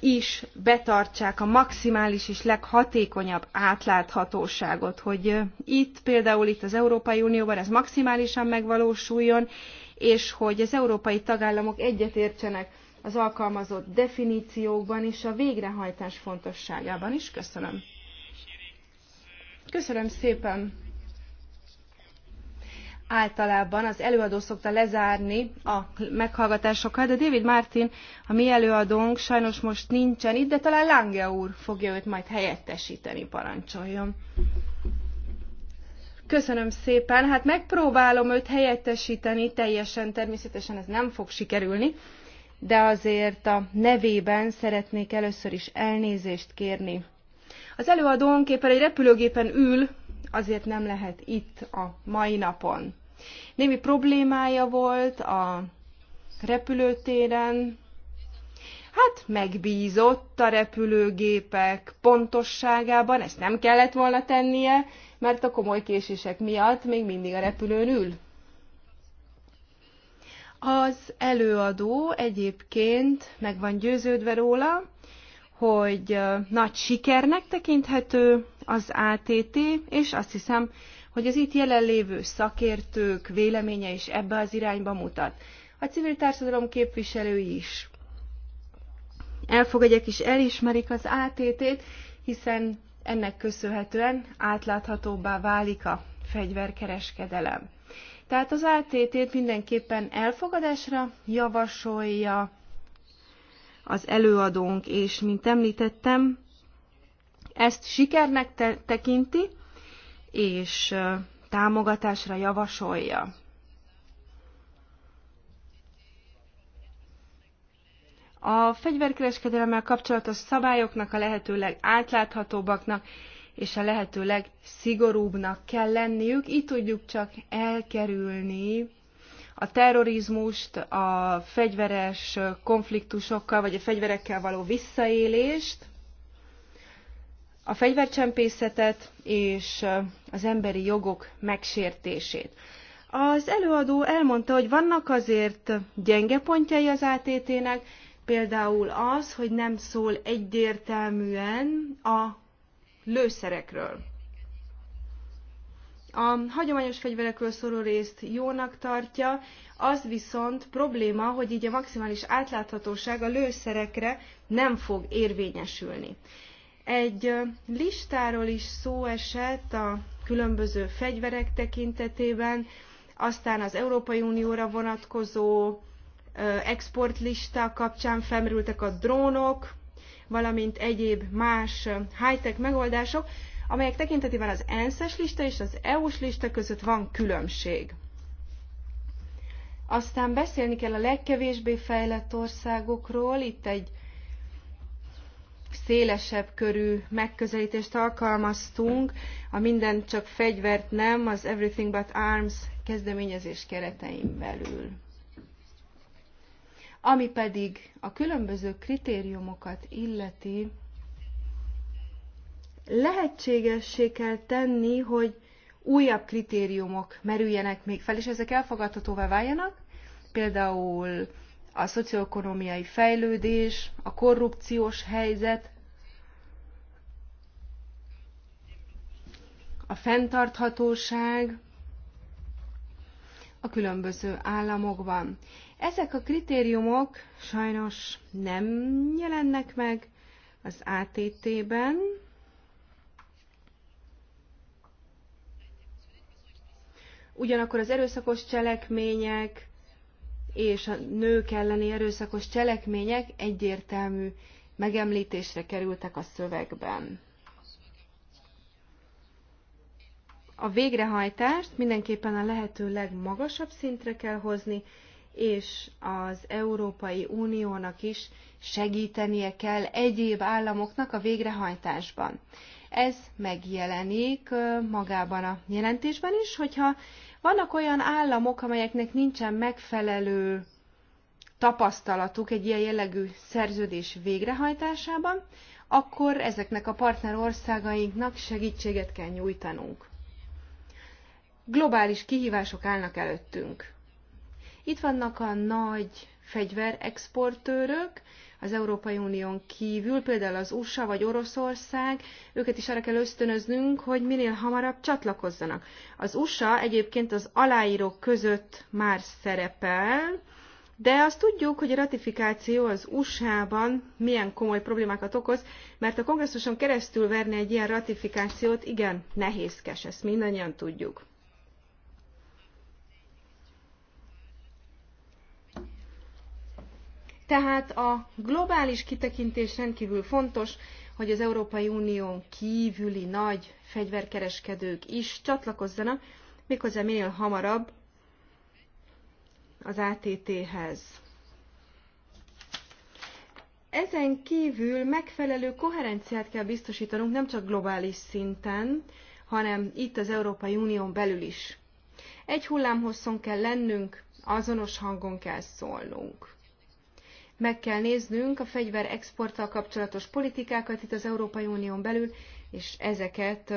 is betartsák a maximális és leghatékonyabb átláthatóságot, hogy itt például itt az Európai Unióban ez maximálisan megvalósuljon, és hogy az európai tagállamok egyetértsenek az alkalmazott definíciókban és a végrehajtás fontosságában is. Köszönöm. Köszönöm szépen általában az előadó szokta lezárni a meghallgatásokat, de David Martin, a mi előadónk sajnos most nincsen itt, de talán Lange úr fogja őt majd helyettesíteni, parancsoljon. Köszönöm szépen, hát megpróbálom őt helyettesíteni, teljesen természetesen ez nem fog sikerülni, de azért a nevében szeretnék először is elnézést kérni. Az előadónk éppen egy repülőgépen ül, azért nem lehet itt a mai napon. Némi problémája volt a repülőtéren, hát megbízott a repülőgépek pontosságában, ezt nem kellett volna tennie, mert a komoly késések miatt még mindig a repülőn ül. Az előadó egyébként meg van győződve róla, hogy nagy sikernek tekinthető az ATT, és azt hiszem hogy az itt jelenlévő szakértők véleménye is ebbe az irányba mutat. A civil társadalom képviselői is elfogadják és elismerik az ATT-t, hiszen ennek köszönhetően átláthatóbbá válik a fegyverkereskedelem. Tehát az ATT-t mindenképpen elfogadásra javasolja az előadónk, és mint említettem, ezt sikernek te- tekinti, és támogatásra javasolja. A fegyverkereskedelemmel kapcsolatos szabályoknak a lehető átláthatóbbaknak és a lehető legszigorúbbnak kell lenniük. Így tudjuk csak elkerülni a terrorizmust, a fegyveres konfliktusokkal vagy a fegyverekkel való visszaélést, a fegyvercsempészetet és az emberi jogok megsértését. Az előadó elmondta, hogy vannak azért gyenge pontjai az ATT-nek, például az, hogy nem szól egyértelműen a lőszerekről. A hagyományos fegyverekről szóló részt jónak tartja, az viszont probléma, hogy így a maximális átláthatóság a lőszerekre nem fog érvényesülni. Egy listáról is szó esett a különböző fegyverek tekintetében, aztán az Európai Unióra vonatkozó exportlista kapcsán felmerültek a drónok, valamint egyéb más high-tech megoldások, amelyek tekintetében az ENSZ-es lista és az EU-s lista között van különbség. Aztán beszélni kell a legkevésbé fejlett országokról, itt egy szélesebb körű megközelítést alkalmaztunk, a minden csak fegyvert nem, az Everything But Arms kezdeményezés keretein belül. Ami pedig a különböző kritériumokat illeti, lehetségessé kell tenni, hogy újabb kritériumok merüljenek még fel, és ezek elfogadhatóvá váljanak, például a szocioekonomiai fejlődés, a korrupciós helyzet, a fenntarthatóság a különböző államokban. Ezek a kritériumok sajnos nem jelennek meg az ATT-ben, ugyanakkor az erőszakos cselekmények, és a nők elleni erőszakos cselekmények egyértelmű megemlítésre kerültek a szövegben. A végrehajtást mindenképpen a lehető legmagasabb szintre kell hozni, és az Európai Uniónak is segítenie kell egyéb államoknak a végrehajtásban. Ez megjelenik magában a jelentésben is, hogyha vannak olyan államok, amelyeknek nincsen megfelelő tapasztalatuk egy ilyen jellegű szerződés végrehajtásában, akkor ezeknek a partner országainknak segítséget kell nyújtanunk. Globális kihívások állnak előttünk. Itt vannak a nagy fegyverexportőrök az Európai Unión kívül, például az USA vagy Oroszország, őket is arra kell ösztönöznünk, hogy minél hamarabb csatlakozzanak. Az USA egyébként az aláírók között már szerepel, de azt tudjuk, hogy a ratifikáció az USA-ban milyen komoly problémákat okoz, mert a kongresszuson keresztül verni egy ilyen ratifikációt igen nehézkes, ezt mindannyian tudjuk. Tehát a globális kitekintés rendkívül fontos, hogy az Európai Unión kívüli nagy fegyverkereskedők is csatlakozzanak, méghozzá minél hamarabb az ATT-hez. Ezen kívül megfelelő koherenciát kell biztosítanunk nem csak globális szinten, hanem itt az Európai Unión belül is. Egy hullámhosszon kell lennünk, azonos hangon kell szólnunk. Meg kell néznünk a fegyver exporttal kapcsolatos politikákat itt az Európai Unión belül, és ezeket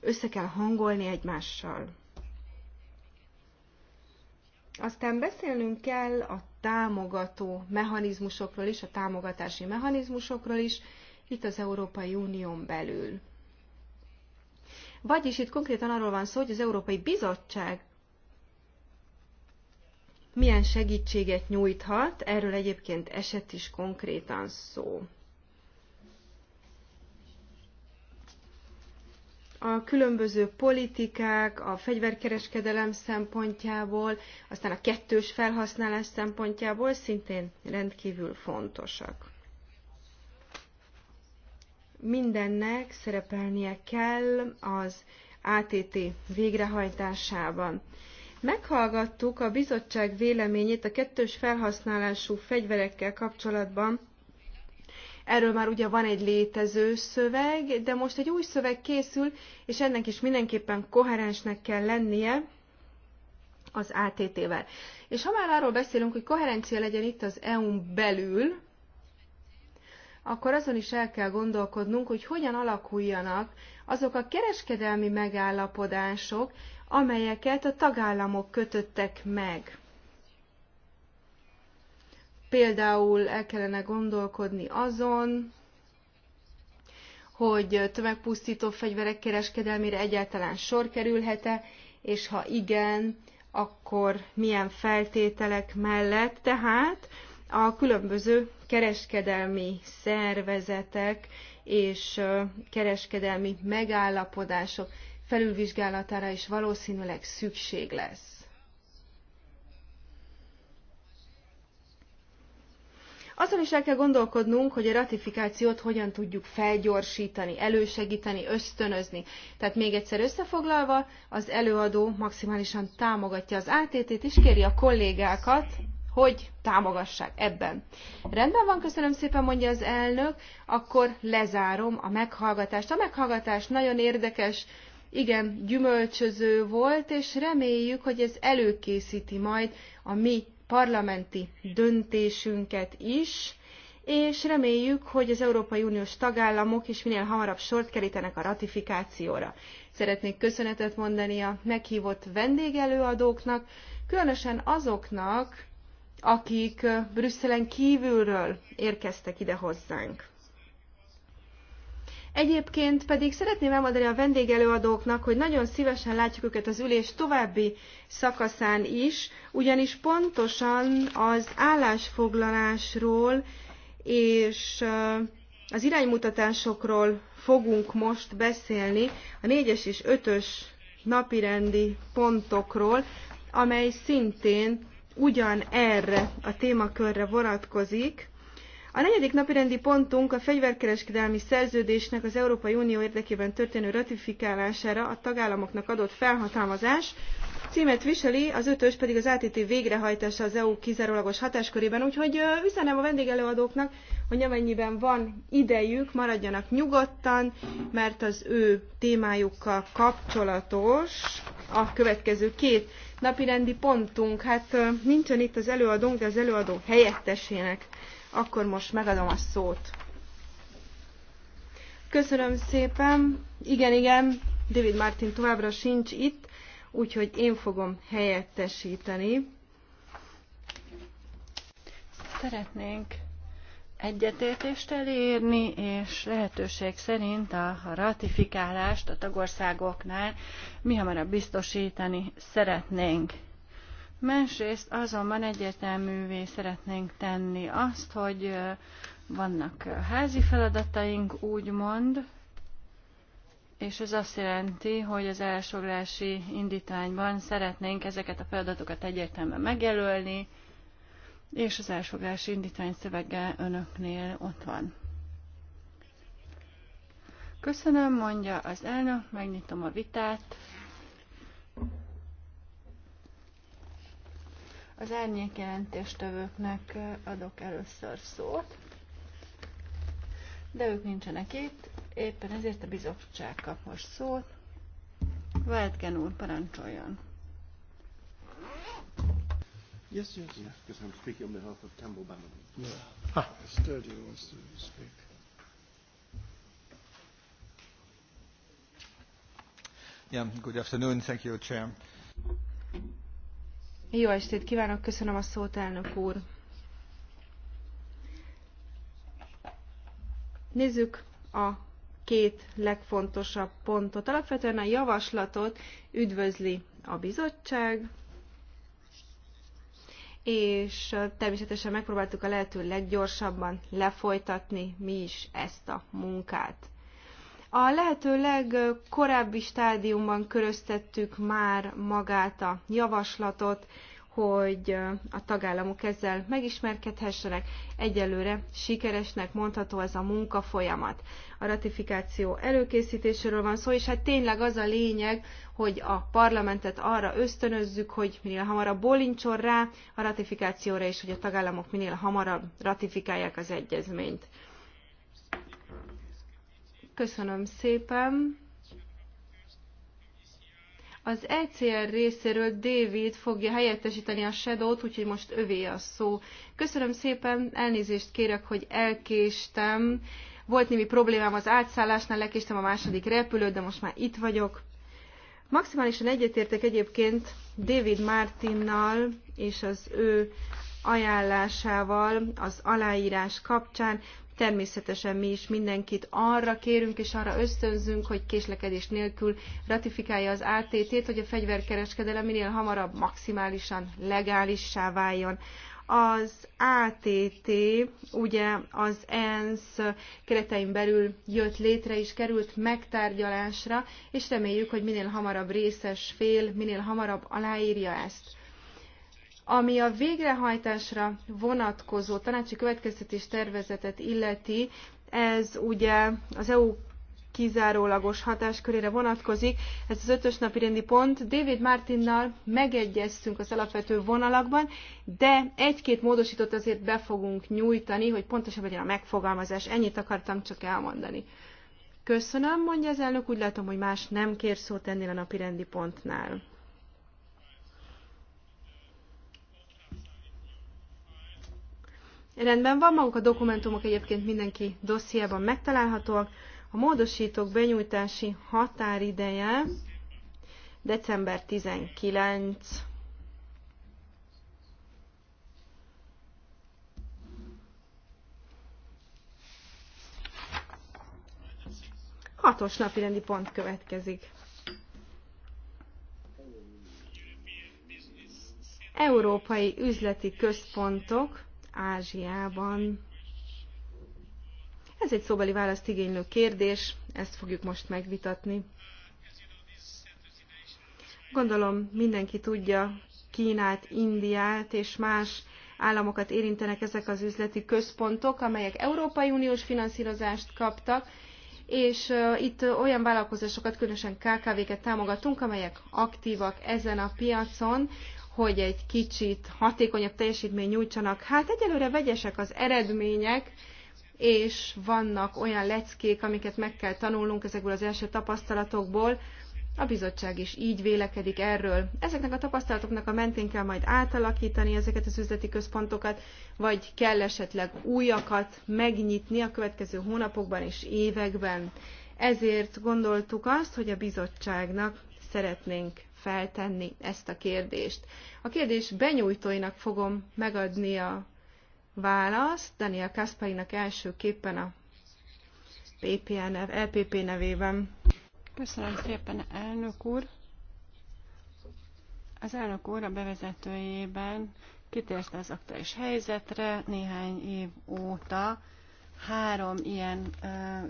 össze kell hangolni egymással. Aztán beszélnünk kell a támogató mechanizmusokról is, a támogatási mechanizmusokról is, itt az Európai Unión belül. Vagyis itt konkrétan arról van szó, hogy az Európai Bizottság milyen segítséget nyújthat, erről egyébként esett is konkrétan szó. a különböző politikák, a fegyverkereskedelem szempontjából, aztán a kettős felhasználás szempontjából szintén rendkívül fontosak. Mindennek szerepelnie kell az ATT végrehajtásában. Meghallgattuk a bizottság véleményét a kettős felhasználású fegyverekkel kapcsolatban. Erről már ugye van egy létező szöveg, de most egy új szöveg készül, és ennek is mindenképpen koherensnek kell lennie az ATT-vel. És ha már arról beszélünk, hogy koherencia legyen itt az EU-n belül, akkor azon is el kell gondolkodnunk, hogy hogyan alakuljanak azok a kereskedelmi megállapodások, amelyeket a tagállamok kötöttek meg. Például el kellene gondolkodni azon, hogy tömegpusztító fegyverek kereskedelmére egyáltalán sor kerülhet-e, és ha igen, akkor milyen feltételek mellett. Tehát a különböző kereskedelmi szervezetek és kereskedelmi megállapodások felülvizsgálatára is valószínűleg szükség lesz. Azon is el kell gondolkodnunk, hogy a ratifikációt hogyan tudjuk felgyorsítani, elősegíteni, ösztönözni. Tehát még egyszer összefoglalva, az előadó maximálisan támogatja az ATT-t, és kéri a kollégákat, hogy támogassák ebben. Rendben van, köszönöm szépen, mondja az elnök, akkor lezárom a meghallgatást. A meghallgatás nagyon érdekes, igen gyümölcsöző volt, és reméljük, hogy ez előkészíti majd a mi parlamenti döntésünket is, és reméljük, hogy az Európai Uniós tagállamok is minél hamarabb sort kerítenek a ratifikációra. Szeretnék köszönetet mondani a meghívott vendégelőadóknak, különösen azoknak, akik Brüsszelen kívülről érkeztek ide hozzánk. Egyébként pedig szeretném elmondani a vendégelőadóknak, hogy nagyon szívesen látjuk őket az ülés további szakaszán is, ugyanis pontosan az állásfoglalásról és az iránymutatásokról fogunk most beszélni, a 4-es és 5-ös napirendi pontokról, amely szintén ugyan erre a témakörre vonatkozik, a negyedik napirendi pontunk a fegyverkereskedelmi szerződésnek az Európai Unió érdekében történő ratifikálására a tagállamoknak adott felhatalmazás. Címet viseli, az ötös pedig az ATT végrehajtása az EU kizárólagos hatáskörében, úgyhogy üzenem a vendégelőadóknak, hogy amennyiben van idejük, maradjanak nyugodtan, mert az ő témájukkal kapcsolatos a következő két napirendi pontunk. Hát nincsen itt az előadónk, de az előadó helyettesének akkor most megadom a szót. Köszönöm szépen. Igen, igen, David Martin továbbra sincs itt, úgyhogy én fogom helyettesíteni. Szeretnénk egyetértést elérni, és lehetőség szerint a ratifikálást a tagországoknál mi hamarabb biztosítani szeretnénk. Másrészt azonban egyértelművé szeretnénk tenni azt, hogy vannak házi feladataink, úgymond, és ez azt jelenti, hogy az elsoglási indítványban szeretnénk ezeket a feladatokat egyértelműen megjelölni, és az elsoglási indítvány szövege önöknél ott van. Köszönöm, mondja az elnök, megnyitom a vitát. Az árnyék jelentéstevőknek adok először szót, de ők nincsenek itt, éppen ezért a bizottság kap most szót. Váltgen úr, parancsoljon! Yes, yes, yes, because I'm speaking on behalf of Campbell Bannon. Yeah. Ha. Ah. The Sturdy wants to speak. Yeah, good afternoon. Thank you, Chair. Jó estét kívánok, köszönöm a szót, elnök úr. Nézzük a két legfontosabb pontot. Alapvetően a javaslatot üdvözli a bizottság, és természetesen megpróbáltuk a lehető leggyorsabban lefolytatni mi is ezt a munkát. A lehető legkorábbi stádiumban köröztettük már magát a javaslatot, hogy a tagállamok ezzel megismerkedhessenek. Egyelőre sikeresnek mondható ez a munkafolyamat. A ratifikáció előkészítéséről van szó, és hát tényleg az a lényeg, hogy a parlamentet arra ösztönözzük, hogy minél hamarabb bolincson rá a ratifikációra, és hogy a tagállamok minél hamarabb ratifikálják az egyezményt. Köszönöm szépen. Az ECR részéről David fogja helyettesíteni a Shadow-t, úgyhogy most övé a szó. Köszönöm szépen, elnézést kérek, hogy elkéstem. Volt némi problémám az átszállásnál, lekéstem a második repülőt, de most már itt vagyok. Maximálisan egyetértek egyébként David Martinnal és az ő ajánlásával az aláírás kapcsán. Természetesen mi is mindenkit arra kérünk és arra ösztönzünk, hogy késlekedés nélkül ratifikálja az ATT-t, hogy a fegyverkereskedelem minél hamarabb maximálisan legálissá váljon. Az ATT ugye az ENSZ keretein belül jött létre és került megtárgyalásra, és reméljük, hogy minél hamarabb részes fél, minél hamarabb aláírja ezt. Ami a végrehajtásra vonatkozó tanácsi következtetés tervezetet illeti, ez ugye az EU kizárólagos hatáskörére vonatkozik. Ez az ötös napi rendi pont. David Martinnal megegyeztünk az alapvető vonalakban, de egy-két módosítót azért be fogunk nyújtani, hogy pontosabb legyen a megfogalmazás. Ennyit akartam csak elmondani. Köszönöm, mondja az elnök. Úgy látom, hogy más nem kér szót ennél a napi rendi pontnál. Rendben van, maguk a dokumentumok egyébként mindenki dossziában megtalálhatóak. A módosítók benyújtási határideje december 19. Hatos napi rendi pont következik. Európai üzleti központok Ázsiában. Ez egy szóbeli választ igénylő kérdés, ezt fogjuk most megvitatni. Gondolom mindenki tudja, Kínát, Indiát és más államokat érintenek ezek az üzleti központok, amelyek Európai Uniós finanszírozást kaptak, és itt olyan vállalkozásokat, különösen KKV-ket támogatunk, amelyek aktívak ezen a piacon, hogy egy kicsit hatékonyabb teljesítmény nyújtsanak. Hát egyelőre vegyesek az eredmények, és vannak olyan leckék, amiket meg kell tanulnunk ezekből az első tapasztalatokból. A bizottság is így vélekedik erről. Ezeknek a tapasztalatoknak a mentén kell majd átalakítani ezeket az üzleti központokat, vagy kell esetleg újakat megnyitni a következő hónapokban és években. Ezért gondoltuk azt, hogy a bizottságnak szeretnénk feltenni ezt a kérdést. A kérdés benyújtóinak fogom megadni a választ, Daniel Kaspainak elsőképpen a PPN LPP nevében. Köszönöm szépen, elnök úr! Az elnök úr a bevezetőjében kitért az aktuális helyzetre néhány év óta, három ilyen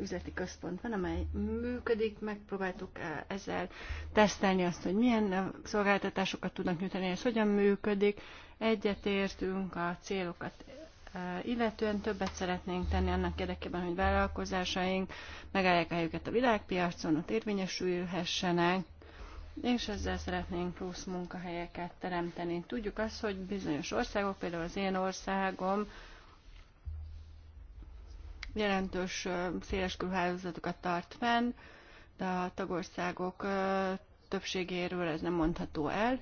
üzleti központ van, amely működik, megpróbáltuk ezzel tesztelni azt, hogy milyen szolgáltatásokat tudnak nyújtani, és hogyan működik. Egyetértünk a célokat illetően többet szeretnénk tenni annak érdekében, hogy vállalkozásaink megállják a helyüket a világpiacon, ott érvényesülhessenek, és ezzel szeretnénk plusz munkahelyeket teremteni. Tudjuk azt, hogy bizonyos országok, például az én országom, jelentős széleskörű hálózatokat tart fenn, de a tagországok többségéről ez nem mondható el.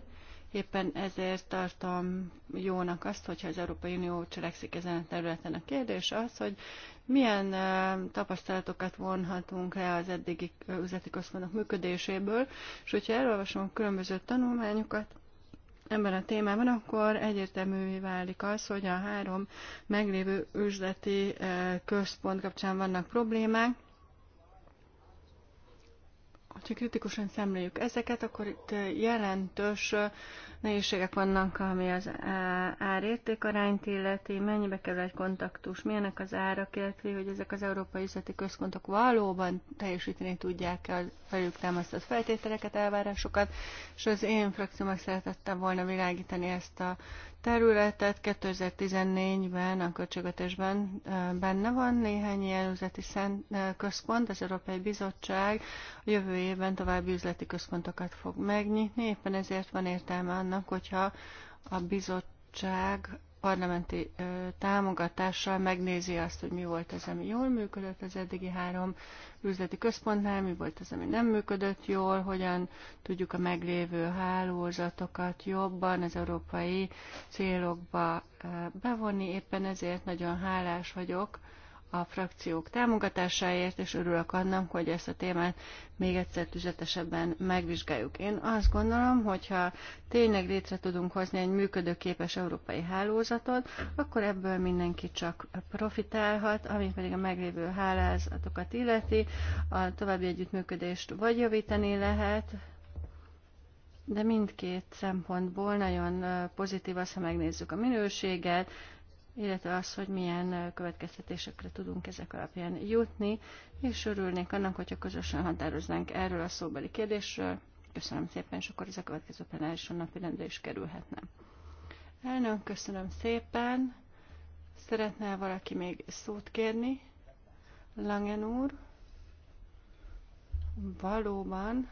Éppen ezért tartom jónak azt, hogyha az Európai Unió cselekszik ezen a területen. A kérdés az, hogy milyen tapasztalatokat vonhatunk le az eddigi üzleti központok működéséből, és hogyha elolvasom a különböző tanulmányokat, ebben a témában, akkor egyértelművé válik az, hogy a három meglévő üzleti eh, központ kapcsán vannak problémák, ha kritikusan szemléljük ezeket, akkor itt jelentős nehézségek vannak, ami az árérték arányt illeti, mennyibe kerül egy kontaktus, milyenek az árak, illetve hogy ezek az európai üzleti központok valóban teljesíteni tudják-e az velük támasztott feltételeket, elvárásokat, és az én frakciómak szeretettem volna világítani ezt a területet. 2014-ben a költségvetésben benne van néhány ilyen üzleti központ. Az Európai Bizottság a jövő évben további üzleti központokat fog megnyitni, éppen ezért van értelme annak, hogyha a bizottság parlamenti támogatással megnézi azt, hogy mi volt az, ami jól működött az eddigi három üzleti központnál, mi volt az, ami nem működött jól, hogyan tudjuk a meglévő hálózatokat jobban az európai célokba bevonni. Éppen ezért nagyon hálás vagyok a frakciók támogatásáért, és örülök annak, hogy ezt a témát még egyszer tüzetesebben megvizsgáljuk. Én azt gondolom, hogyha tényleg létre tudunk hozni egy működőképes európai hálózatot, akkor ebből mindenki csak profitálhat, ami pedig a meglévő hálázatokat illeti, a további együttműködést vagy javítani lehet, de mindkét szempontból nagyon pozitív az, ha megnézzük a minőséget, illetve az, hogy milyen következtetésekre tudunk ezek alapján jutni, és örülnék annak, hogyha közösen határoznánk erről a szóbeli kérdésről. Köszönöm szépen, és akkor ez a következő plenárison napirendre is kerülhetne. Elnök, köszönöm szépen. Szeretne valaki még szót kérni? Langen úr? Valóban.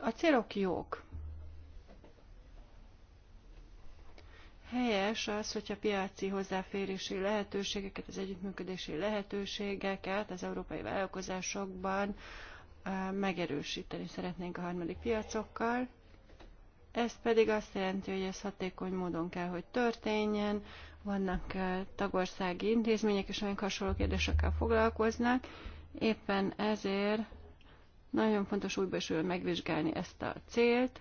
A célok jók Helyes az, hogyha piaci hozzáférési lehetőségeket, az együttműködési lehetőségeket az európai vállalkozásokban megerősíteni szeretnénk a harmadik piacokkal. Ez pedig azt jelenti, hogy ez hatékony módon kell, hogy történjen, vannak tagországi intézmények és amik hasonló kérdésekkel foglalkoznak. Éppen ezért nagyon fontos újból megvizsgálni ezt a célt,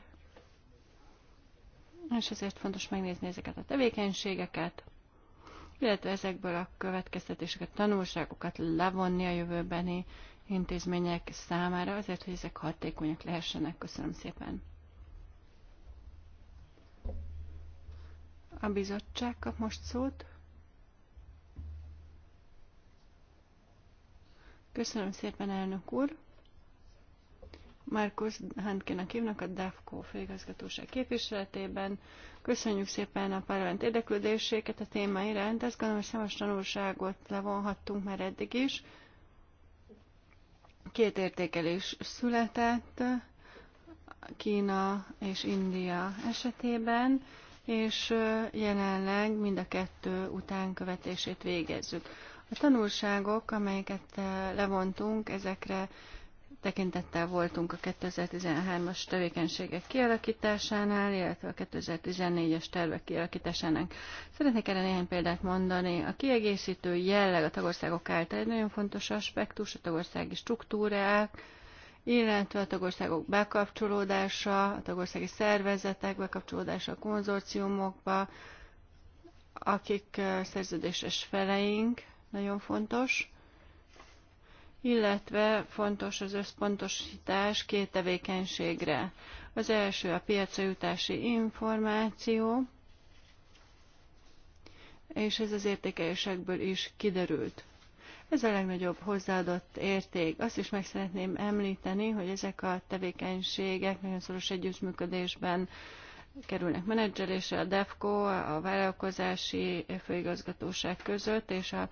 és ezért fontos megnézni ezeket a tevékenységeket, illetve ezekből a következtetéseket, tanulságokat levonni a jövőbeni intézmények számára, azért, hogy ezek hatékonyak lehessenek. Köszönöm szépen. A bizottság kap most szót. Köszönöm szépen, elnök úr. Markus Handkinak hívnak a DEFCO főigazgatóság képviseletében. Köszönjük szépen a parlament érdeklődéséket a téma iránt. Azt gondolom, hogy számos tanulságot levonhattunk már eddig is. Két értékelés született Kína és India esetében, és jelenleg mind a kettő utánkövetését végezzük. A tanulságok, amelyeket levontunk, ezekre tekintettel voltunk a 2013-as tevékenységek kialakításánál, illetve a 2014-es tervek kialakításának. Szeretnék erre néhány példát mondani. A kiegészítő jelleg a tagországok által egy nagyon fontos aspektus, a tagországi struktúrák, illetve a tagországok bekapcsolódása, a tagországi szervezetek bekapcsolódása a konzorciumokba, akik eh, szerződéses feleink, nagyon fontos illetve fontos az összpontosítás két tevékenységre. Az első a piacra jutási információ, és ez az értékelésekből is kiderült. Ez a legnagyobb hozzáadott érték. Azt is meg szeretném említeni, hogy ezek a tevékenységek nagyon szoros együttműködésben kerülnek menedzselésre a DEFCO, a vállalkozási főigazgatóság között, és a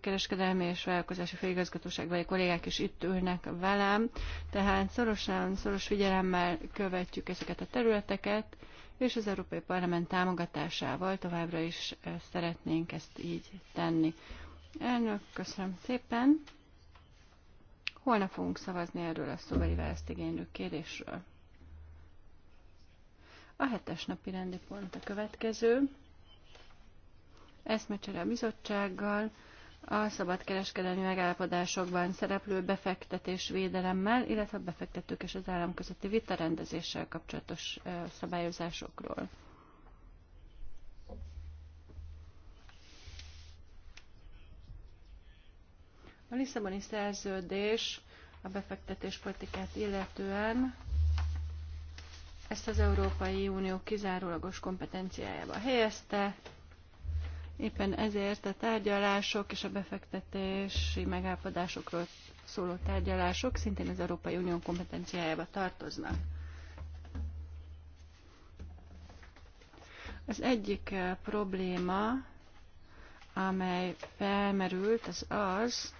kereskedelmi és vállalkozási főigazgatóságbeli kollégák is itt ülnek velem, tehát szorosan, szoros figyelemmel követjük ezeket a területeket, és az Európai Parlament támogatásával továbbra is szeretnénk ezt így tenni. Elnök, köszönöm szépen. Holnap fogunk szavazni erről a szóbeli választigénylő kérdésről. A hetes napi rendi pont a következő eszmecsere a bizottsággal, a szabadkereskedelmi megállapodásokban szereplő befektetés védelemmel, illetve a befektetők és az állam közötti vitarendezéssel kapcsolatos szabályozásokról. A Lisszaboni szerződés a befektetés politikát illetően ezt az Európai Unió kizárólagos kompetenciájába helyezte, Éppen ezért a tárgyalások és a befektetési megállapodásokról szóló tárgyalások szintén az Európai Unió kompetenciájába tartoznak. Az egyik eh, probléma, amely felmerült, az az,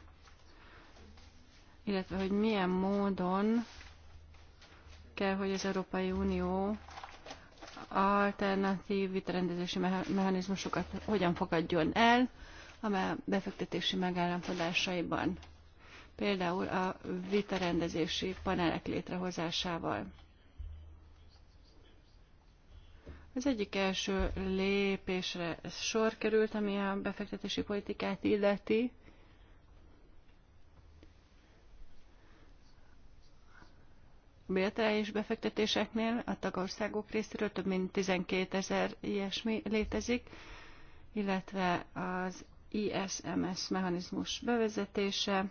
illetve hogy milyen módon kell, hogy az Európai Unió alternatív vitarendezési mechanizmusokat hogyan fogadjon el a befektetési megállapodásaiban, például a vitarendezési panelek létrehozásával. Az egyik első lépésre sor került, ami a befektetési politikát illeti. bilaterális befektetéseknél a tagországok részéről több mint 12 ezer ilyesmi létezik, illetve az ISMS mechanizmus bevezetése,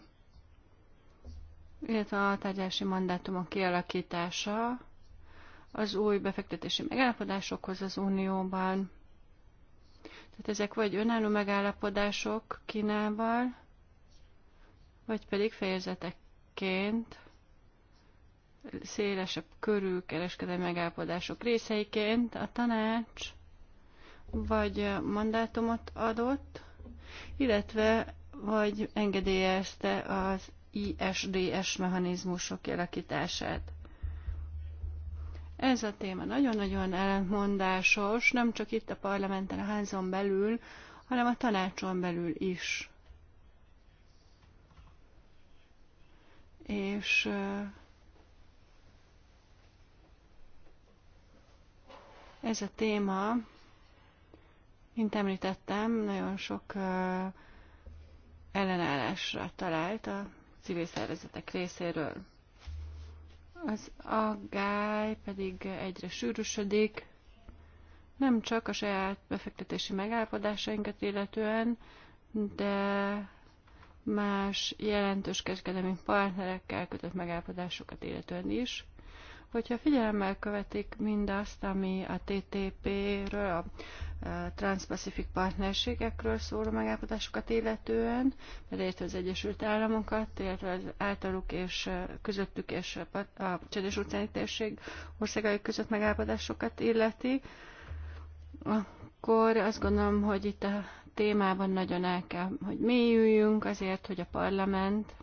illetve a tárgyalási mandátumok kialakítása az új befektetési megállapodásokhoz az Unióban. Tehát ezek vagy önálló megállapodások Kínával, vagy pedig fejezetekként szélesebb körű kereskedelmi megállapodások részeiként a tanács vagy mandátumot adott, illetve vagy engedélyezte az ISDS mechanizmusok kialakítását. Ez a téma nagyon-nagyon ellentmondásos, nem csak itt a parlamenten, a házon belül, hanem a tanácson belül is. És Ez a téma, mint említettem, nagyon sok ellenállásra talált a civil szervezetek részéről. Az aggály pedig egyre sűrűsödik, nem csak a saját befektetési megállapodásainkat illetően, de más jelentős kereskedelmi partnerekkel kötött megállapodásokat illetően is. Hogyha figyelemmel követik mindazt, ami a TTP-ről, a e, Trans-Pacific partnerségekről szóló megállapodásokat illetően, beleértve az Egyesült Államokat, illetve az általuk és e, közöttük és a Csendes utcáni térség országai között megállapodásokat illeti, akkor azt gondolom, hogy itt a témában nagyon el kell, hogy mélyüljünk azért, hogy a parlament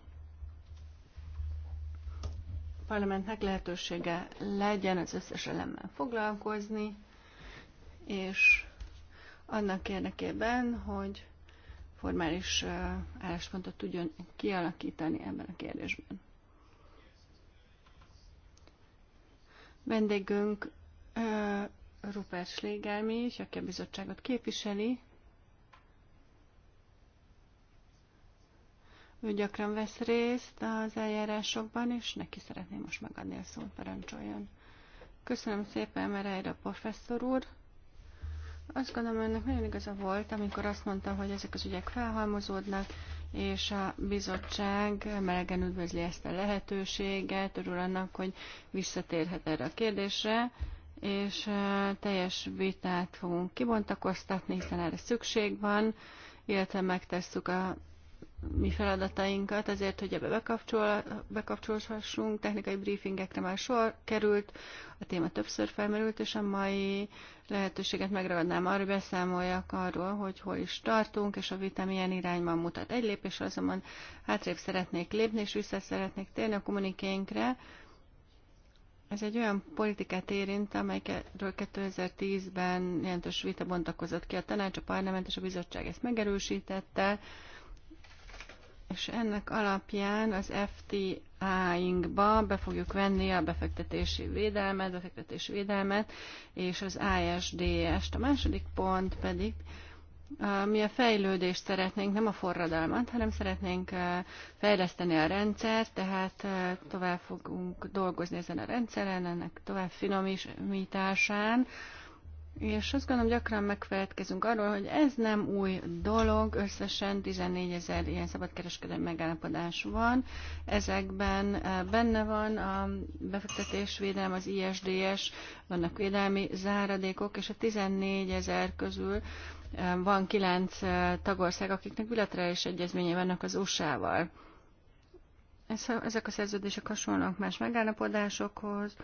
parlamentnek lehetősége legyen az összes elemmel foglalkozni, és annak érdekében, hogy formális álláspontot tudjon kialakítani ebben a kérdésben. Vendégünk Rupert Schlegelmi aki a bizottságot képviseli, Ő gyakran vesz részt az eljárásokban, és neki szeretném most megadni a szót, parancsoljon. Köszönöm szépen, a professzor úr. Azt gondolom, önnek nagyon igaza volt, amikor azt mondta, hogy ezek az ügyek felhalmozódnak, és a bizottság melegen üdvözli ezt a lehetőséget, örül annak, hogy visszatérhet erre a kérdésre, és teljes vitát fogunk kibontakoztatni, hiszen erre szükség van, illetve megtesszük a mi feladatainkat azért, hogy ebbe bekapcsol, bekapcsolhassunk. Technikai briefingekre már sor került, a téma többször felmerült, és a mai lehetőséget megragadnám arra, hogy beszámoljak arról, hogy hol is tartunk, és a vita milyen irányban mutat. Egy lépés azonban hátrébb szeretnék lépni, és vissza szeretnék térni a kommunikénkre. Ez egy olyan politikát érint, amelyről 2010-ben jelentős vita bontakozott ki a tanács, a parlament és a bizottság ezt megerősítette és ennek alapján az FTA-inkba be fogjuk venni a befektetési védelmet, befektetési védelmet és az ISDS-t. A második pont pedig, mi a fejlődést szeretnénk, nem a forradalmat, hanem szeretnénk fejleszteni a rendszert, tehát tovább fogunk dolgozni ezen a rendszeren, ennek tovább finomításán. És azt gondolom, gyakran megfeledkezünk arról, hogy ez nem új dolog, összesen 14 ezer ilyen szabadkereskedelmi megállapodás van. Ezekben eh, benne van a befektetésvédelem, az ISDS, vannak védelmi záradékok, és a 14 ezer közül eh, van 9 eh, tagország, akiknek bilaterális egyezménye vannak az USA-val. Ezek a szerződések hasonlók más megállapodásokhoz,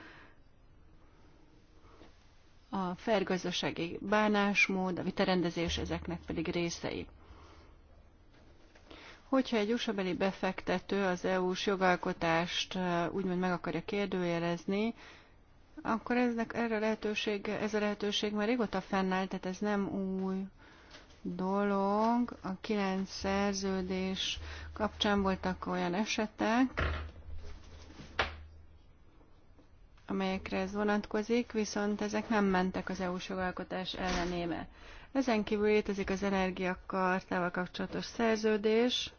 a fergazdasági bánásmód, a viterendezés ezeknek pedig részei. Hogyha egy usa befektető az EU-s jogalkotást uh, úgymond meg akarja kérdőjelezni, akkor eznek, erre lehetőség, ez a lehetőség már régóta fennáll, tehát ez nem új dolog. A kilenc szerződés kapcsán voltak olyan esetek, amelyekre ez vonatkozik, viszont ezek nem mentek az EU-s jogalkotás ellenébe. Ezen kívül létezik az energiakartával kapcsolatos szerződés,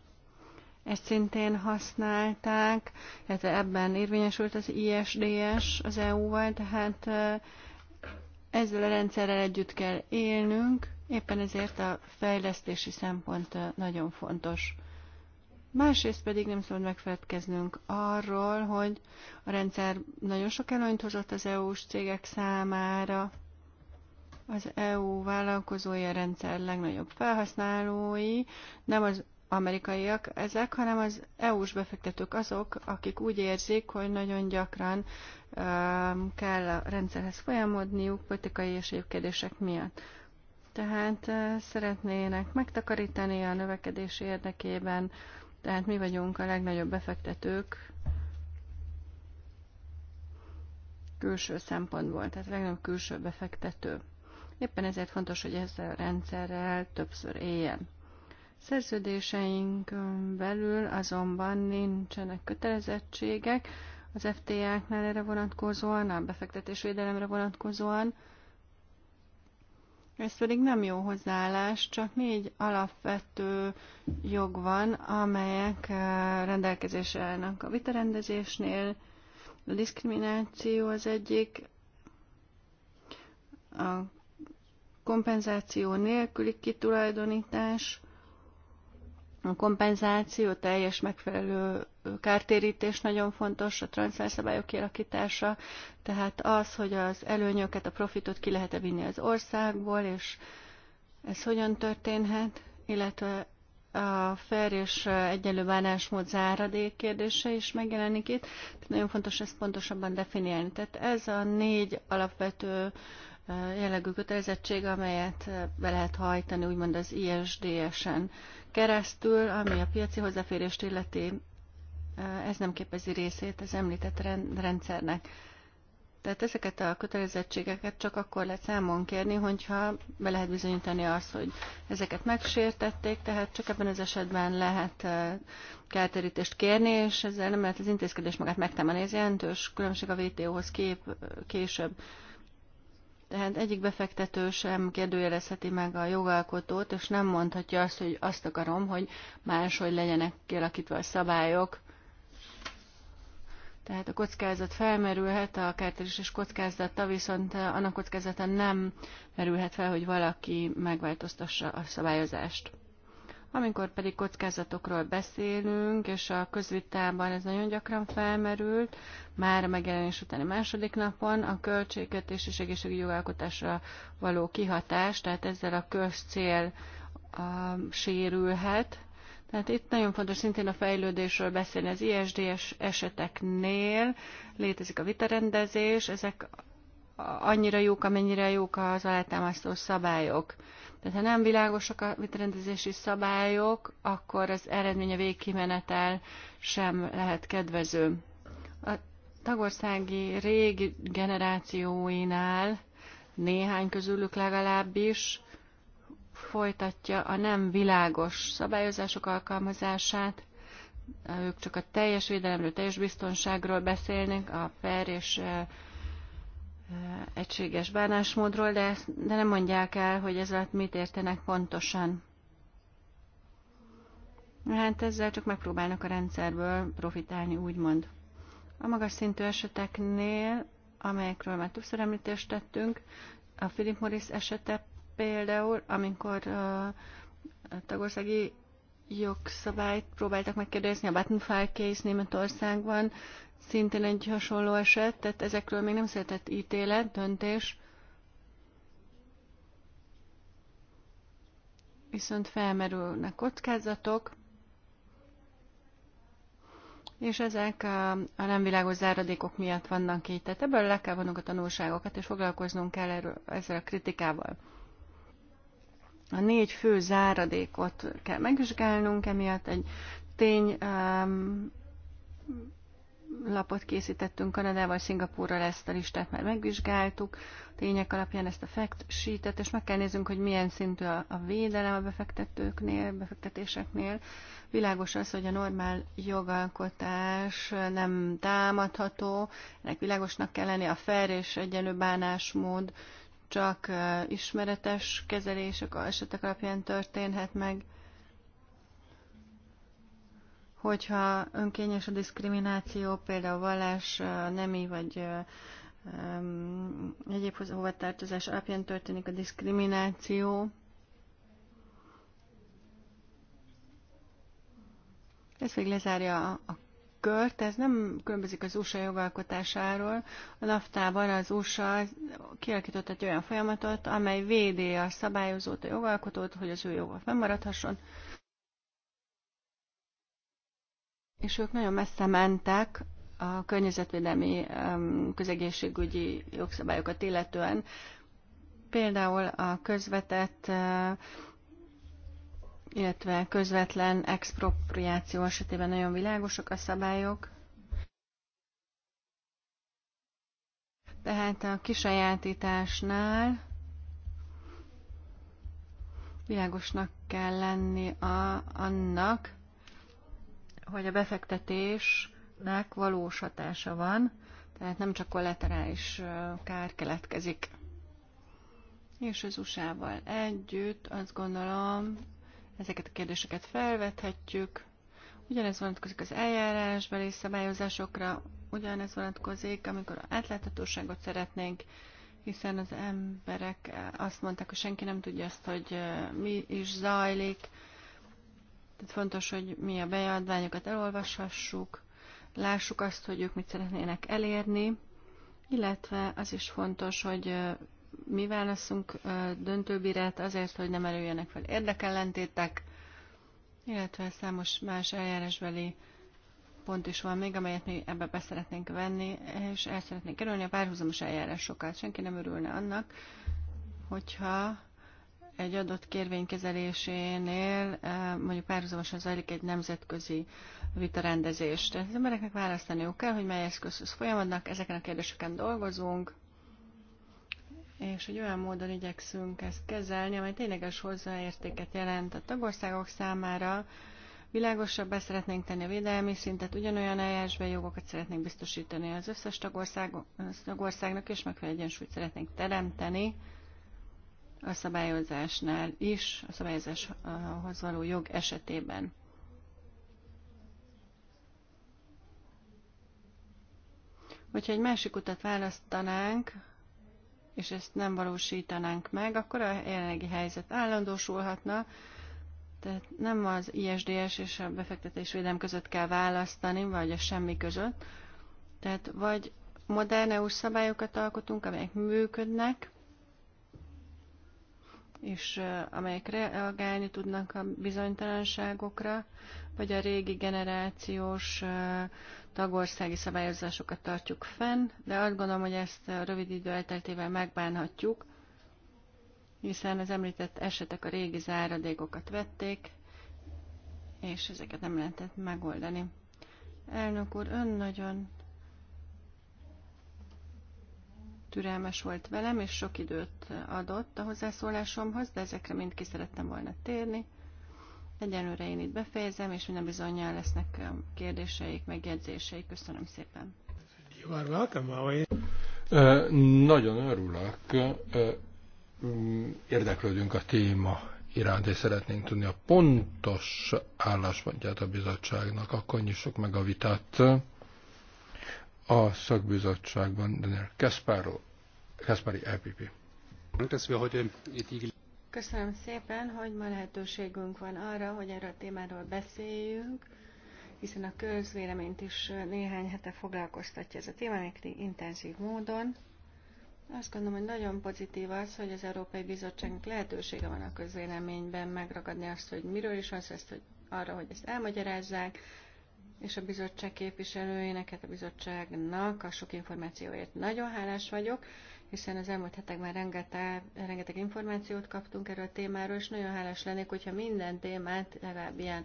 ezt szintén használták, illetve ebben érvényesült az ISDS az EU-val, tehát ezzel a rendszerrel együtt kell élnünk, éppen ezért a fejlesztési szempont nagyon fontos. Másrészt pedig nem szabad megfeledkeznünk arról, hogy a rendszer nagyon sok előnyt hozott az EU-s cégek számára. Az EU vállalkozói a rendszer legnagyobb felhasználói, nem az amerikaiak ezek, hanem az EU-s befektetők azok, akik úgy érzik, hogy nagyon gyakran um, kell a rendszerhez folyamodniuk politikai és egyéb kérdések miatt. Tehát uh, szeretnének megtakarítani a növekedés érdekében, uh, tehát mi vagyunk a legnagyobb befektetők külső szempontból, tehát a legnagyobb külső befektető. Éppen ezért fontos, hogy ezzel a rendszerrel többször éljen. Szerződéseink belül azonban nincsenek kötelezettségek az FTA-knál erre vonatkozóan, a befektetésvédelemre vonatkozóan, ez pedig nem jó hozzáállás, csak négy alapvető jog van, amelyek eh, rendelkezésre állnak a vitarendezésnél. A diszkrimináció az egyik, a kompenzáció nélküli kitulajdonítás, a kompenzáció teljes megfelelő kártérítés nagyon fontos, a szabályok kialakítása, tehát az, hogy az előnyöket, a profitot ki lehet-e vinni az országból, és ez hogyan történhet, illetve a fair és egyenlő bánásmód záradék kérdése is megjelenik itt. Tehát nagyon fontos ezt pontosabban definiálni. Tehát ez a négy alapvető jellegű kötelezettség, amelyet be lehet hajtani úgymond az ISDS-en keresztül, ami a piaci hozzáférést illeti Eh, ez nem képezi részét az említett rendszernek. Tehát ezeket a kötelezettségeket csak akkor lehet számon kérni, hogyha be lehet bizonyítani azt, hogy ezeket megsértették, tehát csak ebben az esetben lehet eh, kelterítést kérni, és ezzel nem lehet az intézkedés magát megtámadni. Ez jelentős különbség a vto hoz kép, később. Tehát egyik befektető sem kérdőjelezheti meg a jogalkotót, és nem mondhatja azt, hogy azt akarom, hogy máshogy legyenek kialakítva a szabályok, tehát a kockázat felmerülhet, a kártéréses kockázata, viszont eh, annak kockázata nem merülhet fel, hogy valaki megváltoztassa a szabályozást. Amikor pedig kockázatokról beszélünk, és a közvitában ez nagyon gyakran felmerült, már a megjelenés utáni második napon a és egészségügyi jogalkotásra való kihatás, tehát ezzel a közcél a, sérülhet, tehát itt nagyon fontos szintén a fejlődésről beszélni. Az ISDS eseteknél létezik a vitarendezés, ezek annyira jók, amennyire jók az alátámasztó szabályok. Tehát ha nem világosak a vitarendezési szabályok, akkor az eredménye végkimenetel sem lehet kedvező. A tagországi régi generációinál néhány közülük legalábbis folytatja a nem világos szabályozások alkalmazását, ők csak a teljes védelemről, teljes biztonságról beszélnek, a per és egységes bánásmódról, de, ezt, de nem mondják el, hogy ez alatt mit értenek pontosan. Hát ezzel csak megpróbálnak a rendszerből profitálni, úgymond. A magas szintű eseteknél, amelyekről már többször említést tettünk, a Philip Morris esete Például, amikor a tagországi jogszabályt próbáltak megkérdezni, a Vattenfall case Németországban szintén egy hasonló eset, tehát ezekről még nem született ítélet, döntés. Viszont felmerülnek kockázatok, és ezek a, a nem világos záradékok miatt vannak így. Tehát ebből le kell vonnunk a tanulságokat, és foglalkoznunk kell erről, ezzel a kritikával a négy fő záradékot kell megvizsgálnunk, emiatt egy tény um, lapot készítettünk Kanadával, Szingapúrral ezt a listát már megvizsgáltuk, tények alapján ezt a fact sheetet, és meg kell néznünk, hogy milyen szintű a, a védelem a befektetőknél, befektetéseknél. Világos az, hogy a normál jogalkotás nem támadható, ennek világosnak kell lenni a fair és egyenlő bánásmód, uh, csak ismeretes kezelések esetek alapján történhet meg, hogyha önkényes a diszkrimináció, például vallás, nemi vagy um, egyéb hovatartozás alapján történik a diszkrimináció, ez még lezárja a kört, ez nem különbözik az USA jogalkotásáról. A naftában az USA kialakított egy olyan folyamatot, amely védi a szabályozót, a jogalkotót, hogy az ő joga fennmaradhasson. És ők nagyon messze mentek a környezetvédelmi közegészségügyi jogszabályokat illetően. Például a közvetett illetve közvetlen expropriáció esetében nagyon világosak a szabályok. Tehát a kisajátításnál világosnak kell lenni a, annak, hogy a befektetésnek valós hatása van, tehát nem csak kollaterális kár keletkezik. És az usa együtt azt gondolom, ezeket a kérdéseket felvethetjük. Ugyanez vonatkozik az eljárásbeli szabályozásokra, ugyanez vonatkozik, amikor átláthatóságot szeretnénk, hiszen az emberek azt mondták, hogy senki nem tudja azt, hogy mi is zajlik. Tehát fontos, hogy mi a beadványokat elolvashassuk, lássuk azt, hogy ők mit szeretnének elérni, illetve az is fontos, hogy mi válaszunk döntőbírát azért, hogy nem előjönnek fel érdekellentétek, illetve számos más eljárásbeli pont is van még, amelyet mi ebbe be szeretnénk venni, és el szeretnénk kerülni a párhuzamos eljárásokat. Senki nem örülne annak, hogyha egy adott kérvénykezelésénél mondjuk párhuzamosan zajlik egy nemzetközi vitarendezést, Tehát az embereknek választaniuk kell, hogy mely eszközhöz folyamodnak, ezeken a kérdéseken dolgozunk, és hogy olyan módon igyekszünk ezt kezelni, amely tényleges hozzáértéket jelent a tagországok számára, Világosabbá szeretnénk tenni a védelmi szintet, ugyanolyan eljárásban jogokat szeretnénk biztosítani az összes tagország, tagországnak, és megfelelő egyensúlyt szeretnénk teremteni a szabályozásnál is, a szabályozáshoz való jog esetében. Hogyha egy másik utat választanánk, és ezt nem valósítanánk meg, akkor a jelenlegi helyzet állandósulhatna, tehát nem az ISDS és a befektetésvédelem között kell választani, vagy a semmi között. Tehát vagy modern EU szabályokat alkotunk, amelyek működnek, és amelyek reagálni tudnak a bizonytalanságokra, vagy a régi generációs tagországi szabályozásokat tartjuk fenn, de azt gondolom, hogy ezt a rövid idő elteltével megbánhatjuk, hiszen az említett esetek a régi záradékokat vették, és ezeket nem lehetett megoldani. Elnök úr, ön nagyon türelmes volt velem, és sok időt adott a hozzászólásomhoz, de ezekre mind ki szerettem volna térni. Egyelőre én itt befejezem, és minden bizonyal lesznek um, kérdéseik, megjegyzéseik. Köszönöm szépen. You are welcome, Uh, nagyon örülök. Uh, érdeklődünk a téma iránt, és szeretnénk tudni a pontos álláspontját a bizottságnak. Akkor nyissuk meg a vitát a szakbizottságban Daniel Kaspáró, Kaspári LPP. Köszönöm szépen, hogy ma lehetőségünk van arra, hogy erről a témáról beszéljünk, hiszen a közvéleményt is néhány hete foglalkoztatja ez a téma, intenzív módon. Azt gondolom, hogy nagyon pozitív az, hogy az Európai Bizottságnak lehetősége van a közvéleményben megragadni azt, hogy miről is van szó, hogy arra, hogy ezt elmagyarázzák, és a bizottság képviselőjének, hát a bizottságnak a sok információért nagyon hálás vagyok, hiszen az elmúlt hetekben rengeteg, rengeteg információt kaptunk erről a témáról, és nagyon hálás lennék, hogyha minden témát legalább ilyen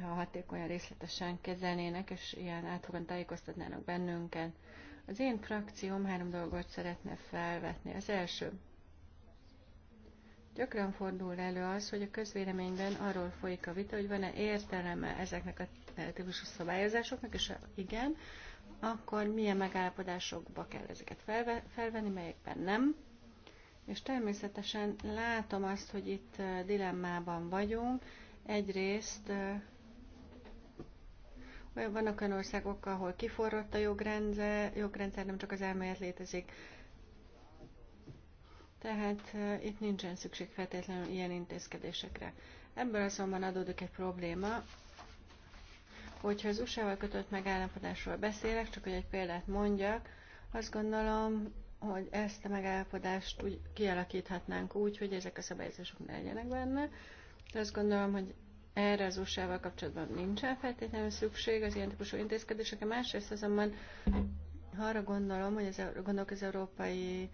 ha hatékonyan részletesen kezelnének, és ilyen átfogóan tájékoztatnának bennünket. Az én frakcióm három dolgot szeretne felvetni. Az első, Gyakran fordul elő az, hogy a közvéleményben arról folyik a vita, hogy van-e értelme ezeknek a típusú szabályozásoknak, és igen, akkor milyen megállapodásokba kell ezeket felvenni, melyekben nem. És természetesen látom azt, hogy itt dilemmában vagyunk. Egyrészt olyan, vannak olyan országok, ahol kiforrott a jogrendszer, jogrendszer nem csak az elmélet létezik. Tehát itt nincsen szükség feltétlenül ilyen intézkedésekre. Ebből azonban adódik egy probléma, Hogyha az USA-val kötött megállapodásról beszélek, csak hogy egy példát mondjak, azt gondolom, hogy ezt a megállapodást úgy kialakíthatnánk úgy, hogy ezek a szabályozások ne legyenek benne. De azt gondolom, hogy erre az USA-val kapcsolatban nincsen feltétlenül szükség az ilyen típusú intézkedésekre. Másrészt azonban arra gondolom, hogy ez, gondolok az Európai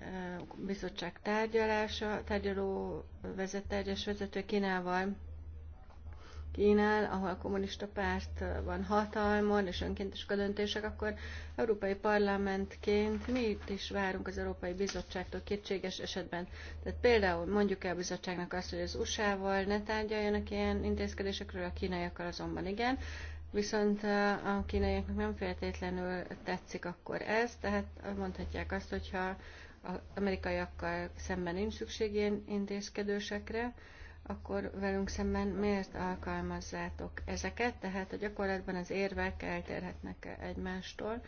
eh, Bizottság tárgyalása, tárgyaló eh, vezet, tárgyas vezető Kínával Kínál, ahol a kommunista párt van hatalmon, és önkéntesek a döntések, akkor Európai Parlamentként mi itt is várunk az Európai Bizottságtól kétséges esetben. Tehát például mondjuk el a bizottságnak azt, hogy az USA-val ne tárgyaljanak ilyen intézkedésekről, a kínaiakkal azonban igen. Viszont a kínaiaknak nem feltétlenül tetszik akkor ez, tehát mondhatják azt, hogyha az amerikaiakkal szemben nincs szükség ilyen intézkedősekre, akkor velünk szemben miért alkalmazzátok ezeket? Tehát a gyakorlatban az érvek eltérhetnek egymástól.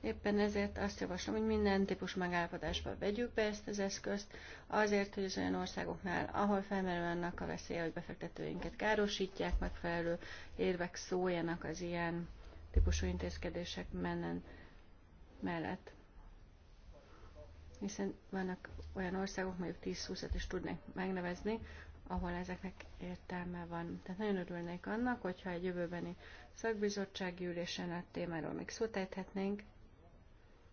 Éppen ezért azt javaslom, hogy minden típus megállapodásba vegyük be ezt az eszközt, azért, hogy az olyan országoknál, ahol felmerül annak a veszélye, hogy befektetőinket károsítják, megfelelő érvek szóljanak az ilyen típusú intézkedések mennen mellett. Hiszen vannak olyan országok, mondjuk 10-20-et is tudnék megnevezni, ahol ezeknek értelme van. Tehát nagyon örülnék annak, hogyha egy jövőbeni szakbizottsági ülésen a témáról még szót ejthetnénk,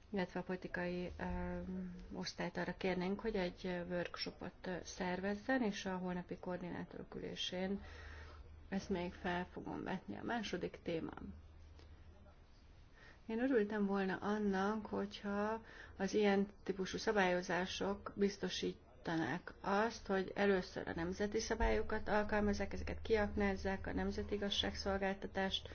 illetve a politikai ö, um, osztályt arra kérnénk, hogy egy workshopot uh, szervezzen, és a holnapi koordinátorok ülésén ezt még fel fogom vetni. A második témám. Én örültem volna annak, hogyha az ilyen típusú szabályozások biztosít támogattanák azt, hogy először a nemzeti szabályokat alkalmazzák, ezeket kiaknázzák, a nemzeti igazságszolgáltatást,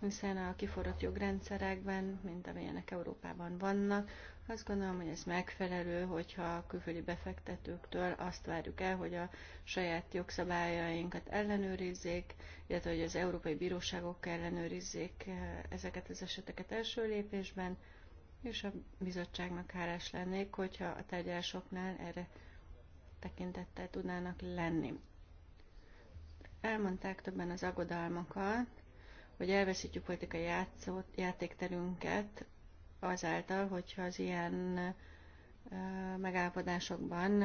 hiszen a kiforrott jogrendszerekben, mint amilyenek Európában vannak, azt gondolom, hogy ez megfelelő, hogyha a külföldi befektetőktől azt várjuk el, hogy a saját jogszabályainkat ellenőrizzék, illetve hogy az európai bíróságok ellenőrizzék eh, ezeket az eseteket első lépésben, és a bizottságnak hálás lennék, hogyha a tárgyalásoknál erre tekintettel tudnának lenni. Elmondták többen az aggodalmakat, hogy elveszítjük politikai játszót, játékterünket azáltal, hogyha az ilyen megállapodásokban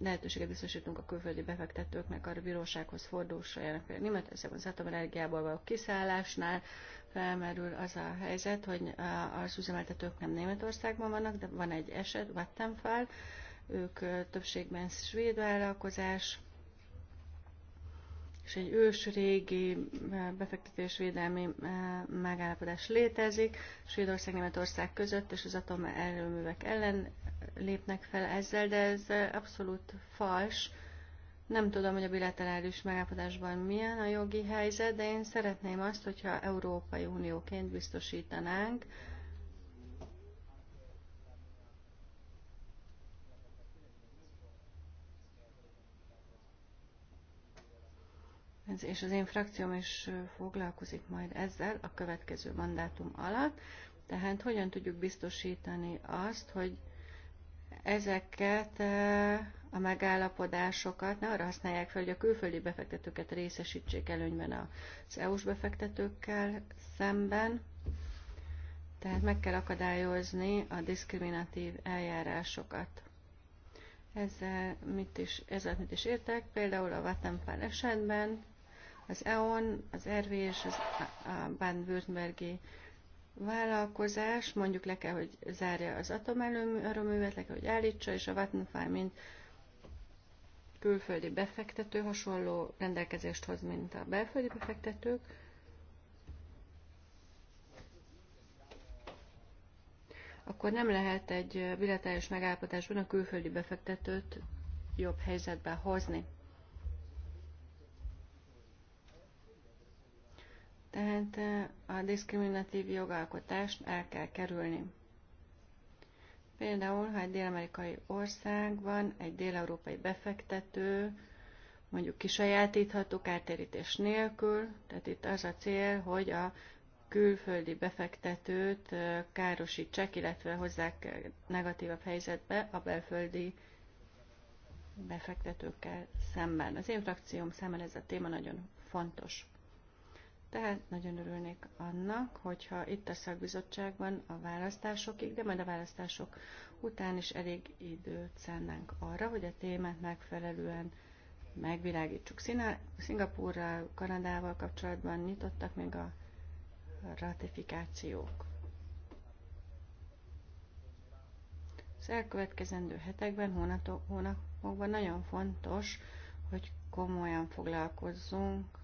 lehetőséget biztosítunk a külföldi befektetőknek arra a bírósághoz fordulsajának. Például Németországban az atomenergiából való kiszállásnál felmerül az a helyzet, hogy az üzemeltetők nem Németországban vannak, de van egy eset, vettem fel ők többségben svéd vállalkozás, és egy ősrégi befektetésvédelmi megállapodás létezik Svédország-Németország között, és az atomerőművek ellen lépnek fel ezzel, de ez abszolút fals. Nem tudom, hogy a bilaterális megállapodásban milyen a jogi helyzet, de én szeretném azt, hogyha Európai Unióként biztosítanánk, és az én frakcióm is foglalkozik majd ezzel a következő mandátum alatt, tehát hogyan tudjuk biztosítani azt, hogy ezeket eh, a megállapodásokat ne arra használják fel, hogy a külföldi befektetőket részesítsék előnyben az EU-s befektetőkkel szemben, tehát meg kell akadályozni a diszkriminatív eljárásokat. Ezzel mit is, ezzel mit is értek? Például a Vattenfall esetben az EON, az RV és az, a Baden-Württembergi vállalkozás mondjuk le kell, hogy zárja az atomerőművet, le kell, hogy állítsa, és a Vattenfall, mint külföldi befektető hasonló rendelkezést hoz, mint a belföldi befektetők. akkor nem lehet egy bilaterális megállapodásban a külföldi befektetőt jobb helyzetbe hozni. Tehát a diszkriminatív jogalkotást el kell kerülni. Például, ha egy dél-amerikai országban egy dél-európai befektető mondjuk kisajátítható kártérítés nélkül, tehát itt az a cél, hogy a külföldi befektetőt károsítsák, illetve hozzák negatívabb helyzetbe a belföldi befektetőkkel szemben. Az én frakcióm számára ez a téma nagyon fontos. Tehát nagyon örülnék annak, hogyha itt a szakbizottságban a választásokig, de majd a választások után is elég időt szánnánk arra, hogy a témát megfelelően megvilágítsuk. Szingapúrral, Kanadával kapcsolatban nyitottak még a ratifikációk. Az elkövetkezendő hetekben, hónapokban nagyon fontos, hogy komolyan foglalkozzunk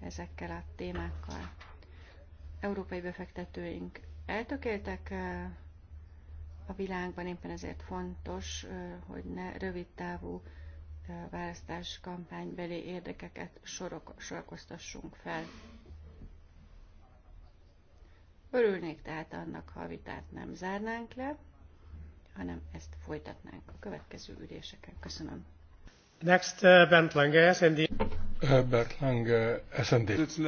ezekkel a témákkal. Európai befektetőink eltökéltek a világban, éppen ezért fontos, hogy ne rövid távú választás kampánybeli érdekeket sorok, sorakoztassunk fel. Örülnék tehát annak, ha a vitát nem zárnánk le, hanem ezt folytatnánk a következő üléseken. Köszönöm. Next, uh, Bent Lange, SND. Uh, Lange, SND.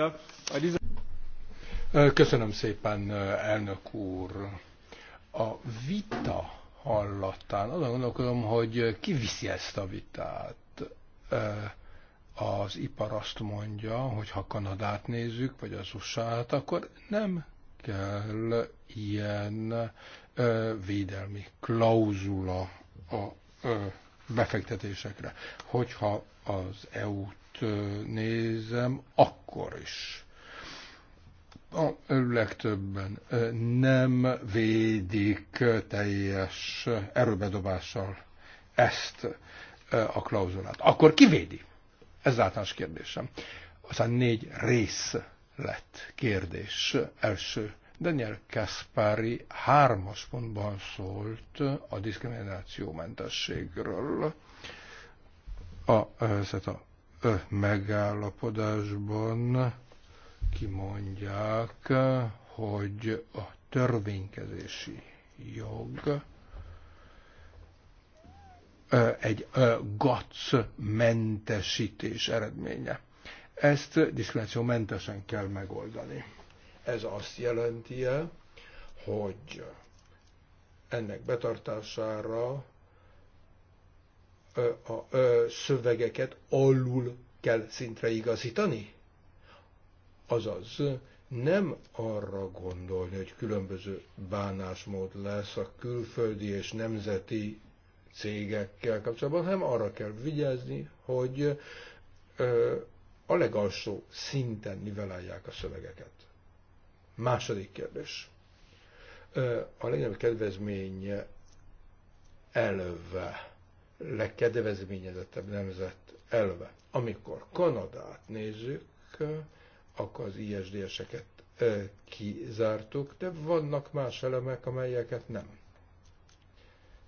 Uh, köszönöm szépen, uh, elnök úr. A vita hallatán azon gondolkodom, hogy ki viszi ezt a vitát az ipar azt mondja, hogy ha Kanadát nézzük, vagy az usa akkor nem kell ilyen védelmi klauzula a befektetésekre. Hogyha az EU-t nézem, akkor is a legtöbben nem védik teljes erőbedobással ezt a klauzulát. Akkor ki védi? Ez általános kérdésem. Aztán négy rész lett kérdés. Első Daniel Kaspari hármas pontban szólt a diszkriminációmentességről. A, ez a megállapodásban kimondják, hogy a törvénykezési jog egy GATS mentesítés eredménye. Ezt diszkriminációmentesen kell megoldani. Ez azt jelenti, -e, hogy ennek betartására a szövegeket alul kell szintre igazítani? Azaz, nem arra gondolni, hogy különböző bánásmód lesz a külföldi és nemzeti cégekkel kapcsolatban, hanem arra kell vigyázni, hogy a legalsó szinten nivelálják a szövegeket. Második kérdés. A legnagyobb kedvezmény elve, legkedvezményezettebb nemzet elve. Amikor Kanadát nézzük, akkor az ISDS-eket kizártuk, de vannak más elemek, amelyeket nem.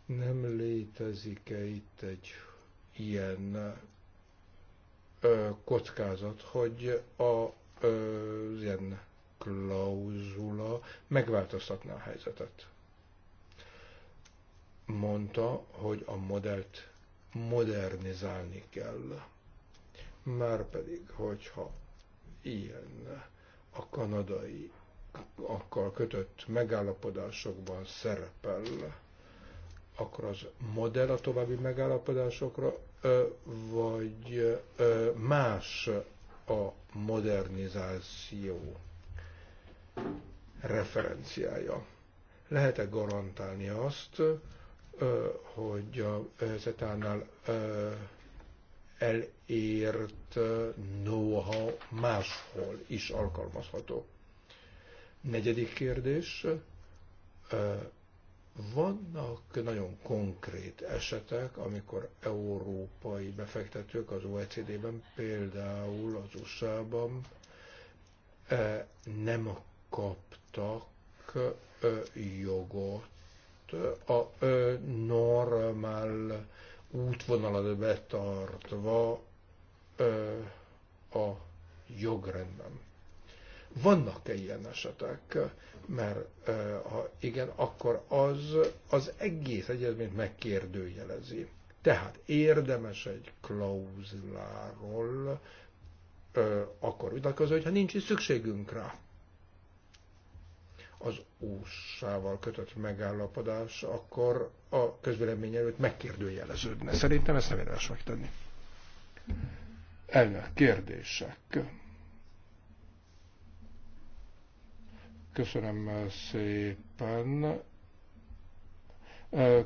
Nem létezik-e itt egy ilyen kockázat, hogy a az ilyen klauzula megváltoztatná a helyzetet. Mondta, hogy a modellt modernizálni kell. Márpedig, hogyha ilyen a kanadai akkal kötött megállapodásokban szerepel, akkor az modell a további megállapodásokra, vagy más a modernizáció referenciája. Lehet-e garantálni azt, hogy a zetánál elért know-how máshol is alkalmazható? Negyedik kérdés. Vannak nagyon konkrét esetek, amikor európai befektetők az OECD-ben, például az USA-ban nem kaptak jogot a normál útvonalat betartva a jogrendben. Vannak-e ilyen esetek? Mert ha igen, akkor az az egész egyezményt megkérdőjelezi. Tehát érdemes egy klauzuláról akkor vitatkozni, hogyha nincs is szükségünk rá az USA-val kötött megállapodás, akkor a közvélemény előtt megkérdőjeleződne. Szerintem ezt nem érdemes megtenni. Elnök, kérdések. Köszönöm szépen.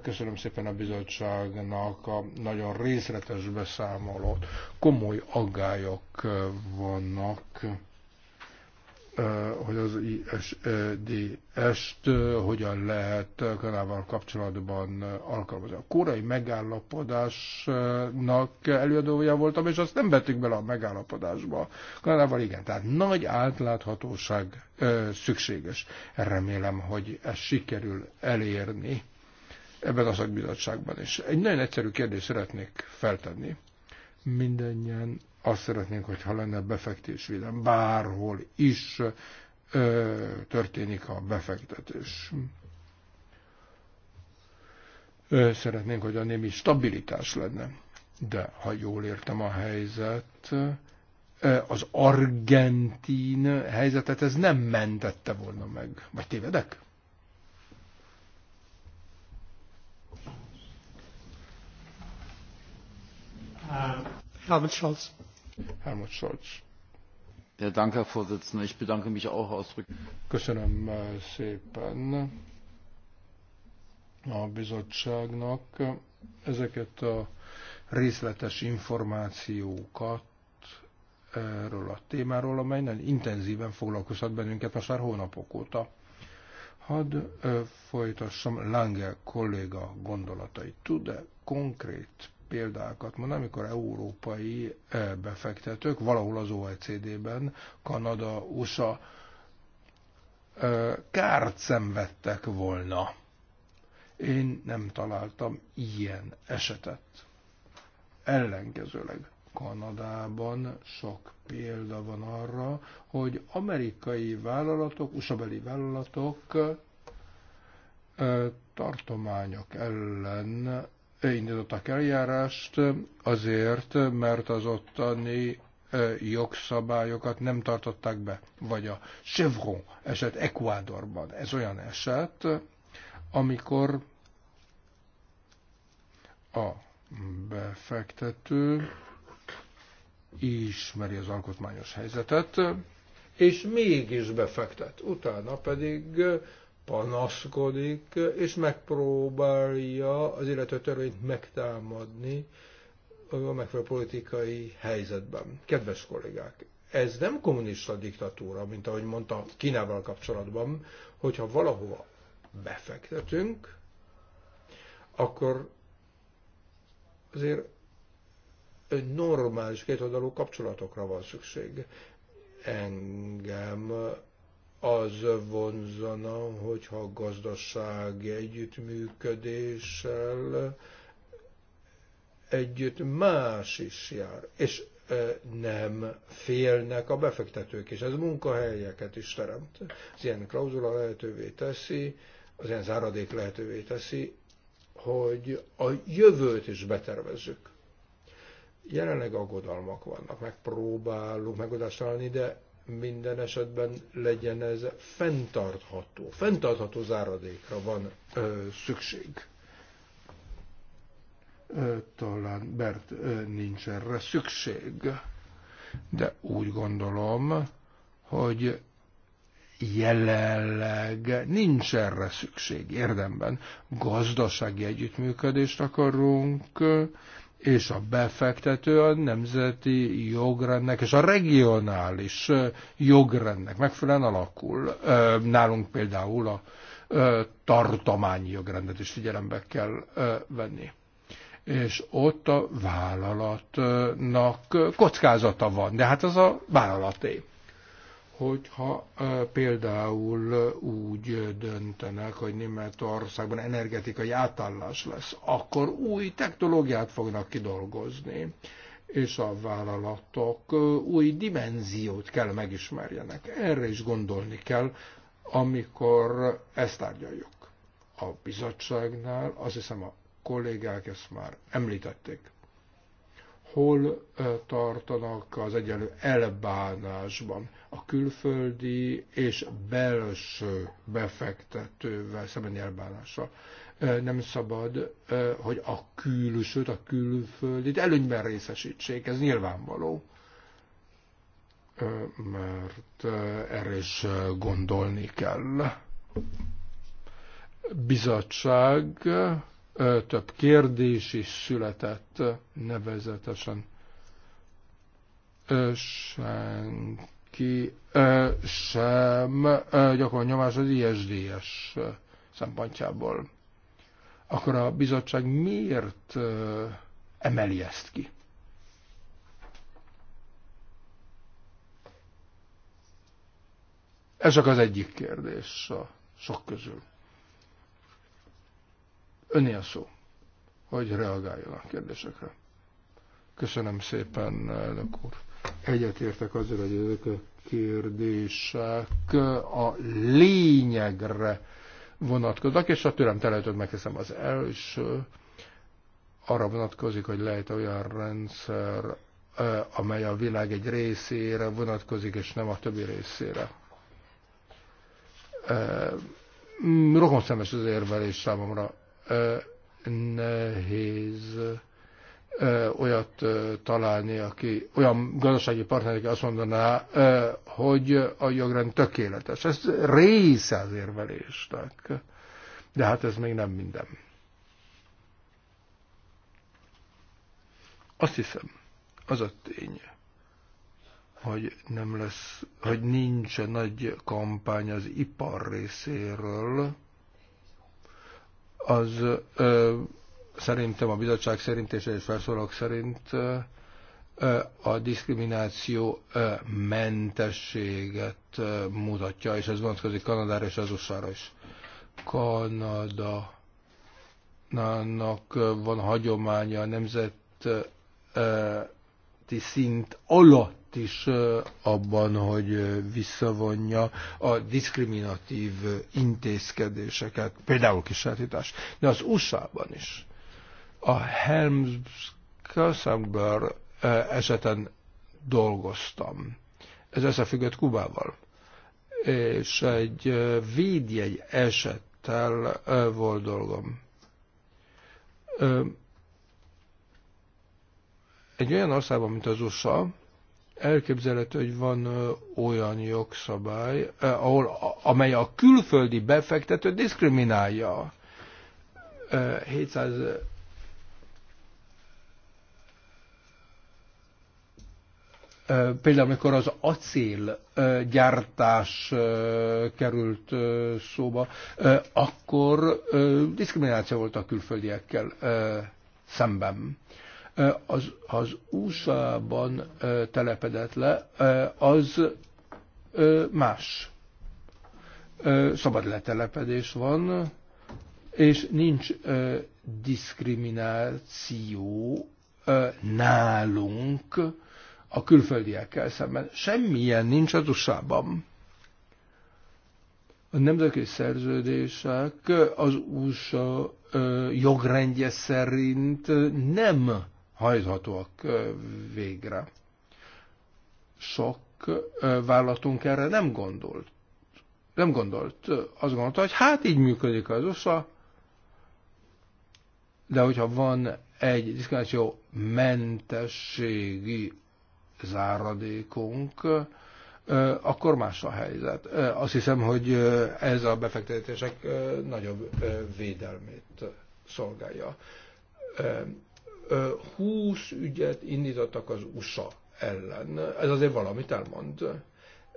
Köszönöm szépen a bizottságnak a nagyon részletes beszámolót. Komoly aggályok vannak hogy az ISDS-t hogyan lehet Kanával kapcsolatban alkalmazni. A korai megállapodásnak előadója voltam, és azt nem vettük bele a megállapodásba. Kanával igen, tehát nagy átláthatóság szükséges. Remélem, hogy ez sikerül elérni ebben a szakbizottságban is. Egy nagyon egyszerű kérdést szeretnék feltenni. Mindennyien azt szeretnénk, hogyha lenne befektésvédelem. Bárhol is ö, történik a befektetés. Ö, szeretnénk, hogy a némi stabilitás lenne. De ha jól értem a helyzet, az argentin helyzetet ez nem mentette volna meg. Vagy tévedek? Helmut Scholz. Helmut Scholz. Ja, danke, Herr Vorsitzender. Ich bedanke mich auch ausdrücklich. Köszönöm äh, szépen a bizottságnak ezeket a részletes információkat erről a témáról, amely intenzíven foglalkozhat bennünket most már hónapok óta. Hadd folytassam Lange kolléga gondolatait. Tud-e konkrét példákat mond, amikor európai eh, befektetők valahol az OECD-ben, Kanada, USA eh, kárt szenvedtek volna. Én nem találtam ilyen esetet. Ellenkezőleg Kanadában sok példa van arra, hogy amerikai vállalatok, usa vállalatok eh, tartományok ellen indítottak eljárást azért, mert az ottani jogszabályokat nem tartották be, vagy a Chevron eset Ecuadorban. Ez olyan eset, amikor a befektető ismeri az alkotmányos helyzetet, és mégis befektet. Utána pedig panaszkodik, és megpróbálja az illető törvényt megtámadni a megfelelő politikai helyzetben. Kedves kollégák, ez nem kommunista diktatúra, mint ahogy mondta Kínával kapcsolatban, hogyha valahova befektetünk, akkor azért normális kétoldalú kapcsolatokra van szükség. Engem az vonzana, hogyha a gazdasági együttműködéssel együtt más is jár, és nem félnek a befektetők, és ez munkahelyeket is teremt. Az ilyen klauzula lehetővé teszi, az ilyen záradék lehetővé teszi, hogy a jövőt is betervezzük. Jelenleg aggodalmak vannak, megpróbálunk megoldást találni, de minden esetben legyen ez fenntartható. Fenntartható záradékra van ö, szükség. Ö, talán Bert ö, nincs erre szükség, de úgy gondolom, hogy jelenleg nincs erre szükség érdemben. Gazdasági együttműködést akarunk, és a befektető a nemzeti jogrendnek és a regionális jogrendnek megfelelően alakul. Nálunk például a tartományi jogrendet is figyelembe kell venni. És ott a vállalatnak kockázata van, de hát az a vállalaté hogyha például úgy döntenek, hogy Németországban energetikai átállás lesz, akkor új technológiát fognak kidolgozni, és a vállalatok új dimenziót kell megismerjenek. Erre is gondolni kell, amikor ezt tárgyaljuk. A bizottságnál azt hiszem a kollégák ezt már említették hol tartanak az egyenlő elbánásban a külföldi és belső befektetővel szemben elbánással. Nem szabad, hogy a külsőt, a külföldit előnyben részesítsék, ez nyilvánvaló. Mert erre is gondolni kell. Bizottság több kérdés is született nevezetesen. Senki sem gyakorol nyomás az ISDS szempontjából. Akkor a bizottság miért emeli ezt ki? Ez csak az egyik kérdés a sok közül. Öné a szó, hogy reagáljon a kérdésekre. Köszönöm szépen, elnök úr. Egyetértek azért, hogy ezek a kérdések a lényegre vonatkoznak, és a tőlem telhetőt megteszem az első. Arra vonatkozik, hogy lehet olyan rendszer, eh, amely a világ egy részére vonatkozik, és nem a többi részére. Eh, Rokon szemes az érvelés számomra nehéz olyat találni, aki olyan gazdasági partner, aki azt mondaná, hogy a jogrend tökéletes. Ez része az érvelésnek. De hát ez még nem minden. Azt hiszem, az a tény, hogy nem lesz, hogy nincs nagy kampány az ipar részéről, az ö, szerintem a bizottság szerint és egy felszólalók szerint ö, a diszkrimináció ö, mentességet ö, mutatja, és ez vonatkozik Kanadára és az usa is. Kanada van hagyománya a nemzeti szint alatt is abban, hogy visszavonja a diszkriminatív intézkedéseket, például kisátítás. De az USA-ban is a Helms-Kassenberg eseten dolgoztam. Ez összefüggött Kubával. És egy védjegy esettel volt dolgom egy olyan országban, mint az USA, Elképzelhető, hogy van olyan jogszabály, ahol, amely a külföldi befektető diszkriminálja. 700 például amikor az acél gyártás került szóba, akkor diszkrimináció volt a külföldiekkel szemben az, az USA-ban telepedett le, az más. Szabad letelepedés van, és nincs diszkrimináció nálunk a külföldiekkel szemben. Semmilyen nincs az USA-ban. A nemzetközi szerződések az USA jogrendje szerint nem hajthatóak végre. Sok vállalatunk erre nem gondolt. Nem gondolt. Azt gondolta, hogy hát így működik az USA, de hogyha van egy diszkrimináció mentességi záradékunk, akkor más a helyzet. Azt hiszem, hogy ez a befektetések nagyobb védelmét szolgálja. 20 ügyet indítottak az USA ellen. Ez azért valamit elmond.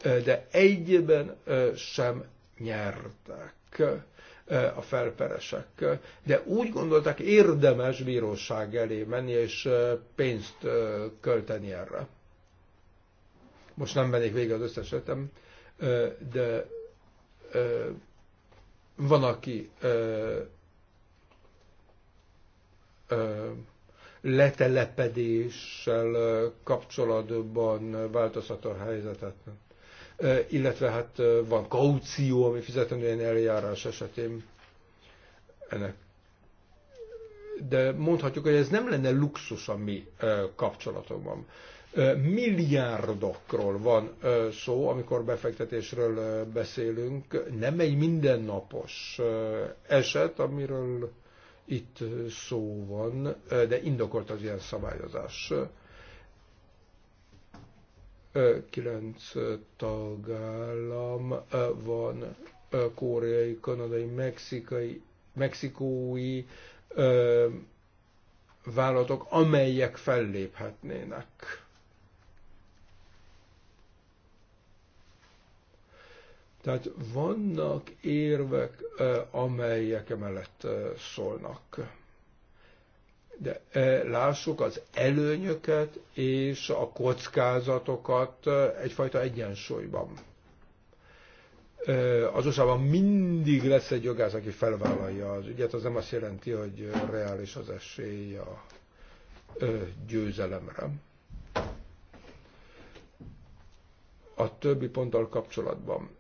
De egyben sem nyertek a felperesek. De úgy gondolták, érdemes bíróság elé menni és pénzt költeni erre. Most nem mennék végig az összesetem, de van, aki letelepedéssel kapcsolatban változhat a helyzetet. Illetve hát van kaució, ami ilyen eljárás esetén ennek. De mondhatjuk, hogy ez nem lenne luxus a mi kapcsolatokban milliárdokról van szó, amikor befektetésről beszélünk. Nem egy mindennapos eset, amiről itt szó van, de indokolt az ilyen szabályozás. Kilenc tagállam van, koreai, kanadai, mexikai, mexikói vállalatok, amelyek felléphetnének Tehát vannak érvek, amelyek emellett szólnak. De lássuk az előnyöket és a kockázatokat egyfajta egyensúlyban. Az usa mindig lesz egy jogász, aki felvállalja az ügyet, az nem azt jelenti, hogy reális az esély a győzelemre. A többi ponttal kapcsolatban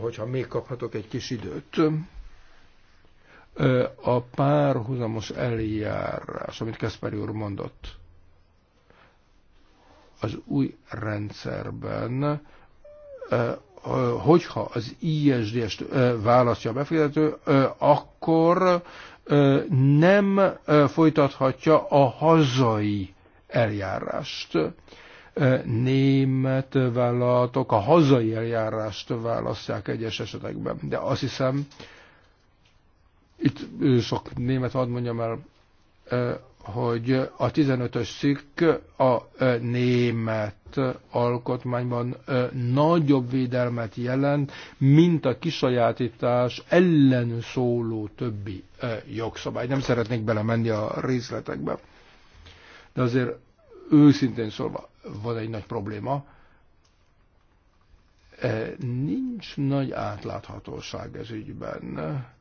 hogyha még kaphatok egy kis időt. A párhuzamos eljárás, amit Kaspari úr mondott, az új rendszerben, hogyha az ISD-est választja a befizető, akkor nem folytathatja a hazai eljárást német vállalatok a hazai eljárást választják egyes esetekben. De azt hiszem, itt sok német ad mondjam el, hogy a 15-ös cikk a német alkotmányban nagyobb védelmet jelent, mint a kisajátítás ellen szóló többi jogszabály. Nem szeretnék belemenni a részletekbe. De azért őszintén szólva van egy nagy probléma, e, nincs nagy átláthatóság ez ügyben. E,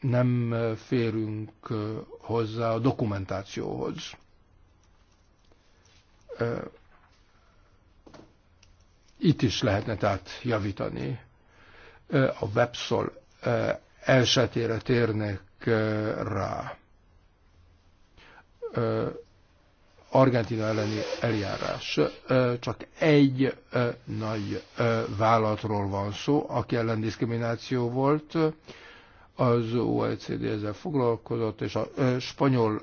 nem férünk e, hozzá a dokumentációhoz. Itt is lehetne tehát javítani. A webszol esetére térnek rá Argentina elleni eljárás. Csak egy nagy vállalatról van szó, aki ellen diszkrimináció volt. Az OECD ezzel foglalkozott, és a spanyol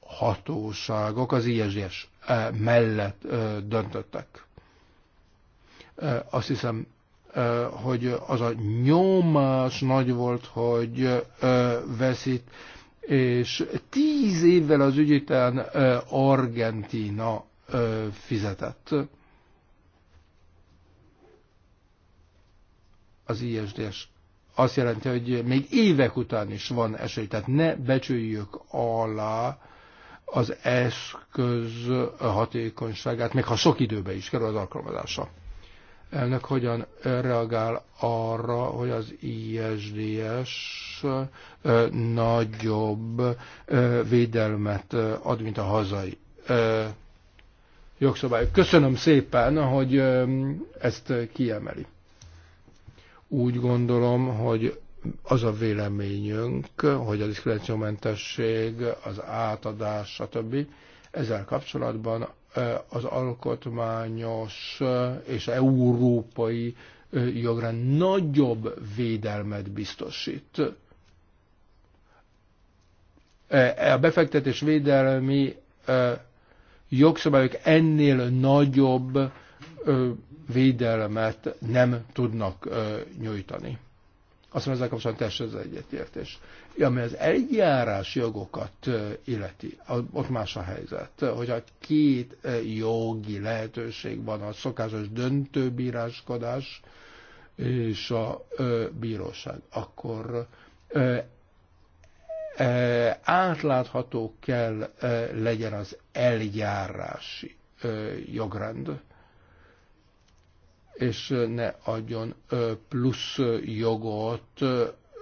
hatóságok az ISDS mellett döntöttek. Azt hiszem, hogy az a nyomás nagy volt, hogy veszít, és tíz évvel az ügyetlen Argentina fizetett. Az ISDS azt jelenti, hogy még évek után is van esély, tehát ne becsüljük alá az eszköz hatékonyságát, még ha sok időbe is kerül az alkalmazása elnök hogyan reagál arra, hogy az ISDS nagyobb védelmet ad, mint a hazai jogszabály. Köszönöm szépen, hogy ezt kiemeli. Úgy gondolom, hogy az a véleményünk, hogy a diszkriminációmentesség, az átadás, stb. Ezzel kapcsolatban Eh, az alkotmányos eh, és európai eh, jogra nagyobb védelmet biztosít. A befektetés védelmi jogszabályok ennél nagyobb védelmet nem tudnak nyújtani. Azt mondom, ezzel kapcsolatban teljes az egyetértés ami az eljárás jogokat illeti, ott más a helyzet, hogy a két jogi lehetőség van, a szokásos döntőbíráskodás és a bíróság, akkor átlátható kell legyen az eljárási jogrend, és ne adjon plusz jogot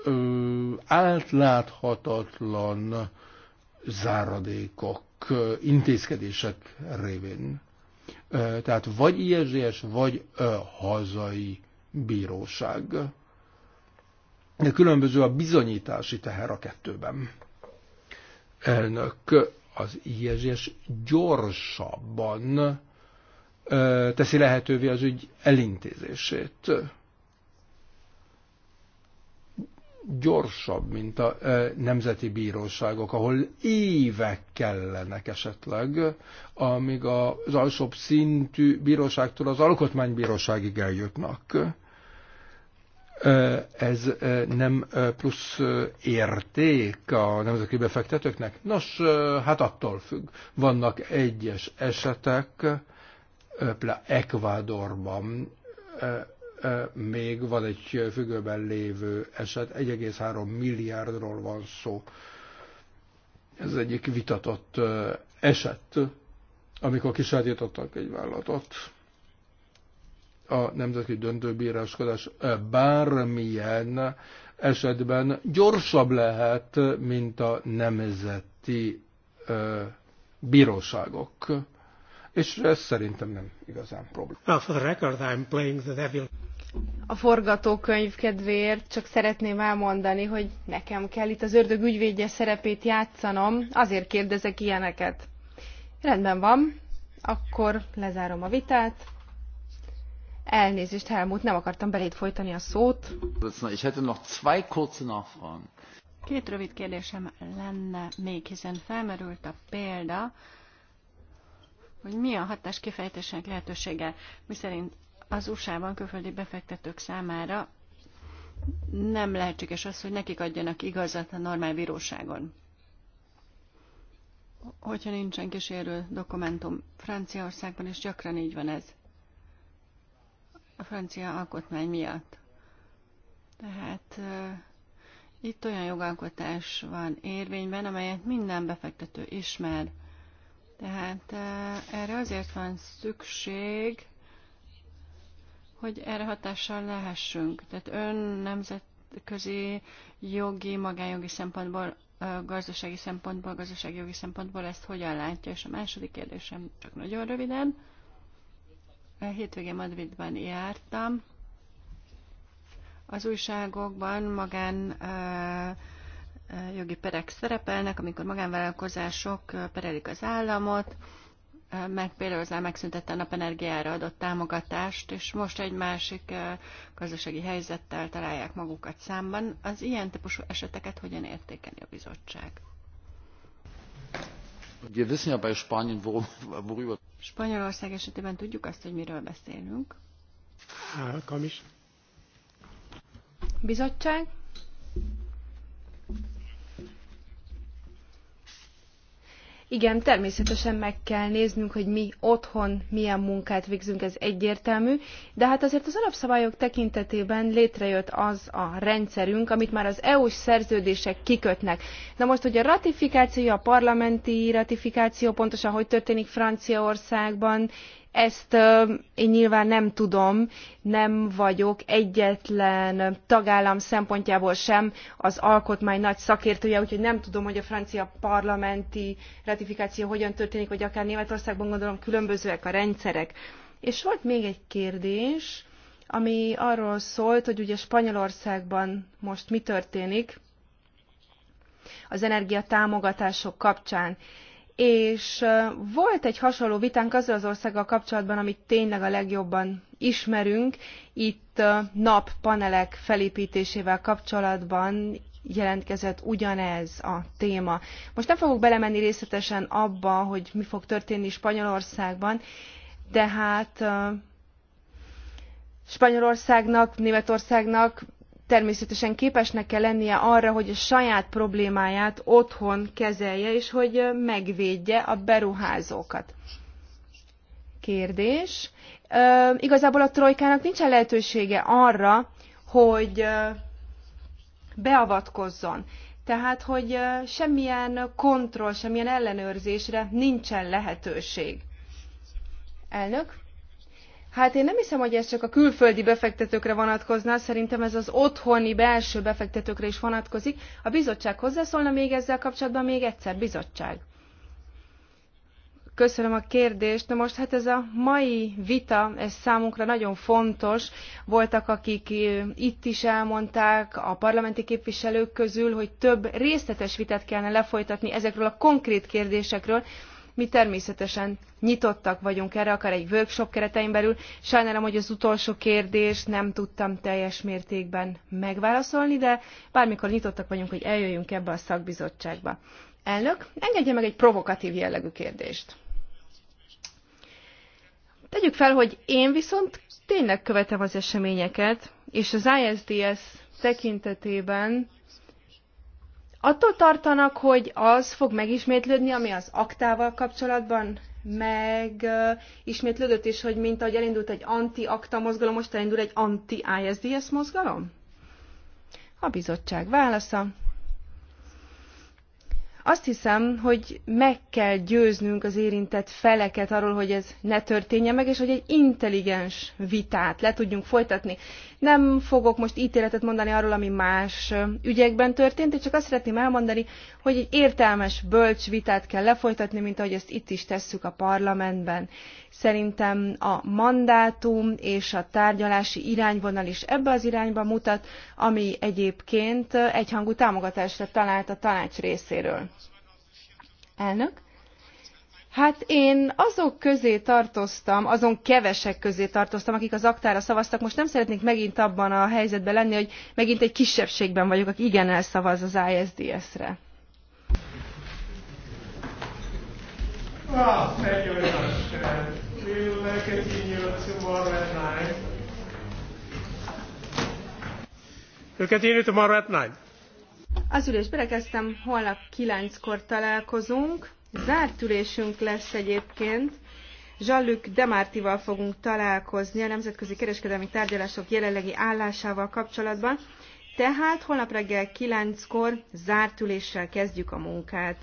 ö, átláthatatlan záradékok intézkedések révén. Ö, tehát vagy ISDS, vagy ö, hazai bíróság. De Különböző a bizonyítási teher a kettőben. Elnök, az ISDS gyorsabban teszi lehetővé az ügy elintézését gyorsabb, mint a e, nemzeti bíróságok, ahol évek kellenek esetleg, amíg az alsóbb szintű bíróságtól az alkotmánybíróságig eljutnak. E, ez e, nem plusz érték a nemzeti befektetőknek? Nos, hát attól függ. Vannak egyes esetek, Ekvádorban még van egy függőben lévő eset, 1,3 milliárdról van szó. Ez egyik vitatott eset, amikor kisátítottak egy vállalatot. A nemzeti döntőbíráskodás bármilyen esetben gyorsabb lehet, mint a nemzeti bíróságok. És ez szerintem nem igazán probléma. Well, for the record, I'm playing the devil a forgatókönyv kedvéért csak szeretném elmondani, hogy nekem kell itt az ördög ügyvédje szerepét játszanom, azért kérdezek ilyeneket. Rendben van, akkor lezárom a vitát. Elnézést, Helmut, nem akartam beléd folytani a szót. Ich hätte noch zwei kurze Nachfragen. Két rövid kérdésem lenne még, hiszen felmerült a példa, hogy mi a hatás kifejtésnek lehetősége, miszerint az USA-ban külföldi befektetők számára nem lehetséges az, hogy nekik adjanak igazat a normál bíróságon. Hogyha nincsen kísérő dokumentum, Franciaországban is gyakran így van ez. A francia alkotmány miatt. Tehát uh, itt olyan jogalkotás van érvényben, amelyet minden befektető ismer. Tehát uh, erre azért van szükség, hogy erre hatással lehessünk. Tehát ön nemzetközi jogi, magánjogi szempontból, gazdasági szempontból, gazdasági jogi szempontból ezt hogyan látja? És a második kérdésem csak nagyon röviden. A hétvégén Madridban jártam. Az újságokban magán jogi perek szerepelnek, amikor magánvállalkozások perelik az államot, mert például az megszüntette a napenergiára adott támogatást, és most egy másik gazdasági helyzettel találják magukat számban. Az ilyen típusú eseteket hogyan értékeli a bizottság? Wir wissen ja bei Spanien, worum, worüber... Spanyolország esetében tudjuk azt, hogy miről beszélünk. Bizottság? Igen, természetesen meg kell néznünk, hogy mi otthon milyen munkát végzünk, ez egyértelmű, de hát azért az alapszabályok tekintetében létrejött az a rendszerünk, amit már az EU-s szerződések kikötnek. Na most, hogy a ratifikáció, a parlamenti ratifikáció pontosan hogy történik Franciaországban, ezt én nyilván nem tudom, nem vagyok egyetlen tagállam szempontjából sem az alkotmány nagy szakértője, úgyhogy nem tudom, hogy a francia parlamenti ratifikáció hogyan történik, vagy akár Németországban gondolom különbözőek a rendszerek. És volt még egy kérdés, ami arról szólt, hogy ugye Spanyolországban most mi történik az energiatámogatások kapcsán és volt egy hasonló vitánk azzal az országgal kapcsolatban, amit tényleg a legjobban ismerünk, itt nappanelek felépítésével kapcsolatban jelentkezett ugyanez a téma. Most nem fogok belemenni részletesen abba, hogy mi fog történni Spanyolországban, de hát Spanyolországnak, Németországnak természetesen képesnek kell lennie arra, hogy a saját problémáját otthon kezelje, és hogy megvédje a beruházókat. Kérdés. E, igazából a trojkának nincsen lehetősége arra, hogy beavatkozzon. Tehát, hogy semmilyen kontroll, semmilyen ellenőrzésre nincsen lehetőség. Elnök, Hát én nem hiszem, hogy ez csak a külföldi befektetőkre vonatkozna, szerintem ez az otthoni belső befektetőkre is vonatkozik. A bizottság hozzászólna még ezzel kapcsolatban még egyszer, bizottság. Köszönöm a kérdést. Na most hát ez a mai vita, ez számunkra nagyon fontos. Voltak, akik itt is elmondták a parlamenti képviselők közül, hogy több részletes vitát kellene lefolytatni ezekről a konkrét kérdésekről, mi természetesen nyitottak vagyunk erre, akár egy workshop keretein belül. Sajnálom, hogy az utolsó kérdést nem tudtam teljes mértékben megválaszolni, de bármikor nyitottak vagyunk, hogy eljöjjünk ebbe a szakbizottságba. Elnök, engedje meg egy provokatív jellegű kérdést. Tegyük fel, hogy én viszont tényleg követem az eseményeket, és az ISDS tekintetében attól tartanak, hogy az fog megismétlődni, ami az aktával kapcsolatban meg ismétlődött is, hogy mint ahogy elindult egy anti-akta mozgalom, most elindul egy anti-ISDS mozgalom? A bizottság válasza. Azt hiszem, hogy meg kell győznünk az érintett feleket arról, hogy ez ne történjen meg, és hogy egy intelligens vitát le tudjunk folytatni. Nem fogok most ítéletet mondani arról, ami más ügyekben történt, én csak azt szeretném elmondani, hogy egy értelmes, bölcs vitát kell lefolytatni, mint ahogy ezt itt is tesszük a parlamentben. Szerintem a mandátum és a tárgyalási irányvonal is ebbe az irányba mutat, ami egyébként egyhangú támogatásra talált a tanács részéről. Elnök? Hát én azok közé tartoztam, azon kevesek közé tartoztam, akik az aktára szavaztak. Most nem szeretnék megint abban a helyzetben lenni, hogy megint egy kisebbségben vagyok, aki igen elszavaz az ISDS-re. Well, continue tomorrow at Az ülés berekeztem, holnap kilenckor találkozunk. Zárt ülésünk lesz egyébként. Zsallük Demártival fogunk találkozni a nemzetközi kereskedelmi tárgyalások jelenlegi állásával kapcsolatban. Tehát holnap reggel kilenckor zárt üléssel kezdjük a munkát.